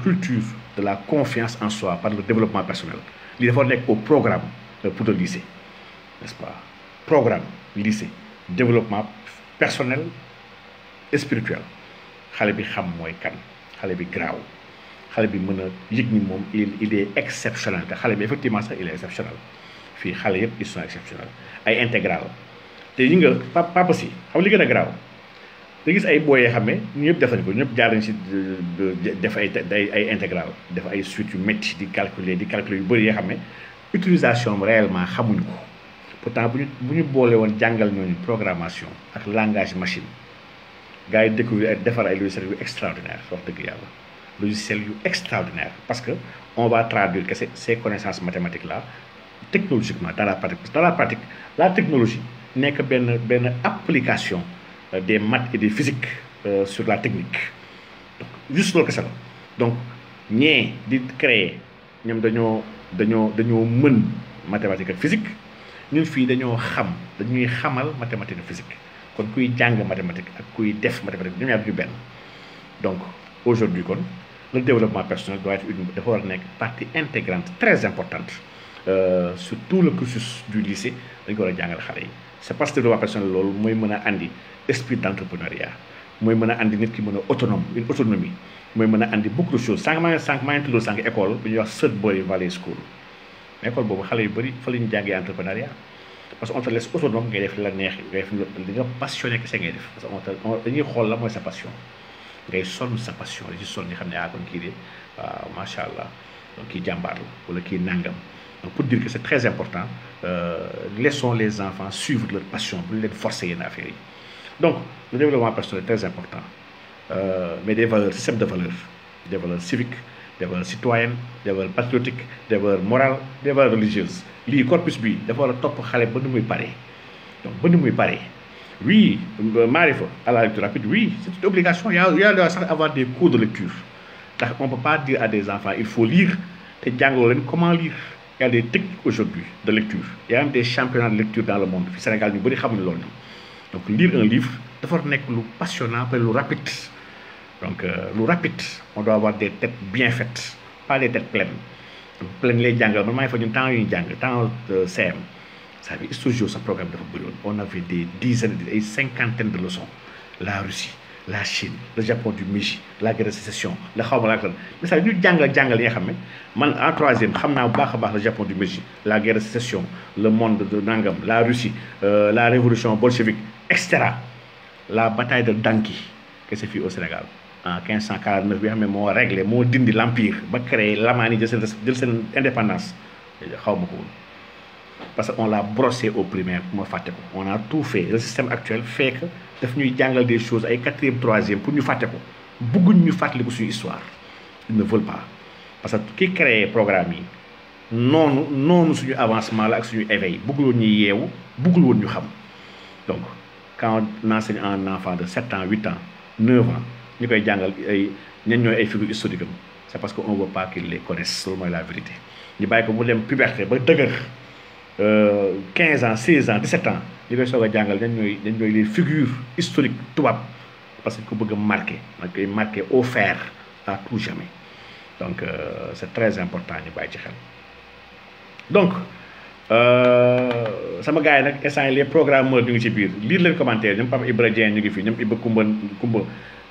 culture de la confiance en soi par le développement personnel Il faut être au programme pour le lycée n'est-ce pas programme lycée développement personnel et spirituel xale bi xam kan bi il il est exceptionnel effectivement il est exceptionnel fii est ils sont exceptionnels ay intégral Il yi nga papa est xam nga gis ay booyee xamé ñu ñëpp def ko ñëpp jaar nañ si def ay ay intégral def ay suite yu métti di calculer di calculer yu bëri yoo utilisation réellement xamuñ ko pourtant bu ñu bu ñu boole woon jàngal ñooñu programmation ak langage machine gars yi découvrir defar ay logiciel yu extraordinaire wax dëgg yàlla logiciel yu extraordinaire parce que on va traduire que ces connaissances mathématiques là technologiquement dans la pratique dans la pratique la technologie nekk benn benn application Euh, des maths et des physiques euh, sur la technique donc juste loolu kese la donc ñee di créer ñoom dañoo dañoo dañoo mën mathématique ak physique ñun fii dañoo xam dañuy xamal mathématique ak physique kon kuy jàng mathématique ak kuy def mathématique ñoom ñaar duñu benn donc aujourd'hui kon le développement personnel doit être une dafa war a nekk partie intégrante très importante Euh, sur le cursus du lycée dañ ko war a jàngal yi c'est parce que développement personnel loolu mooy mën a andi esprit d'entrepreneuriat moy mooy andi nit ki mën autonome une autonomie moy mën andi beaucoup de choses sang maa sang sànq tudo sang école bu ñu wax Sud Boy Valley School école bobu xalé yu bari fa la jangé entrepreneuriat parce qu'on te laisse autonome ngay def la neex ngay def li nga passionné kese ngay def parce qu'on te dañuy xol la moy sa passion ngay son sa passion li ci son ni xamné a ah kon kii de ma sha allah ki jambar wala ki nangam pour dire que c'est très important, euh, laissons les enfants suivre leur passion, pour les forcer à faire. Donc, le développement personnel est très important. Euh, mais des valeurs, système de valeurs, des valeurs civiques, des valeurs citoyennes, des valeurs patriotiques, des valeurs morales, des valeurs religieuses. Le corpus bi, des valeurs top xalé ba nu paré. Donc ba nu Oui, euh, Marifa, à la lecture rapide, oui, c'est une obligation. Il y a, il y a avoir des cours de lecture. On ne peut pas dire à des enfants, il faut lire. comment lire il y a des techniques aujourd'hui de lecture il y a même des championnats de lecture dans le monde un Sénégal nous bëri de donc lire un livre devoir nekk passionnant le rapide donc euh, le rapide on doit avoir des têtes bien faites pas des têtes pleines pleines les djangles, man il faut fa temps de ñu temps euh, CM ça veut dire programme de on avait des dizaines des cinquantaines de leçons la Russie la Chine le Japon du Meiji la guerre de sécession le xaw mais ça nous, jàngal jungle, yi nga man en troisième xam naa bu baax baax le Japon du Meiji la guerre de sécession le monde de nangam la Russie euh, la révolution bolchevique etc. la bataille de Danki c'est fii au Sénégal en 1549 bi nga xam ne moo réglé moo dindi l'empire ba créé lamaan yi jël seen l'indépendance. indépendance parce qu'on l'a brossé au primaire on a tout fait le système actuel fait que nous ñuy des choses 4e 3e pour nous faire ko bëgguñ ñu fàttaliku suñu histoire ils ne veulent pas parce que ki créé programme non non, nous suñu avancement la ak suñu éveil bëggul woon ñuy bëggul donc quand on enseigne un enfant de 7 ans 8 ans 9 ans nous koy jàngal ay figures historiques c'est parce qu'on ne veut pas qu'ils les seulement la vérité ñu avons ko mu puberté 15 euh, ans 16 ans 17 ans li koy soog a les figures historiques parce que ku marqué marqué au fer à tout jamais donc euh, c'est très important ñu bàyyi ci xel donc euh, sama me yi nag les programmeurs ñu ngi ci biir lire leen commentaire ñoom Pape Ibra Dieng ñu ngi fi ñoom Iba Kumba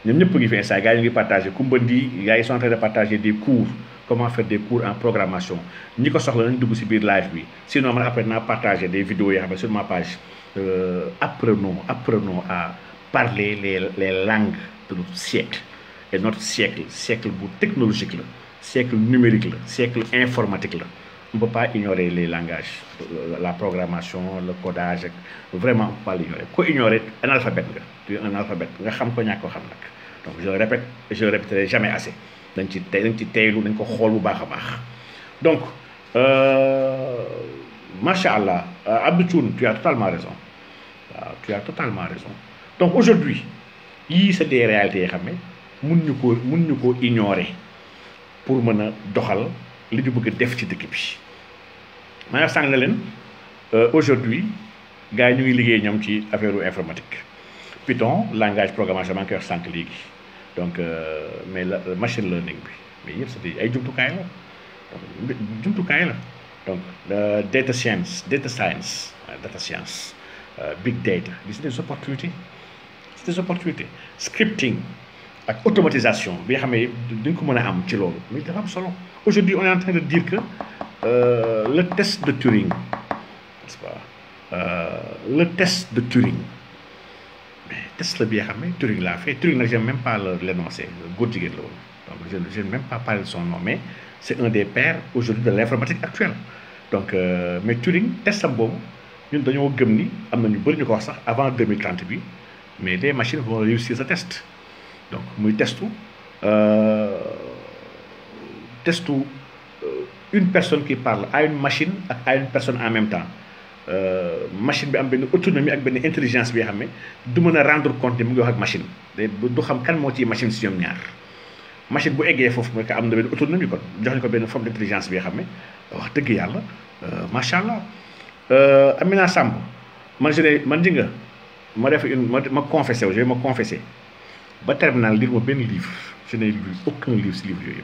nous ñëpp ngi fi les gars yi ñu gars sont en train de partager des cours comment faire des cours en programmation Nous ko soxla nañ dugg si biir live bi sinon man après partager partager des vidéos sur ma page euh, apprenons apprenons à parler les les langues de notre siècle et notre siècle siècle technologique siècle numérique siècle informatique on ne peut pas ignorer les langages, la programmation, le codage, vraiment, on ne peut pas l'ignorer. Quoi ignorer, un alphabet. tu es un alphabet, Donc je le répète, je le répéterai jamais assez. Donc, tu es Donc, euh, Masha'Allah, euh, tu as totalement raison. Tu as totalement raison. Donc aujourd'hui, c'est des réalités, nous pouvons ignorer pour mën a doxal li ñu bëgg ma ne leen euh, aujourd'hui gars yi ñu ngi liggéey ñoom ci affaire informatique Python langage programmation maa ngi koy wax sànq léegi donc euh, mais la euh, machine learning bi mais yëpp c'est ay jumtukaay la donc jumtukaay la donc data science data science data science big data gis des opportunités c'est des opportunités scripting ak automatisation bi nga xam ne duñ ko mën a am ci loolu mais dafa am solo aujourd'hui on est en train de dire que euh, le test de Turing, n'est-ce pas euh, Le test de Turing. Mais test le bien, mais Turing l'a fait. Turing, je n'ai même pas l'énoncé. Donc, je n'ai même pas parlé de son nom, mais c'est un des pères aujourd'hui de l'informatique actuelle. Donc, euh, mais Turing, test un bon, nous avons dit que nous avons avant 2030, mais les machines vont réussir ce test. Donc, nous testons. Euh, testons une personne qui parle à une machine ak à une personne en même temps euh, machine bi am ben autonomie ak ben intelligence bi xam du mën rendre compte mu ngi wax ak machine du xam kan moo ci machine si ñoom ñaar machine bu eggee fofu mooy ka am na benn autonomie kon jox ñu ko ben forme d' intelligence bi xam ne wax dëgg yàlla euh, macha allah euh, Amina Samb man je man di nga ma def une ma ma je vais me confesser ba terminal lire ma ben livre je n'ai lu aucun livre ce livre yooyu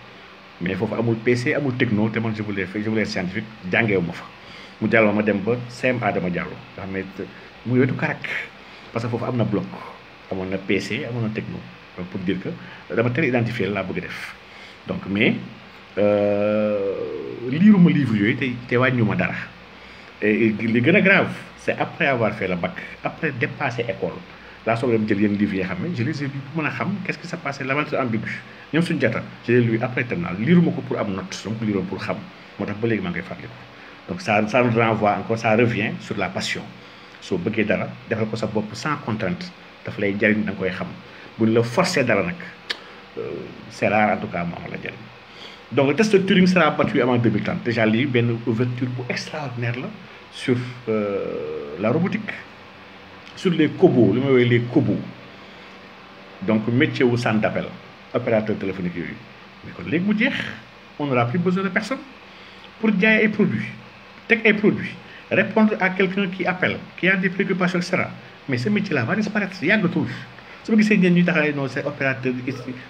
mais foofu amul PC amul techno te man je voulais je voulais scientifique jàngeewu ma fa mu jàll ma dem ba CMA dama jàll nga xam ne mu wetu karak parce que foofu am na bloc amoon na PC amoon na techno pour dire que dama tere identifier laa bëgg def donc mais euh, liiruma livre yooyu te te wàññu ma dara li gën a grave c'est après avoir fait le bac après dépasser école la soog de jël yenn livres je les ai lus pour mën xam qu'est-ce qui s'est passé l'aventure ambiguë ñoom suñu jata je les ai lus après terminale liiruma ko pour am note dama ko liiroon pour xam moo tax ba léegi maa ngi donc ça ça nous renvoie encore ça revient sur la passion soo bëggee dara defal ko sa bopp sans contrainte daf lay jariñ da nga koy xam buñ la forcer dara nag euh, c'est rare en tout cas mu amal la jariñ donc le test de Turing sera battu avant 2030 déjà lii benn ouverture bu extraordinaire la sur euh, la robotique sur les kobo le mot les kobo donc métier ou centre d'appel opérateur téléphonique mais quand les mu on n'aura plus besoin de personne pour dire et produits répondre à quelqu'un qui appelle qui a des préoccupations etc. mais ce métier là va disparaître il y a de tout. qui s'est c'est opérateur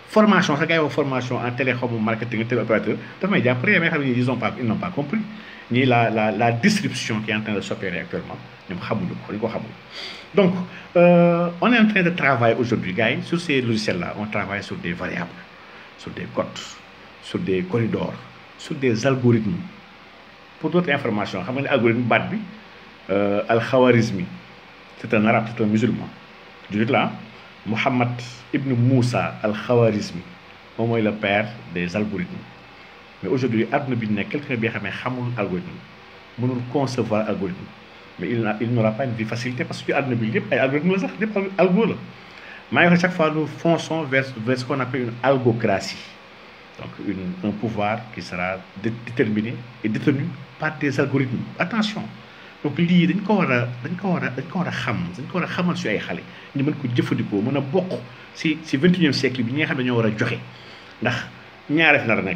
formation sax gars yi formation en télécom, marketing télé opérateur mais ils ils n'ont pas compris ni la la qui est en train de s'opérer actuellement donc euh, on est en train de travailler aujourd'hui sur ces logiciels là on travaille sur des variables sur des codes sur des corridors sur des algorithmes pour d'autres informations xam nga algorithme euh, al khawarizmi c'est un arabe c'est un musulman dis là, Mohamed ibn Moussa al khawarizmi on moins le père des algorithmes mais aujourd'hui adduna bi quelqu'un bi nga Il ne xamul pas concevoir l'algorithme. mais il n'aura pas une vie facilitée parce que n'y bi pas d'algorithme. Mais la sax chaque fois nous fonçons vers vers ce qu'on appelle une algocratie donc un pouvoir qui sera déterminé et détenu par des algorithmes attention donc il dit ko war a dañ ko de a dañ ko war a xam dañ ko war a xamal si ay ko bokk si si vingt et siècle bi ñi nga xam ne ñoo war a qui ndax na de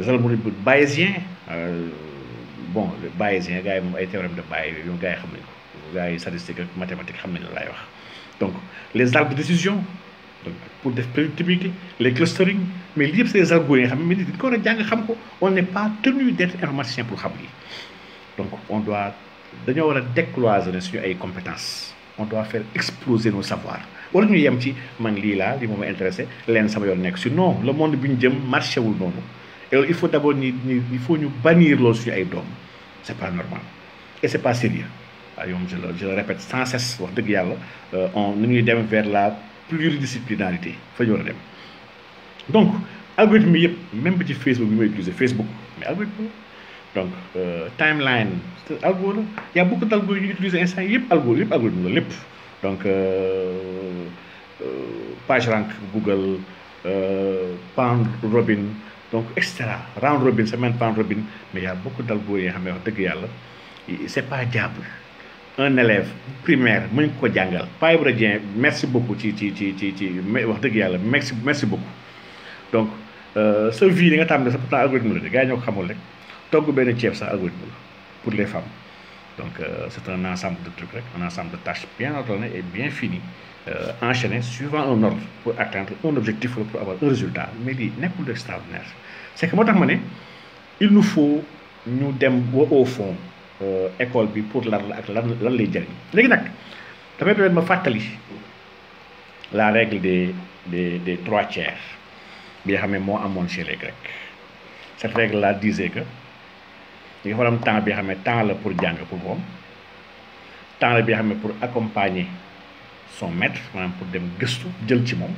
zol mu ne bayésien euh, bon le bayésien gars yi moom ay théorème de Bayes yooyu gars yi xam nañ ko gars yi statistique ak mathématique xam la laay wax donc les arbres de décision donc pour def prédictibilité le clustering mais il y a des algo yi nga xam ne nit dañ ko war a jàng xam ko on n'est pas tenu d'être informaticien pour xam donc on doit dañoo war a décloisonner suñu ay compétences on doit faire exploser nos savoirs wala ñu yem ci man lii laa li moom a intéressé leen sama yoon nekk si non le monde bi ñu jëm marché wul euh, il faut d'abord nous ni, il bannir loolu suñu ay c'est pas normal et c'est pas sérieux ah, je le répète sans cesse euh, on est vers la pluridisciplinarité donc algorithme même petit Facebook il utiliser Facebook mais algorithme donc euh, timeline algo y a beaucoup d'algo qui utilisent utiliser instant yëpp algo yëpp algorithme donc PageRank Google Robin, donc extra, round robin semaine round robin mais il y a beaucoup d'algo yi xamé wax deug yalla c'est pas diable un élève primaire il ko jangal Pape merci beaucoup ci ci ci ci wax deug yalla merci merci beaucoup donc ce euh, vie li nga tamé sa pourtant algorithme la de ñoo xamul rek togg algorithme pour les femmes donc euh, c'est un ensemble de trucs rek un ensemble de tâches bien ordonnées et bien finies euh, enchaînées suivant un ordre pour atteindre un objectif pour avoir un résultat mais n'est pas extraordinaire c'est que moo tax il nous faut ñu dem ba au fond euh, école bi pour lan la ak lan lan lay jëriñ léegi nag damay permettre ma fàttali la règle des des des trois tiers bi nga xam ne moo amoon chez les Grecs cette règle là disait que ñu ngi am temps bi nga temps la pour jàng pour moom temps la bi nga pour accompagner son maître pour dem gëstu jël ci mom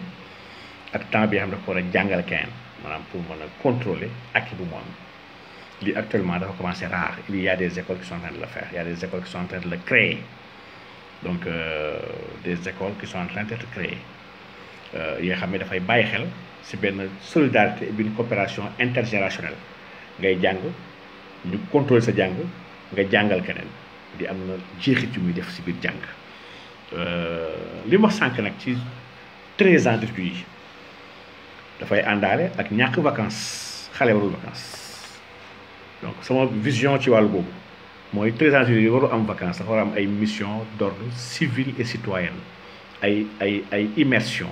ak temps bi nga pour ne dafa jàngal keneen pour contrôler à qui mu am actuellement ça rare il y a des écoles qui sont en train de le faire il y a des écoles qui sont en train de le créer donc euh, des écoles qui sont en train d'être créées Il y yi nga xam de dafay bàyyi xel C'est une solidarité et une coopération intergénérationnelle ngay jàng ñu contrôler sa jàng nga jàngal keneen di amna na jeexit muy def ci jang euh li ma sank nak ci 13 ans dafay andalé ak ñak vacances xalé warul vacances donc sama vision ci wàllu boobu mooy trésans yi waru am vacances dafa am ay mission d'ordre civil et citoyen, ay ay ay immersion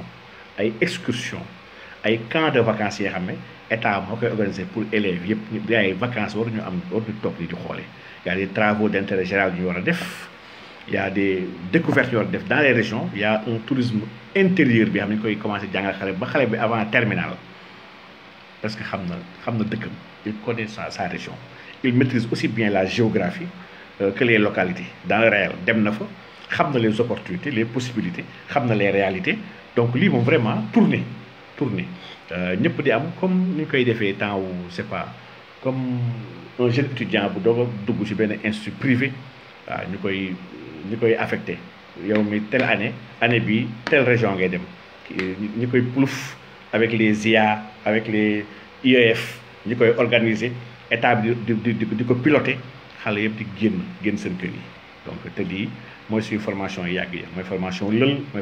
ay excursion ay camp de vacances yi xam état mo koy organiser pour élèves yépp ñu ay vacances ñu am waruñu toog di xoole y a des travaux d'intérêt général ñu wara def il y a des découvertes dans les régions il y a un tourisme intérieur qui a commencé à faire ba avant terminal parce que il connaît sa région il maîtrise aussi bien la géographie euh, que les localités dans le réel il connaît les opportunités les possibilités xam les réalités donc ils vont vraiment tourner tourner euh, nous di am comme ni koy tant temps ou c'est pas comme un jeune étudiant qui a dugg ci institut privé ñi koy affecté yow mi telle année année telle région ngay dem ñi avec les IA avec les IEF ñi koy piloter di donc te lii mooy suñu formation yàgg formation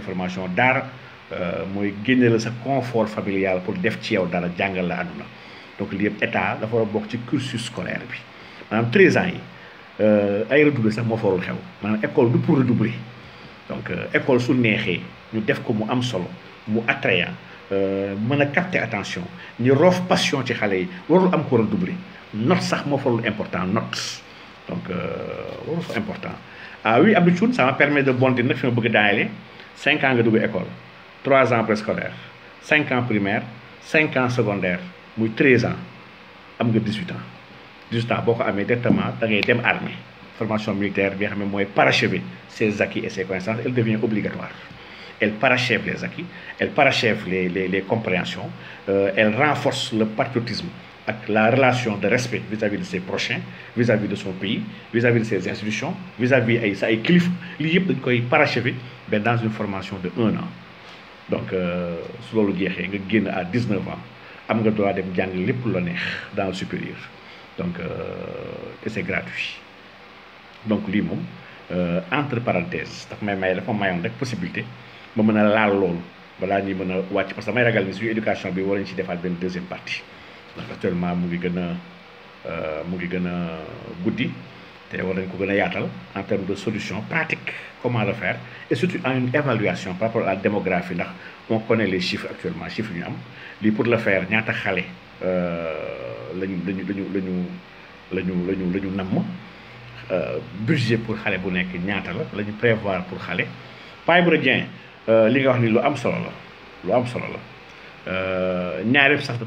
formation DAR euh, mooy génne confort familial pour def ci la donc a ci cursus scolaire bi 13 ans je n'ai pas fait de double, je n'ai pas fait de double. Donc, l'école, c'est une école, nous devons la faire en soi, nous l'attrayons, euh, nous nous captons attention, nous avons une passion pour les enfants, nous devons la faire en double. Notre sache, c'est important, notre. Donc, c'est euh, important. Ah oui, à bout ça m'a permis de bonner, je veux dire, 5 ans de double école, 3 ans préscolaire 5 ans primaire, 5 ans secondaire, 13 ans, 18 ans juste boo à mes directement dans armée formation militaire bi parachever ses acquis et ses connaissances elle devient obligatoire elle parachève les acquis elle parachève les les les compréhensions euh, elle renforce le patriotisme la relation de respect vis-à-vis de ses prochains vis-à-vis de son pays vis-à-vis de ses institutions vis-à-vis de sa ay kilifa lii yëpp dañ mais dans une formation de un an donc euh, selon le jeexee à 19 ans am nga droit dem jàng lépp dans le supérieur donc que euh, c'est gratuit donc mom euh, entre parenthèses daf may may dafa mayoon rek possibilité ma meuna a laal loolu balaa ñuy mën parce que may ragal ni suñu éducation bi war ci defaat benn deuxième partie ndax actuellement mu ngi a euh, mu ngi gën a guddi te ko gëna a yaatal en termes de solution pratique comment le faire et surtout en une évaluation par rapport à la démographie ndax on connaît les chiffres actuellement chiffres ñu am lii pour le faire ñaata euh lañu euh, budget pour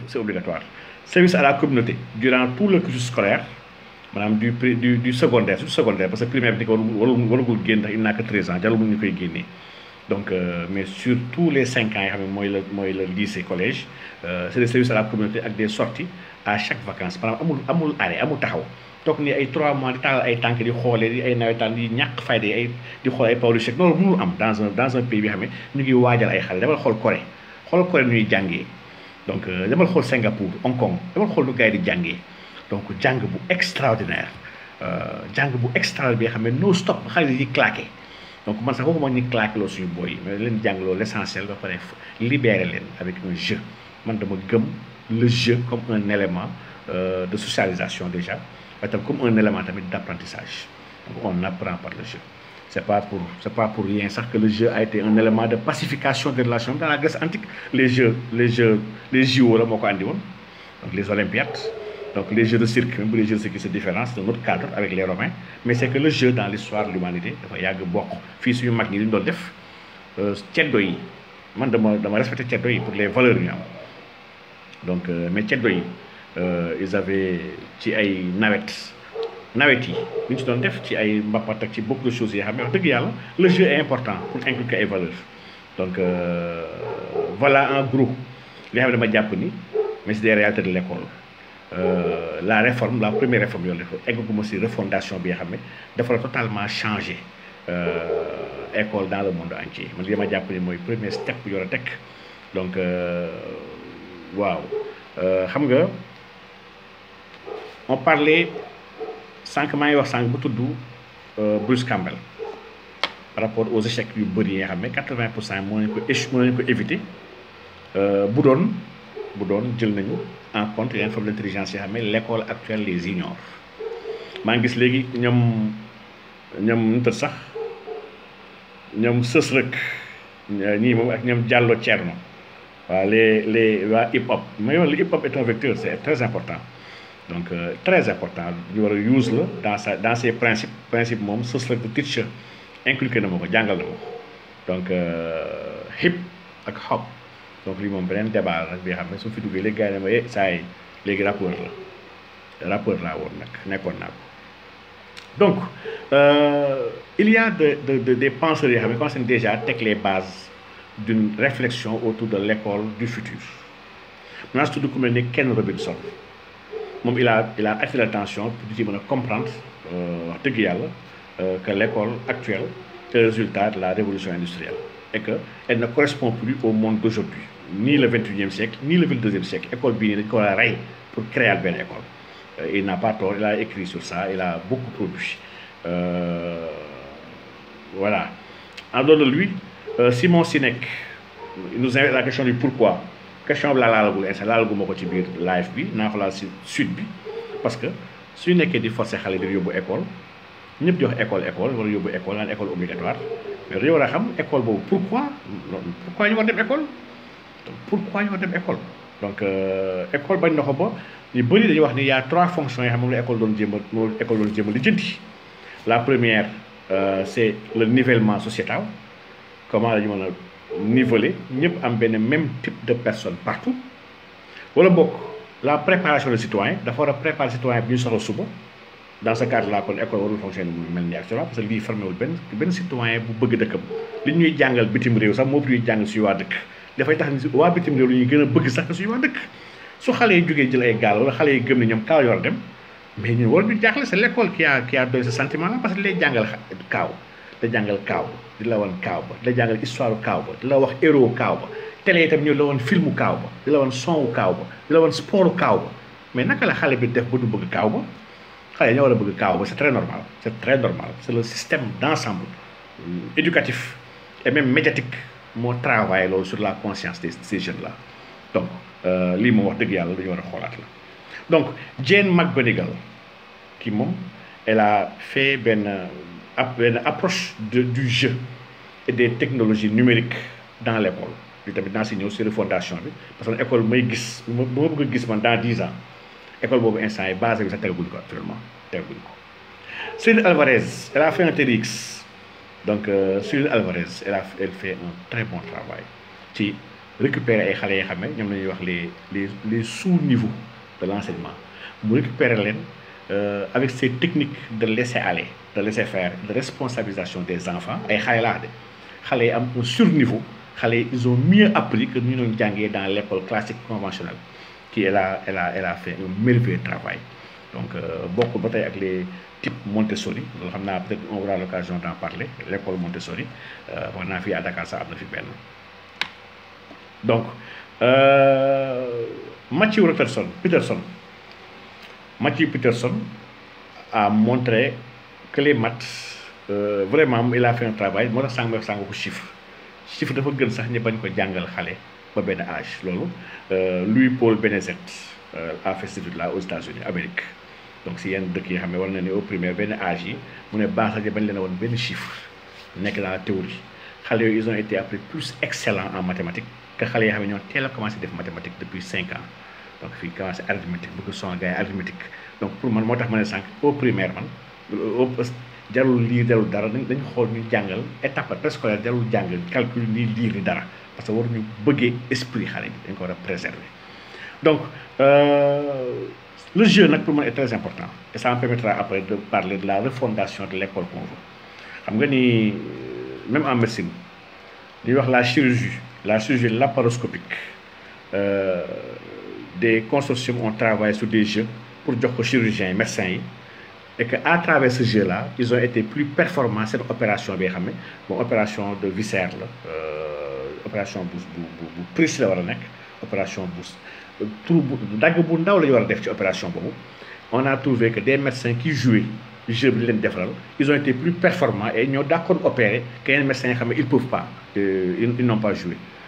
c'est obligatoire service à la communauté durant tout le scolaire du du secondaire secondaire parce que il n'a que 13 ans euh, mais sur les 5 ans le lycée collège euh, c'est services à la communauté avec des sorties à chaque vacance maanaam amul amul arrêt amul taxaw toog ni ay 3 mois di taal ay tànk di xoolee di ay nawetaan di ñàkk fayda ay di xool ay Paulus Cheikh loolu mënul xam ne ñu ngi waajal ay xale demal xool Corée xool Corée ñuy jàngee donc euh, demal xool Singapour Hong Kong demal xool nu gars yi di jàngee donc jàng bu extraordinaire euh, jàng bu extraordinaire bi xam ne no stop xale yi di claqué donc man sax waxuma ñu claqué loo suñu boy mais leen jàng loolu l' essentiel ba pare libéré leen avec un man dama gëm. le jeu comme un élément euh, de socialisation déjà, comme un élément d'apprentissage. On apprend par le jeu. Ce n'est pas, pour, pas pour rien ça que le jeu a été un élément de pacification des relations. Dans la Grèce antique, les jeux, les jeux, les JO, les Olympiades, donc les jeux de cirque, les jeux de cirque, c'est différent, c'est un autre cadre avec les Romains. Mais c'est que le jeu dans l'histoire de l'humanité, il y a beaucoup. Fils du train de se moi, je respecte pour les valeurs donc euh, mais ceddo euh, ils avaient ci ay ci beaucoup choses le jeu est important pour inculquer valeurs donc euh, voilà un groupe. li dama mais c'est des réalités de l'école la réforme la première réforme refondation totalement changé école dans le monde entier donc premier step pour donc waaw euh, xam nga on parle sànq maa ngi wax sànq bu tuddu euh, Bruce Campbell par rapport aux échecs yu bëri yi xam ne quatre-vingt pour cent mën nañu ko éche mën nañu ko éviter euh, bu doon bu doon jël nañu en compte yeneen forme d'intelligence yi xam ne l'école actuelle les ignore maa ngi gis léegi ñoom ñoom ñu sax ñoom sës rek ñii moom ak ñoom jàlloo Cerno Euh, les, les, la euh, hip-hop. Mais le hip-hop est un vecteur, c'est très important. Donc, euh, très important. ñu war a use dans sa dans ses principes principe moom ce ce de teacher inculqué na ma ko jàngal na ma donc euh, hip ak hop donc les mon beneen débat la bien bi nga xam ne fi duggee léegi gars yi ça ma eh saa yi léegi rappeur là. rappeur laa woon donc euh, il y a de de de des penseurs yoo xam déjà teg les bases d'une réflexion autour de l'école du futur. Maintenant, je suis Ken Robinson. il a il a attiré l'attention pour dire qu'il comprendre euh, euh, que l'école actuelle est le résultat de la révolution industrielle et qu'elle ne correspond plus au monde d'aujourd'hui ni le 21e siècle ni le 22e siècle école est bien, dañ ko pour créer belle école euh, il n'a pas tort il a écrit sur ça il a beaucoup produit voilà en dehors de lui euh, Simon Sinek nous invite à la question du pourquoi. question la laa laalagul instant la ko ci biir live bi la ko laal si suite bi parce que suñu nekkee di forcer xale l'école yóbbu école ñëpp di wax école école wala yóbbu école naan école obligatoire mais dañoo war xam école pourquoi pourquoi ñu war dem école pourquoi ñu war dem école donc euh, école bañ na ko ba ñu bëri wax y a trois fonctions qui xam moom la école doon la école doon la première euh, c'est le nivellement sociétal comment la ñu mën a niveler ñëpp am benn même type de personne partout wala bokk la préparation des citoyens dafa war a préparer citoyen bi ñu soxla suba dans ce cadre là kon école warul fonctionner mel ni actuellement parce que lii formé benn benn citoyen bu bëgg dëkkam li ñuy jàngal bitim réew sax moo ñuy jàng suñu waa dëkk dafay tax ni waa bitim réew lu ñuy gën a bëgg sax suñu waa dëkk su xale yi jógee jël ay gaal wala xale yi gëm ne ñoom kaaw yor dem mais ñun war ñu jaaxle c'est l'école qui a qui a donné parce que lay jàngal kaaw la jàngal kaaw ba di la wan kaaw ba di la jàngal histoire kaaw ba di la wax héros kaaw ba télé itam ñu la wan filmu kaaw ba di la wan sonwu kaaw ba di la wan sportu kaaw ba mais naka la xale bi def ba du bëgg kaaw ba xale yi ñoo war a bëgg kaaw ba c'est très normal c'est très normal c'est le système d'ensemble euh, éducatif et même médiatique moo travaille loolu sur la conscience de ces jeunes là donc euh, lii moom wax dëgg yàlla dañu war a xoolaat une approche du jeu et des technologies numériques dans l'école. Je li enseigné aussi la fondation parce que l'école, may gis bu ma dans dix ans école boobu instant yi basé sur sax tel actuellement Alvarez elle a fait un TEDx donc euh, Cyril Alvarez elle fait un très bon travail qui récupère les les les sous niveaux de l'enseignement. Elle mu récupérer euh, avec ces techniques de laisser aller de laisser faire de responsabilisation des enfants Et xale de un surniveau ils ont mieux appris que nous, dans l'école classique conventionnelle qui elle a elle a fait un merveilleux travail donc euh, beaucoup de batailles avec les types Montessori on aura l'occasion d'en parler l'école Montessori On a vu à Dakar ça, a été fait donc euh, Mathieu Peterson Peterson Mathieu Peterson a montré que les maths euh, vraiment il a fait un travail il chiffre chiffre dafa pas sax bañ ko chalet, ba âge euh, Louis Paul Benezet euh, a fait ce étude là aux États-Unis Amérique donc si yenn yi au âge yi bañ a la théorie ils ont été appelés plus excellents en mathématiques que les yi qui a commencé def mathématiques depuis 5 ans donc fii commencé arithmétique bëgg son gars arithmétique donc pour man moo tax ma ne sànq au primaire man au jarul lii jarul dara dañ xool ñu jàngal étape préscolaire jarul jàngal calcul ni lire ni dara parce que waruñu bëggee esprit xale bi dañ ko war préserver donc euh, le jeu nag pour man est très important et ça me permettra après de parler de la refondation de l'école qu'on veut xam nga ni euh, même en médecine li wax la chirurgie la chirurgie laparoscopique euh, des consortiums ont travaillé sur des jeux pour des chirurgiens et médecins et qu'à travers ce jeu là ils ont été plus performants cette opération bi xam bon opération de viscère l'opération euh, opération de bu prise la opération de tout on a trouvé que des médecins qui jouaient jeu ils ont été plus performants et ils ont d'accord opérer qu'un médecin médecins ne ils peuvent pas euh, ils n'ont pas joué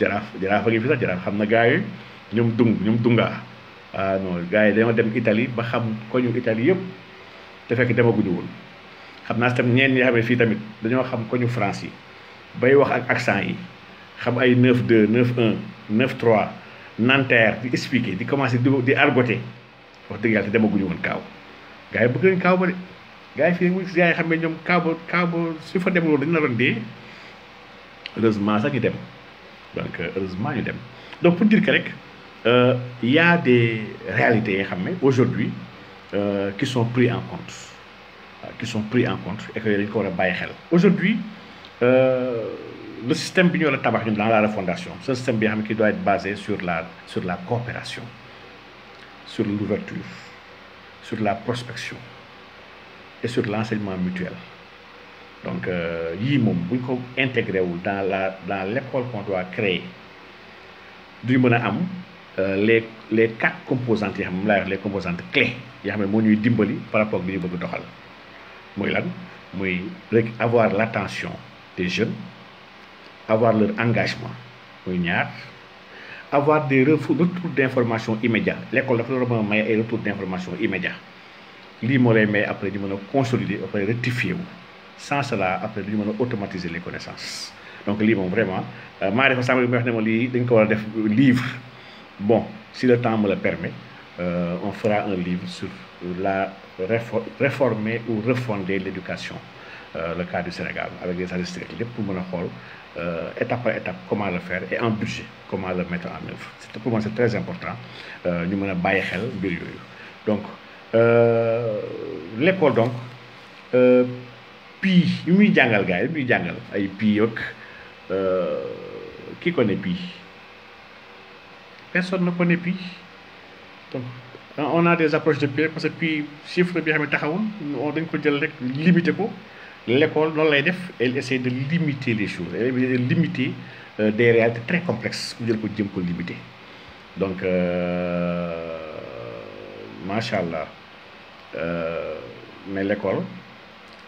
jaraaf jaraaf a ngi fi sax jaraaf xam na gars yi ñoom dung ñoom dungaa ah non gars yi dañoo dem Italie ba xam koñu Italie yëpp te fekk demaguñu woon xam naa tam ñeen ñi xam fii tamit dañoo xam koñu France yi bay wax ak accent yi xam ay 9 2 9 1 9 3 Nanterre di expliquer di commencer di di argoté wax dëgg yàlla te kaaw gars yi bëgg nañ yi fii mu gars xam ne ñoom kaaw ba su fa demul woon dañu la doon dee heureusement sax ñu dem. donc euh, heureusement donc pour dire que rek euh, y a des réalités hein, aujourd'hui euh, qui sont pris en compte qui sont pris en compte et aujourd'hui le système bi ñu dans la refondation ce système bi qui doit être basé sur la sur la coopération sur l'ouverture sur la prospection et sur l'enseignement mutuel donc il faut intégrer dans l'école dans qu'on doit créer Du euh, les les quatre composantes clés les composantes clés il y par rapport au niveau ñu bëgg doxal muy avoir l'attention des jeunes avoir leur engagement avoir des retours d'informations immédiats. L'école doit école dafa la a retours d'informations immédiats. immédiat lii lay après ñu consolider après rectifier sans cela après nous allons automatiser les connaissances donc lii vraiment euh, bi wax livre bon si le temps me le permet euh, on fera un livre sur la réformer ou refonder l'éducation euh, le cas du Sénégal avec des statistiques pour mon a euh, étape par étape comment le faire et en budget comment le mettre en œuvre c'est pour moi c'est très important Nous allons a xel donc l'école donc pi il muy jàngal gars yi muy ay ak euh, qui connaît pi personne ne connaît pi donc on a des approches de pi parce que pi chiffre bi xam on dañ ko jël rek limiter ko l'école noonu lay def elle essaie de limiter les choses elle essaie de limiter euh, des réalités très complexes mu jël ko jëm ko limiter donc euh, machallah mais l'école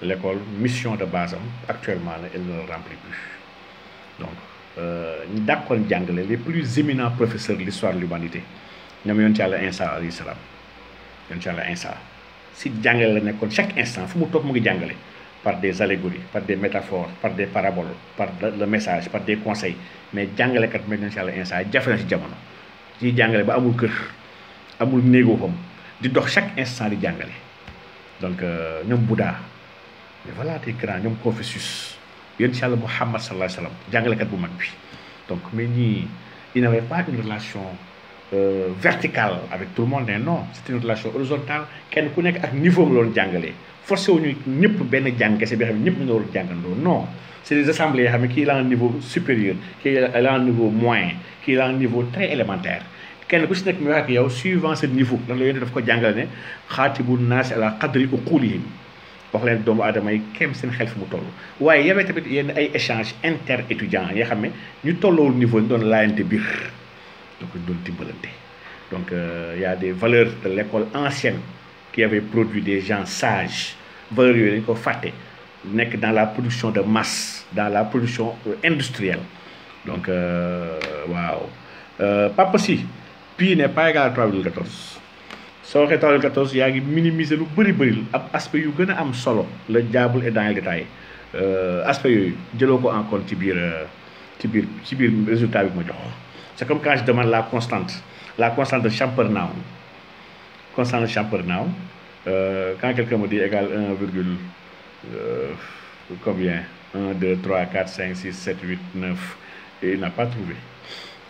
l'école mission de base actuellement elle ne le remplit plus donc ñi euh, d'accord jàngale les plus éminents professeurs de l'histoire de l'humanité nous yoon à l'islam nous alayhi salaam yoon ci si jàngale la nekkoon chaque instant fu mu mu par des allégories par des métaphores par des paraboles par le message par des conseils mais jàngalekat kat yoon ci yàlla Isa jafe na si jamono ci jàngale ba amul kër amul négo fam di dox chaque instant di jàngale donc nous euh, Bouddha voilà tes grands ñoom Confucius yonent Yàlla Muhammad sallallahu alayhi wa sallam jàngalekat bu mag bi donc mais il n'avait pas une relation euh, verticale avec tout le monde non c'était une relation horizontale Ken ku nekk ak niveau am loolu forcé wuñu ñëpp benn ben kese bi bien ne ñëpp ñu loolu jàngandoo non c'est des assemblées yoo xam a un niveau supérieur qui a un niveau moyen qui a un niveau très élémentaire kenn ku si nekk mi wax yow suivant ce niveau lan la yonent daf ko jàngale ne xaatibu naas ala qadri wax leen doomu aadama yi kéem seen xel fi mu toll waaye yamee tamit yenn ay échange inter étudiant yoo xam ne ñu tolloowul niveau ñu doon laayante biir donc ñu doon dimbalante donc euh, y a des valeurs de l'école ancienne qui avait produit des gens sages valeurs yooyu fait ko fàtte nekk dans la production de masse dans la production euh, industrielle donc euh, waaw Papa si pi n'est pas égal à soo waxee 14 yaa ngi minimiser lu bëri bëri ab aspect yu gën a am solo la jaabul et dans le détail euh, aspect yooyu jëloo ko en compte ci biir euh, ci biir ci biir résultat bi ma jox c'est comme quand je demande la constante la constante de Champernoun constante de Champernoun euh, quand quelqu'un me dit égal 1 virgule combien 1 2 3 4 5 6 7 8 9 et il n'a pas trouvé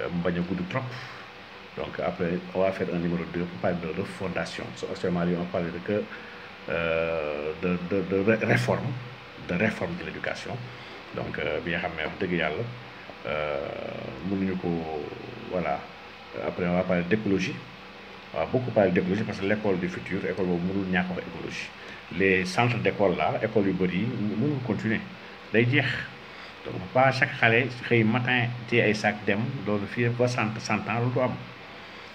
Euh, goudou donc après on va faire un numéro 2 pour parler de refondation actuellement on parle de que euh, de de de réforme de réforme de l'éducation donc euh, bi nga xam ne wax voilà après on va parler d'écologie on va beaucoup parler d'écologie parce que l'école du futur l'école école boobu mënul a wax écologie les centres d'école là école du bëri mënul continuer day donc pas chaque xale xëy matin téye ay sac dem lolu fi ba cent ans loolu du am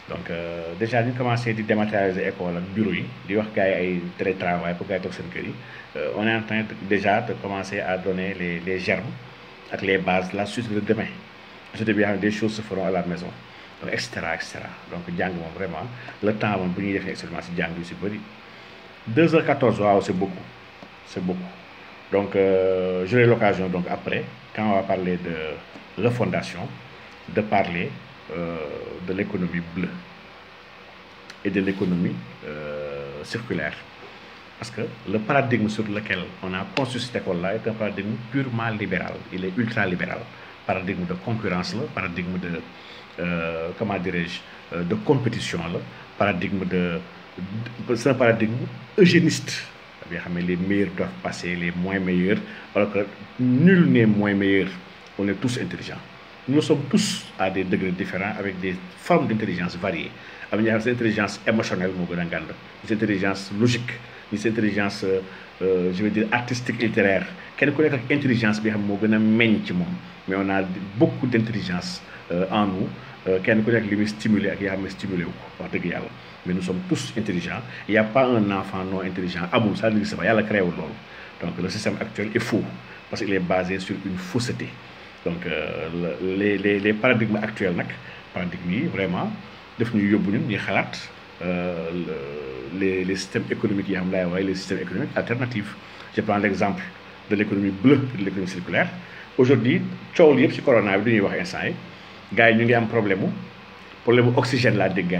donc euh, déjà ñu commencé di dématérialiser école ak bureau yi di wax gars ay très télétravail pour gars tok toog seen kër yi euh, on est en train déjà de commencer à donner les les germes ak les bases la suite de demain suite bi bien des choses se feront à la maison donc et cetera et cetera donc jang mom vraiment le temps moom bu ñuy defee expérience ci jang yu si bëri 2h14 waaw c'est beaucoup c'est beaucoup donc euh, j'aurai l'occasion donc après quand on va parler de refondation, de parler euh, de l'économie bleue et de l'économie euh, circulaire. Parce que le paradigme sur lequel on a construit cette école-là est un paradigme purement libéral. Il est ultra-libéral. Paradigme de concurrence, paradigme de, euh, comment de compétition, paradigme de... de C'est un paradigme eugéniste les meilleurs doivent passer, les moins meilleurs, alors que nul n'est moins meilleur. On est tous intelligents. Nous sommes tous à des degrés différents avec des formes d'intelligence variées. Avec des intelligence émotionnelle, des intelligence logique, des intelligence, euh, euh, je veux dire, artistique, littéraire. Quelle intelligence mais on a beaucoup d'intelligence euh, en nous. Quelle connaît les qui stimulé, mais nous sommes tous intelligents. Il n'y a pas un enfant non intelligent. Ah bon, ça ne pas. Il y a la Donc le système actuel est faux parce qu'il est basé sur une fausseté. Donc euh, les, les, les, paradigmes actuels, les paradigmes, vraiment, euh, les, les systèmes économiques, les systèmes économiques alternatifs. Je prends l'exemple de l'économie bleue et de l'économie circulaire. Aujourd'hui, tout le corona, y a un problème. Le problème d'oxygène, là, des gars,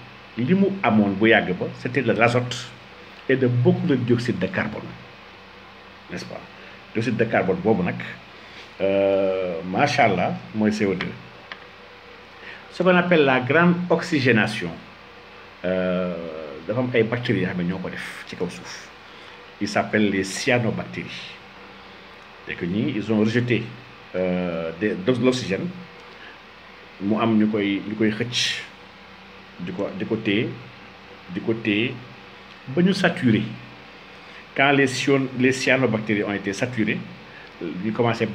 li amon, bu c'était de l'azote et de beaucoup de dioxyde de carbone n'est-ce pas dioxyde de carbone boobu nag euh, macha allah CO2 ce qu'on appelle la grande oxygénation euh, dafa am ay bactéries def ci ils s'appellent les cyanobactéries ils ont rejeté euh, de l'oxygène mu am ñu koy ñu de côté, de côté, di quand les cyanobactéries ont été saturées ils euh, commencé à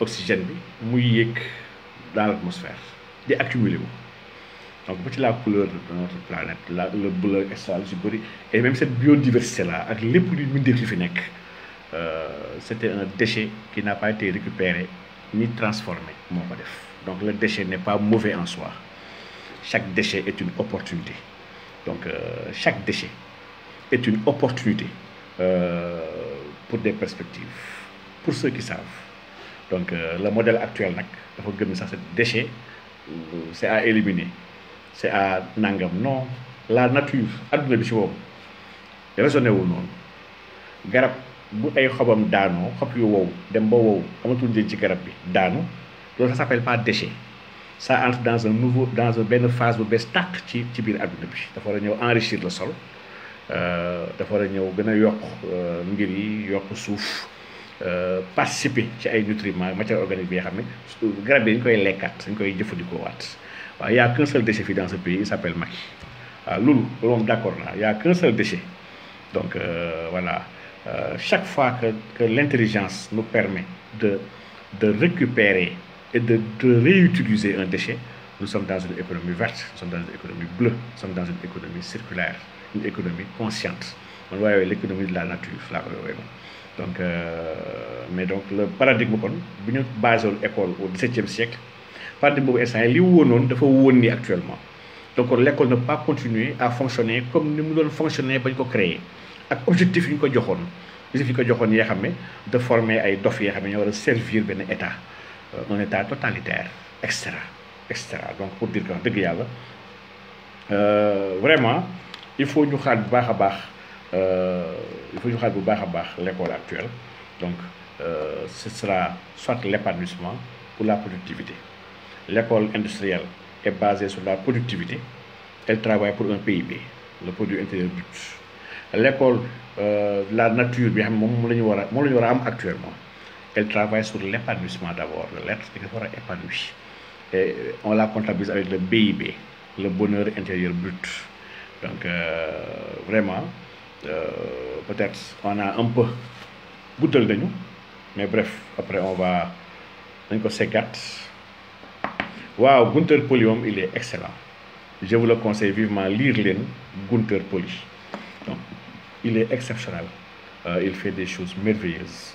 oxygène l'oxygène muy dans l'atmosphère à accumuler donc vous la couleur de notre planète le bleu le le et même cette biodiversité là avec les produits qui c'était un déchet qui n'a pas été récupéré ni transformé donc le déchet n'est pas mauvais en soi chaque déchet est une opportunité. Donc, euh, chaque déchet est une opportunité euh, pour des perspectives, pour ceux qui savent. Donc, euh, le modèle actuel, c'est déchet, c'est à éliminer, c'est à nangam. Non, la nature, aduna bi ci raisonnez vous non garab bu ay xobam daano xop yu wow dem ba wow amatul ci garab bi daano, Donc, ça s'appelle pas déchet ça entre dans un nouveau dans une phase bu ci ci bir bi dafa wara enrichir le sol euh, dafa faut a ngir euh, yi euh, participer ci ay nutriments matière organique bi y' a qu'un seul déchet dans ce pays il s'appelle a qu'un seul déchet donc voilà chaque fois que que nous permet de de récupérer et de, réutiliser un déchet, nous sommes dans une économie verte, nous sommes dans une économie bleue, nous sommes dans une économie circulaire, une économie consciente. On voit l'économie de la nature, là, Donc, euh, mais donc, le paradigme, kon, nous base basé l'école au XVIIe siècle, le paradigme est instant li wóonoon dafa actuellement. Donc, l'école ne peut pas continuer à fonctionner comme nous devons fonctionner pour ko créer. Avec l'objectif que de former des dof qui servir un État. Euh, un état totalitaire etc. etc. donc pour dire que euh, vraiment il faut ñu euh, il faut l'école actuelle donc ce sera soit l'épanouissement ou la productivité l'école industrielle est basée sur la productivité elle travaille pour un PIB le produit intérieur brut l'école la nature bi mon actuellement elle travaille sur l'épanouissement d'abord. L'être, c'est sera épanoui. Et on la comptabilise avec le BIB, le bonheur intérieur brut. Donc, euh, vraiment, euh, peut-être on a un peu goûté de nous, mais bref, après on va. Donc, se 4 Waouh, Gunther Polyum, il est excellent. Je vous le conseille vivement, lire Gunther Poli. Donc, il est exceptionnel. Euh, il fait des choses merveilleuses.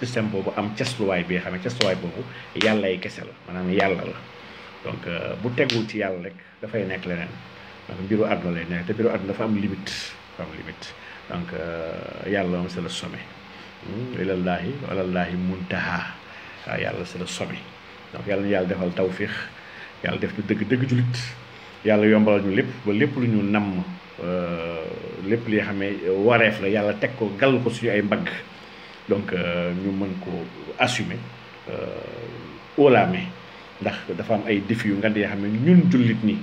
système boobu am cesluwaay bi nga xam ne cesluwaay boobu yàlla ay kese la maanaam yàlla la donc euh, bu tegul ci yàlla rek dafay nekk leneen donc àdduna lay nekk te mbiru àdduna dafa am limite dafa am limite donc euh, yàlla am c'est le sommet hmm? ilallaahi walallaahi muntaha waaw ah, yàlla c'est le sommet yàlla na yàlla defal tawfiix yàlla def ñu dëgg dëgg julit yàlla yombalal ñu lépp ba lépp lu ñu namm euh, lépp li nga xam ne wareef la yàlla teg ko gall ko suñu ay mbagg donc euh, ñu mën ko assumer euh, haut la ndax dafa am ay défis yu nga yoo xam ne ñun jullit nii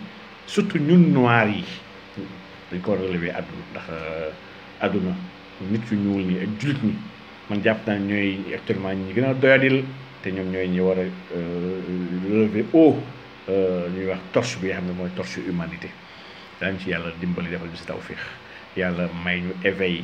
surtout ñun noir yi dañ ko relever àdduna ndax euh, àdduna nit fi ñuul nii ak jullit nii man jàpp naa ñooy actuellement ñi gën a doyadil te ñoom ñooy ñi war a relever haut ñuy wax torche bi nga xam ne mooy torche humanité daañu ci yàlla dimbali defal ñu si tawfiix yàlla may ñu éveil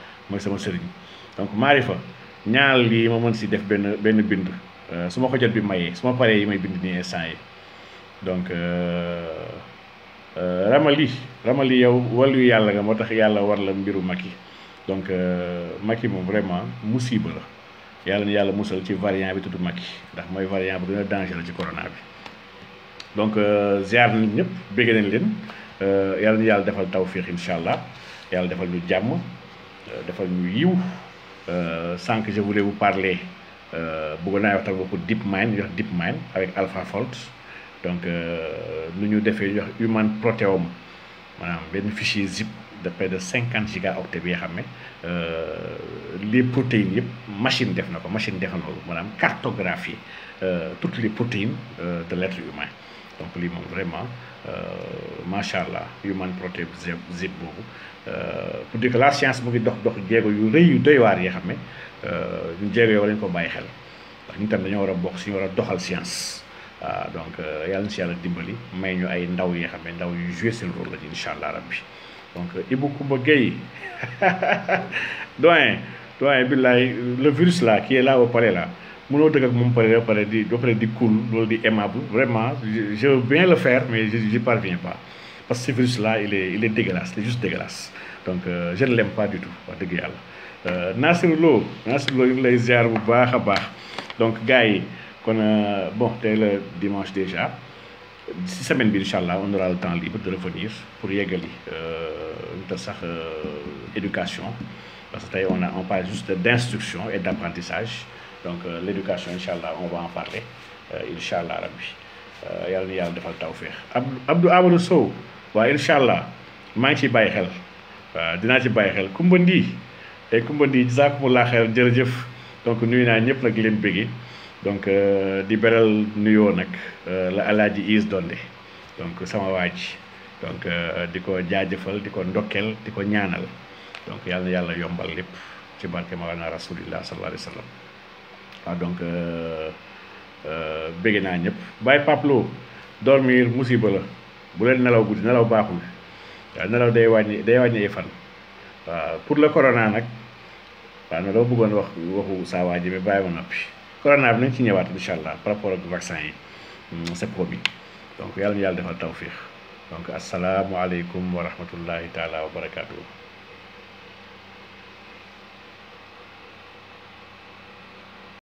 mooy sama sëriñ donc maarifa ñaanal lii ma mën si def benn benn bind euh, su ma ko jot bi mayee su ma paree yi may bind nii instant donc euh, euh, ramali ramali yow wàllu yàlla nga moo tax yàlla war la mbiru Macky donc Macky moom vraiment musiba la yàlla na yàlla musal ci variant bi tudd Macky ndax mooy variant bi gën a dangereux ci corona bi donc ziar nañ ñëpp bégg nañ leen yàlla na yàlla defal tawfiq incha allah yàlla defal ñu jàmm Euh, defal ñu yiw euh, sànq je voulais vous parler euh, bëggoon naa beaucoup DeepMind ñu wax DeepMind avec AlphaFold donc nu ñu defee ñu wax Human Proteome maanaam benn fichier zip de près de 50 gigaoctets bi nga xam les protéines yëpp machine def na machine def na ko maanaam cartographie toutes les protéines de l'être humain donc lii vraiment Euh, macha allah human protein zip boobu euh, pour dire que la science mu dox dox jéego yu rëy yu doy waar yi xam ne euh, ñu jéego yow lañ ko bàyyi xel ndax ñu tam dañoo war a bokk suñu war a doxal science waaw ah, donc yàlla na si yàlla dimbali may ñu ay ndaw yi xam ndaw yu joué seen rôle la ci incha allah rabbi donc Ibou Koumba Gueye doyen doyen billaay le virus là qui est là au palais mënoo dëgg ak moom pare pare di ba pare di cool loolu di aimable vraiment je veux bien le faire mais je n'y parviens pas parce que ce virus là il est il est dégueulasse il est juste dégueulasse donc euh, je ne l'aime pas du tout wax dëgg yàlla euh, Nasir Lo Nasir Lo ñu lay ziar bu donc gars yi kon euh, bon c'est le dimanche déjà Cette semaine bi on aura le temps libre de revenir pour y égaler tax sax éducation parce que on a on parle juste d'instruction et d'apprentissage donc euh, l'éducation incha allah on va en parler euh, incha allah rabbi euh, yàlla na yàlla defal tawféex Abdou Amadou Sow waaw incha allah maa ngi ciy bàyyi xel waaw dinaa ci bàyyi xel Kumba Ndi et eh, Kumba Ndi jazakumullah xel jërëjëf donc nuyu naa ñëpp nag leen bëggi donc di beral nuyoo nag la alaaji Is Donde donc sama waa ji donc di ko jaajëfal di ko ndokkeel di ko ñaanal donc yàlla na yàlla yombal lépp ci barke Mawlana rasulillah sallallahu alayhi wa sallam ah donc euh, euh, bëgg naa ñëpp bàyyi paplo dormir musiba la bu leen nelaw guddi nelaw baaxul waaw nelaw day wàññi day wàññi ay fan waaw pour le corona nag waaw ne bëggoon wax waxu saa waa ji bàyyi ma noppi corona bi nañ ci ñëwaat incha allah par rapport ak vaccin yi mm, c'est promis donc yàlla na yàlla defal tawfiix donc asalaamualeykum wa rahmatullahi taala wa barakaatu.